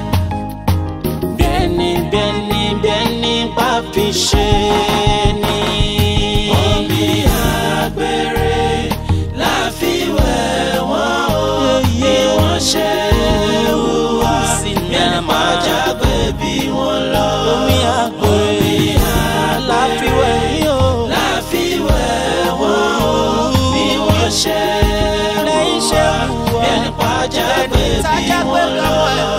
bẹ́ẹ̀ni bẹ́ẹ̀ni bá fi ṣe ni. omi àpèrè la fi wẹ̀ wọ́n o bí wọ́n ṣe hùwà yẹn má jágbe bí wọ́n lọ. omi àpèrè la fi wẹ̀ o. la fi wẹ̀ o bí ṣe hùwà yẹn má jágbe bí wọ́n lọ.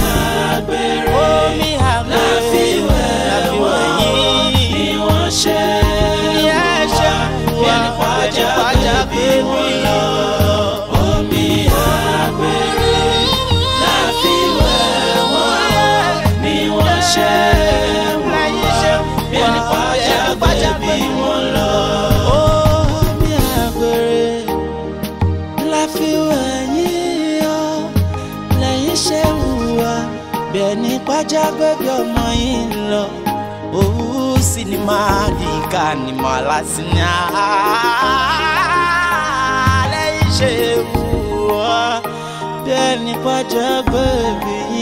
ikani malasinya leishewu deni pajagbebiyi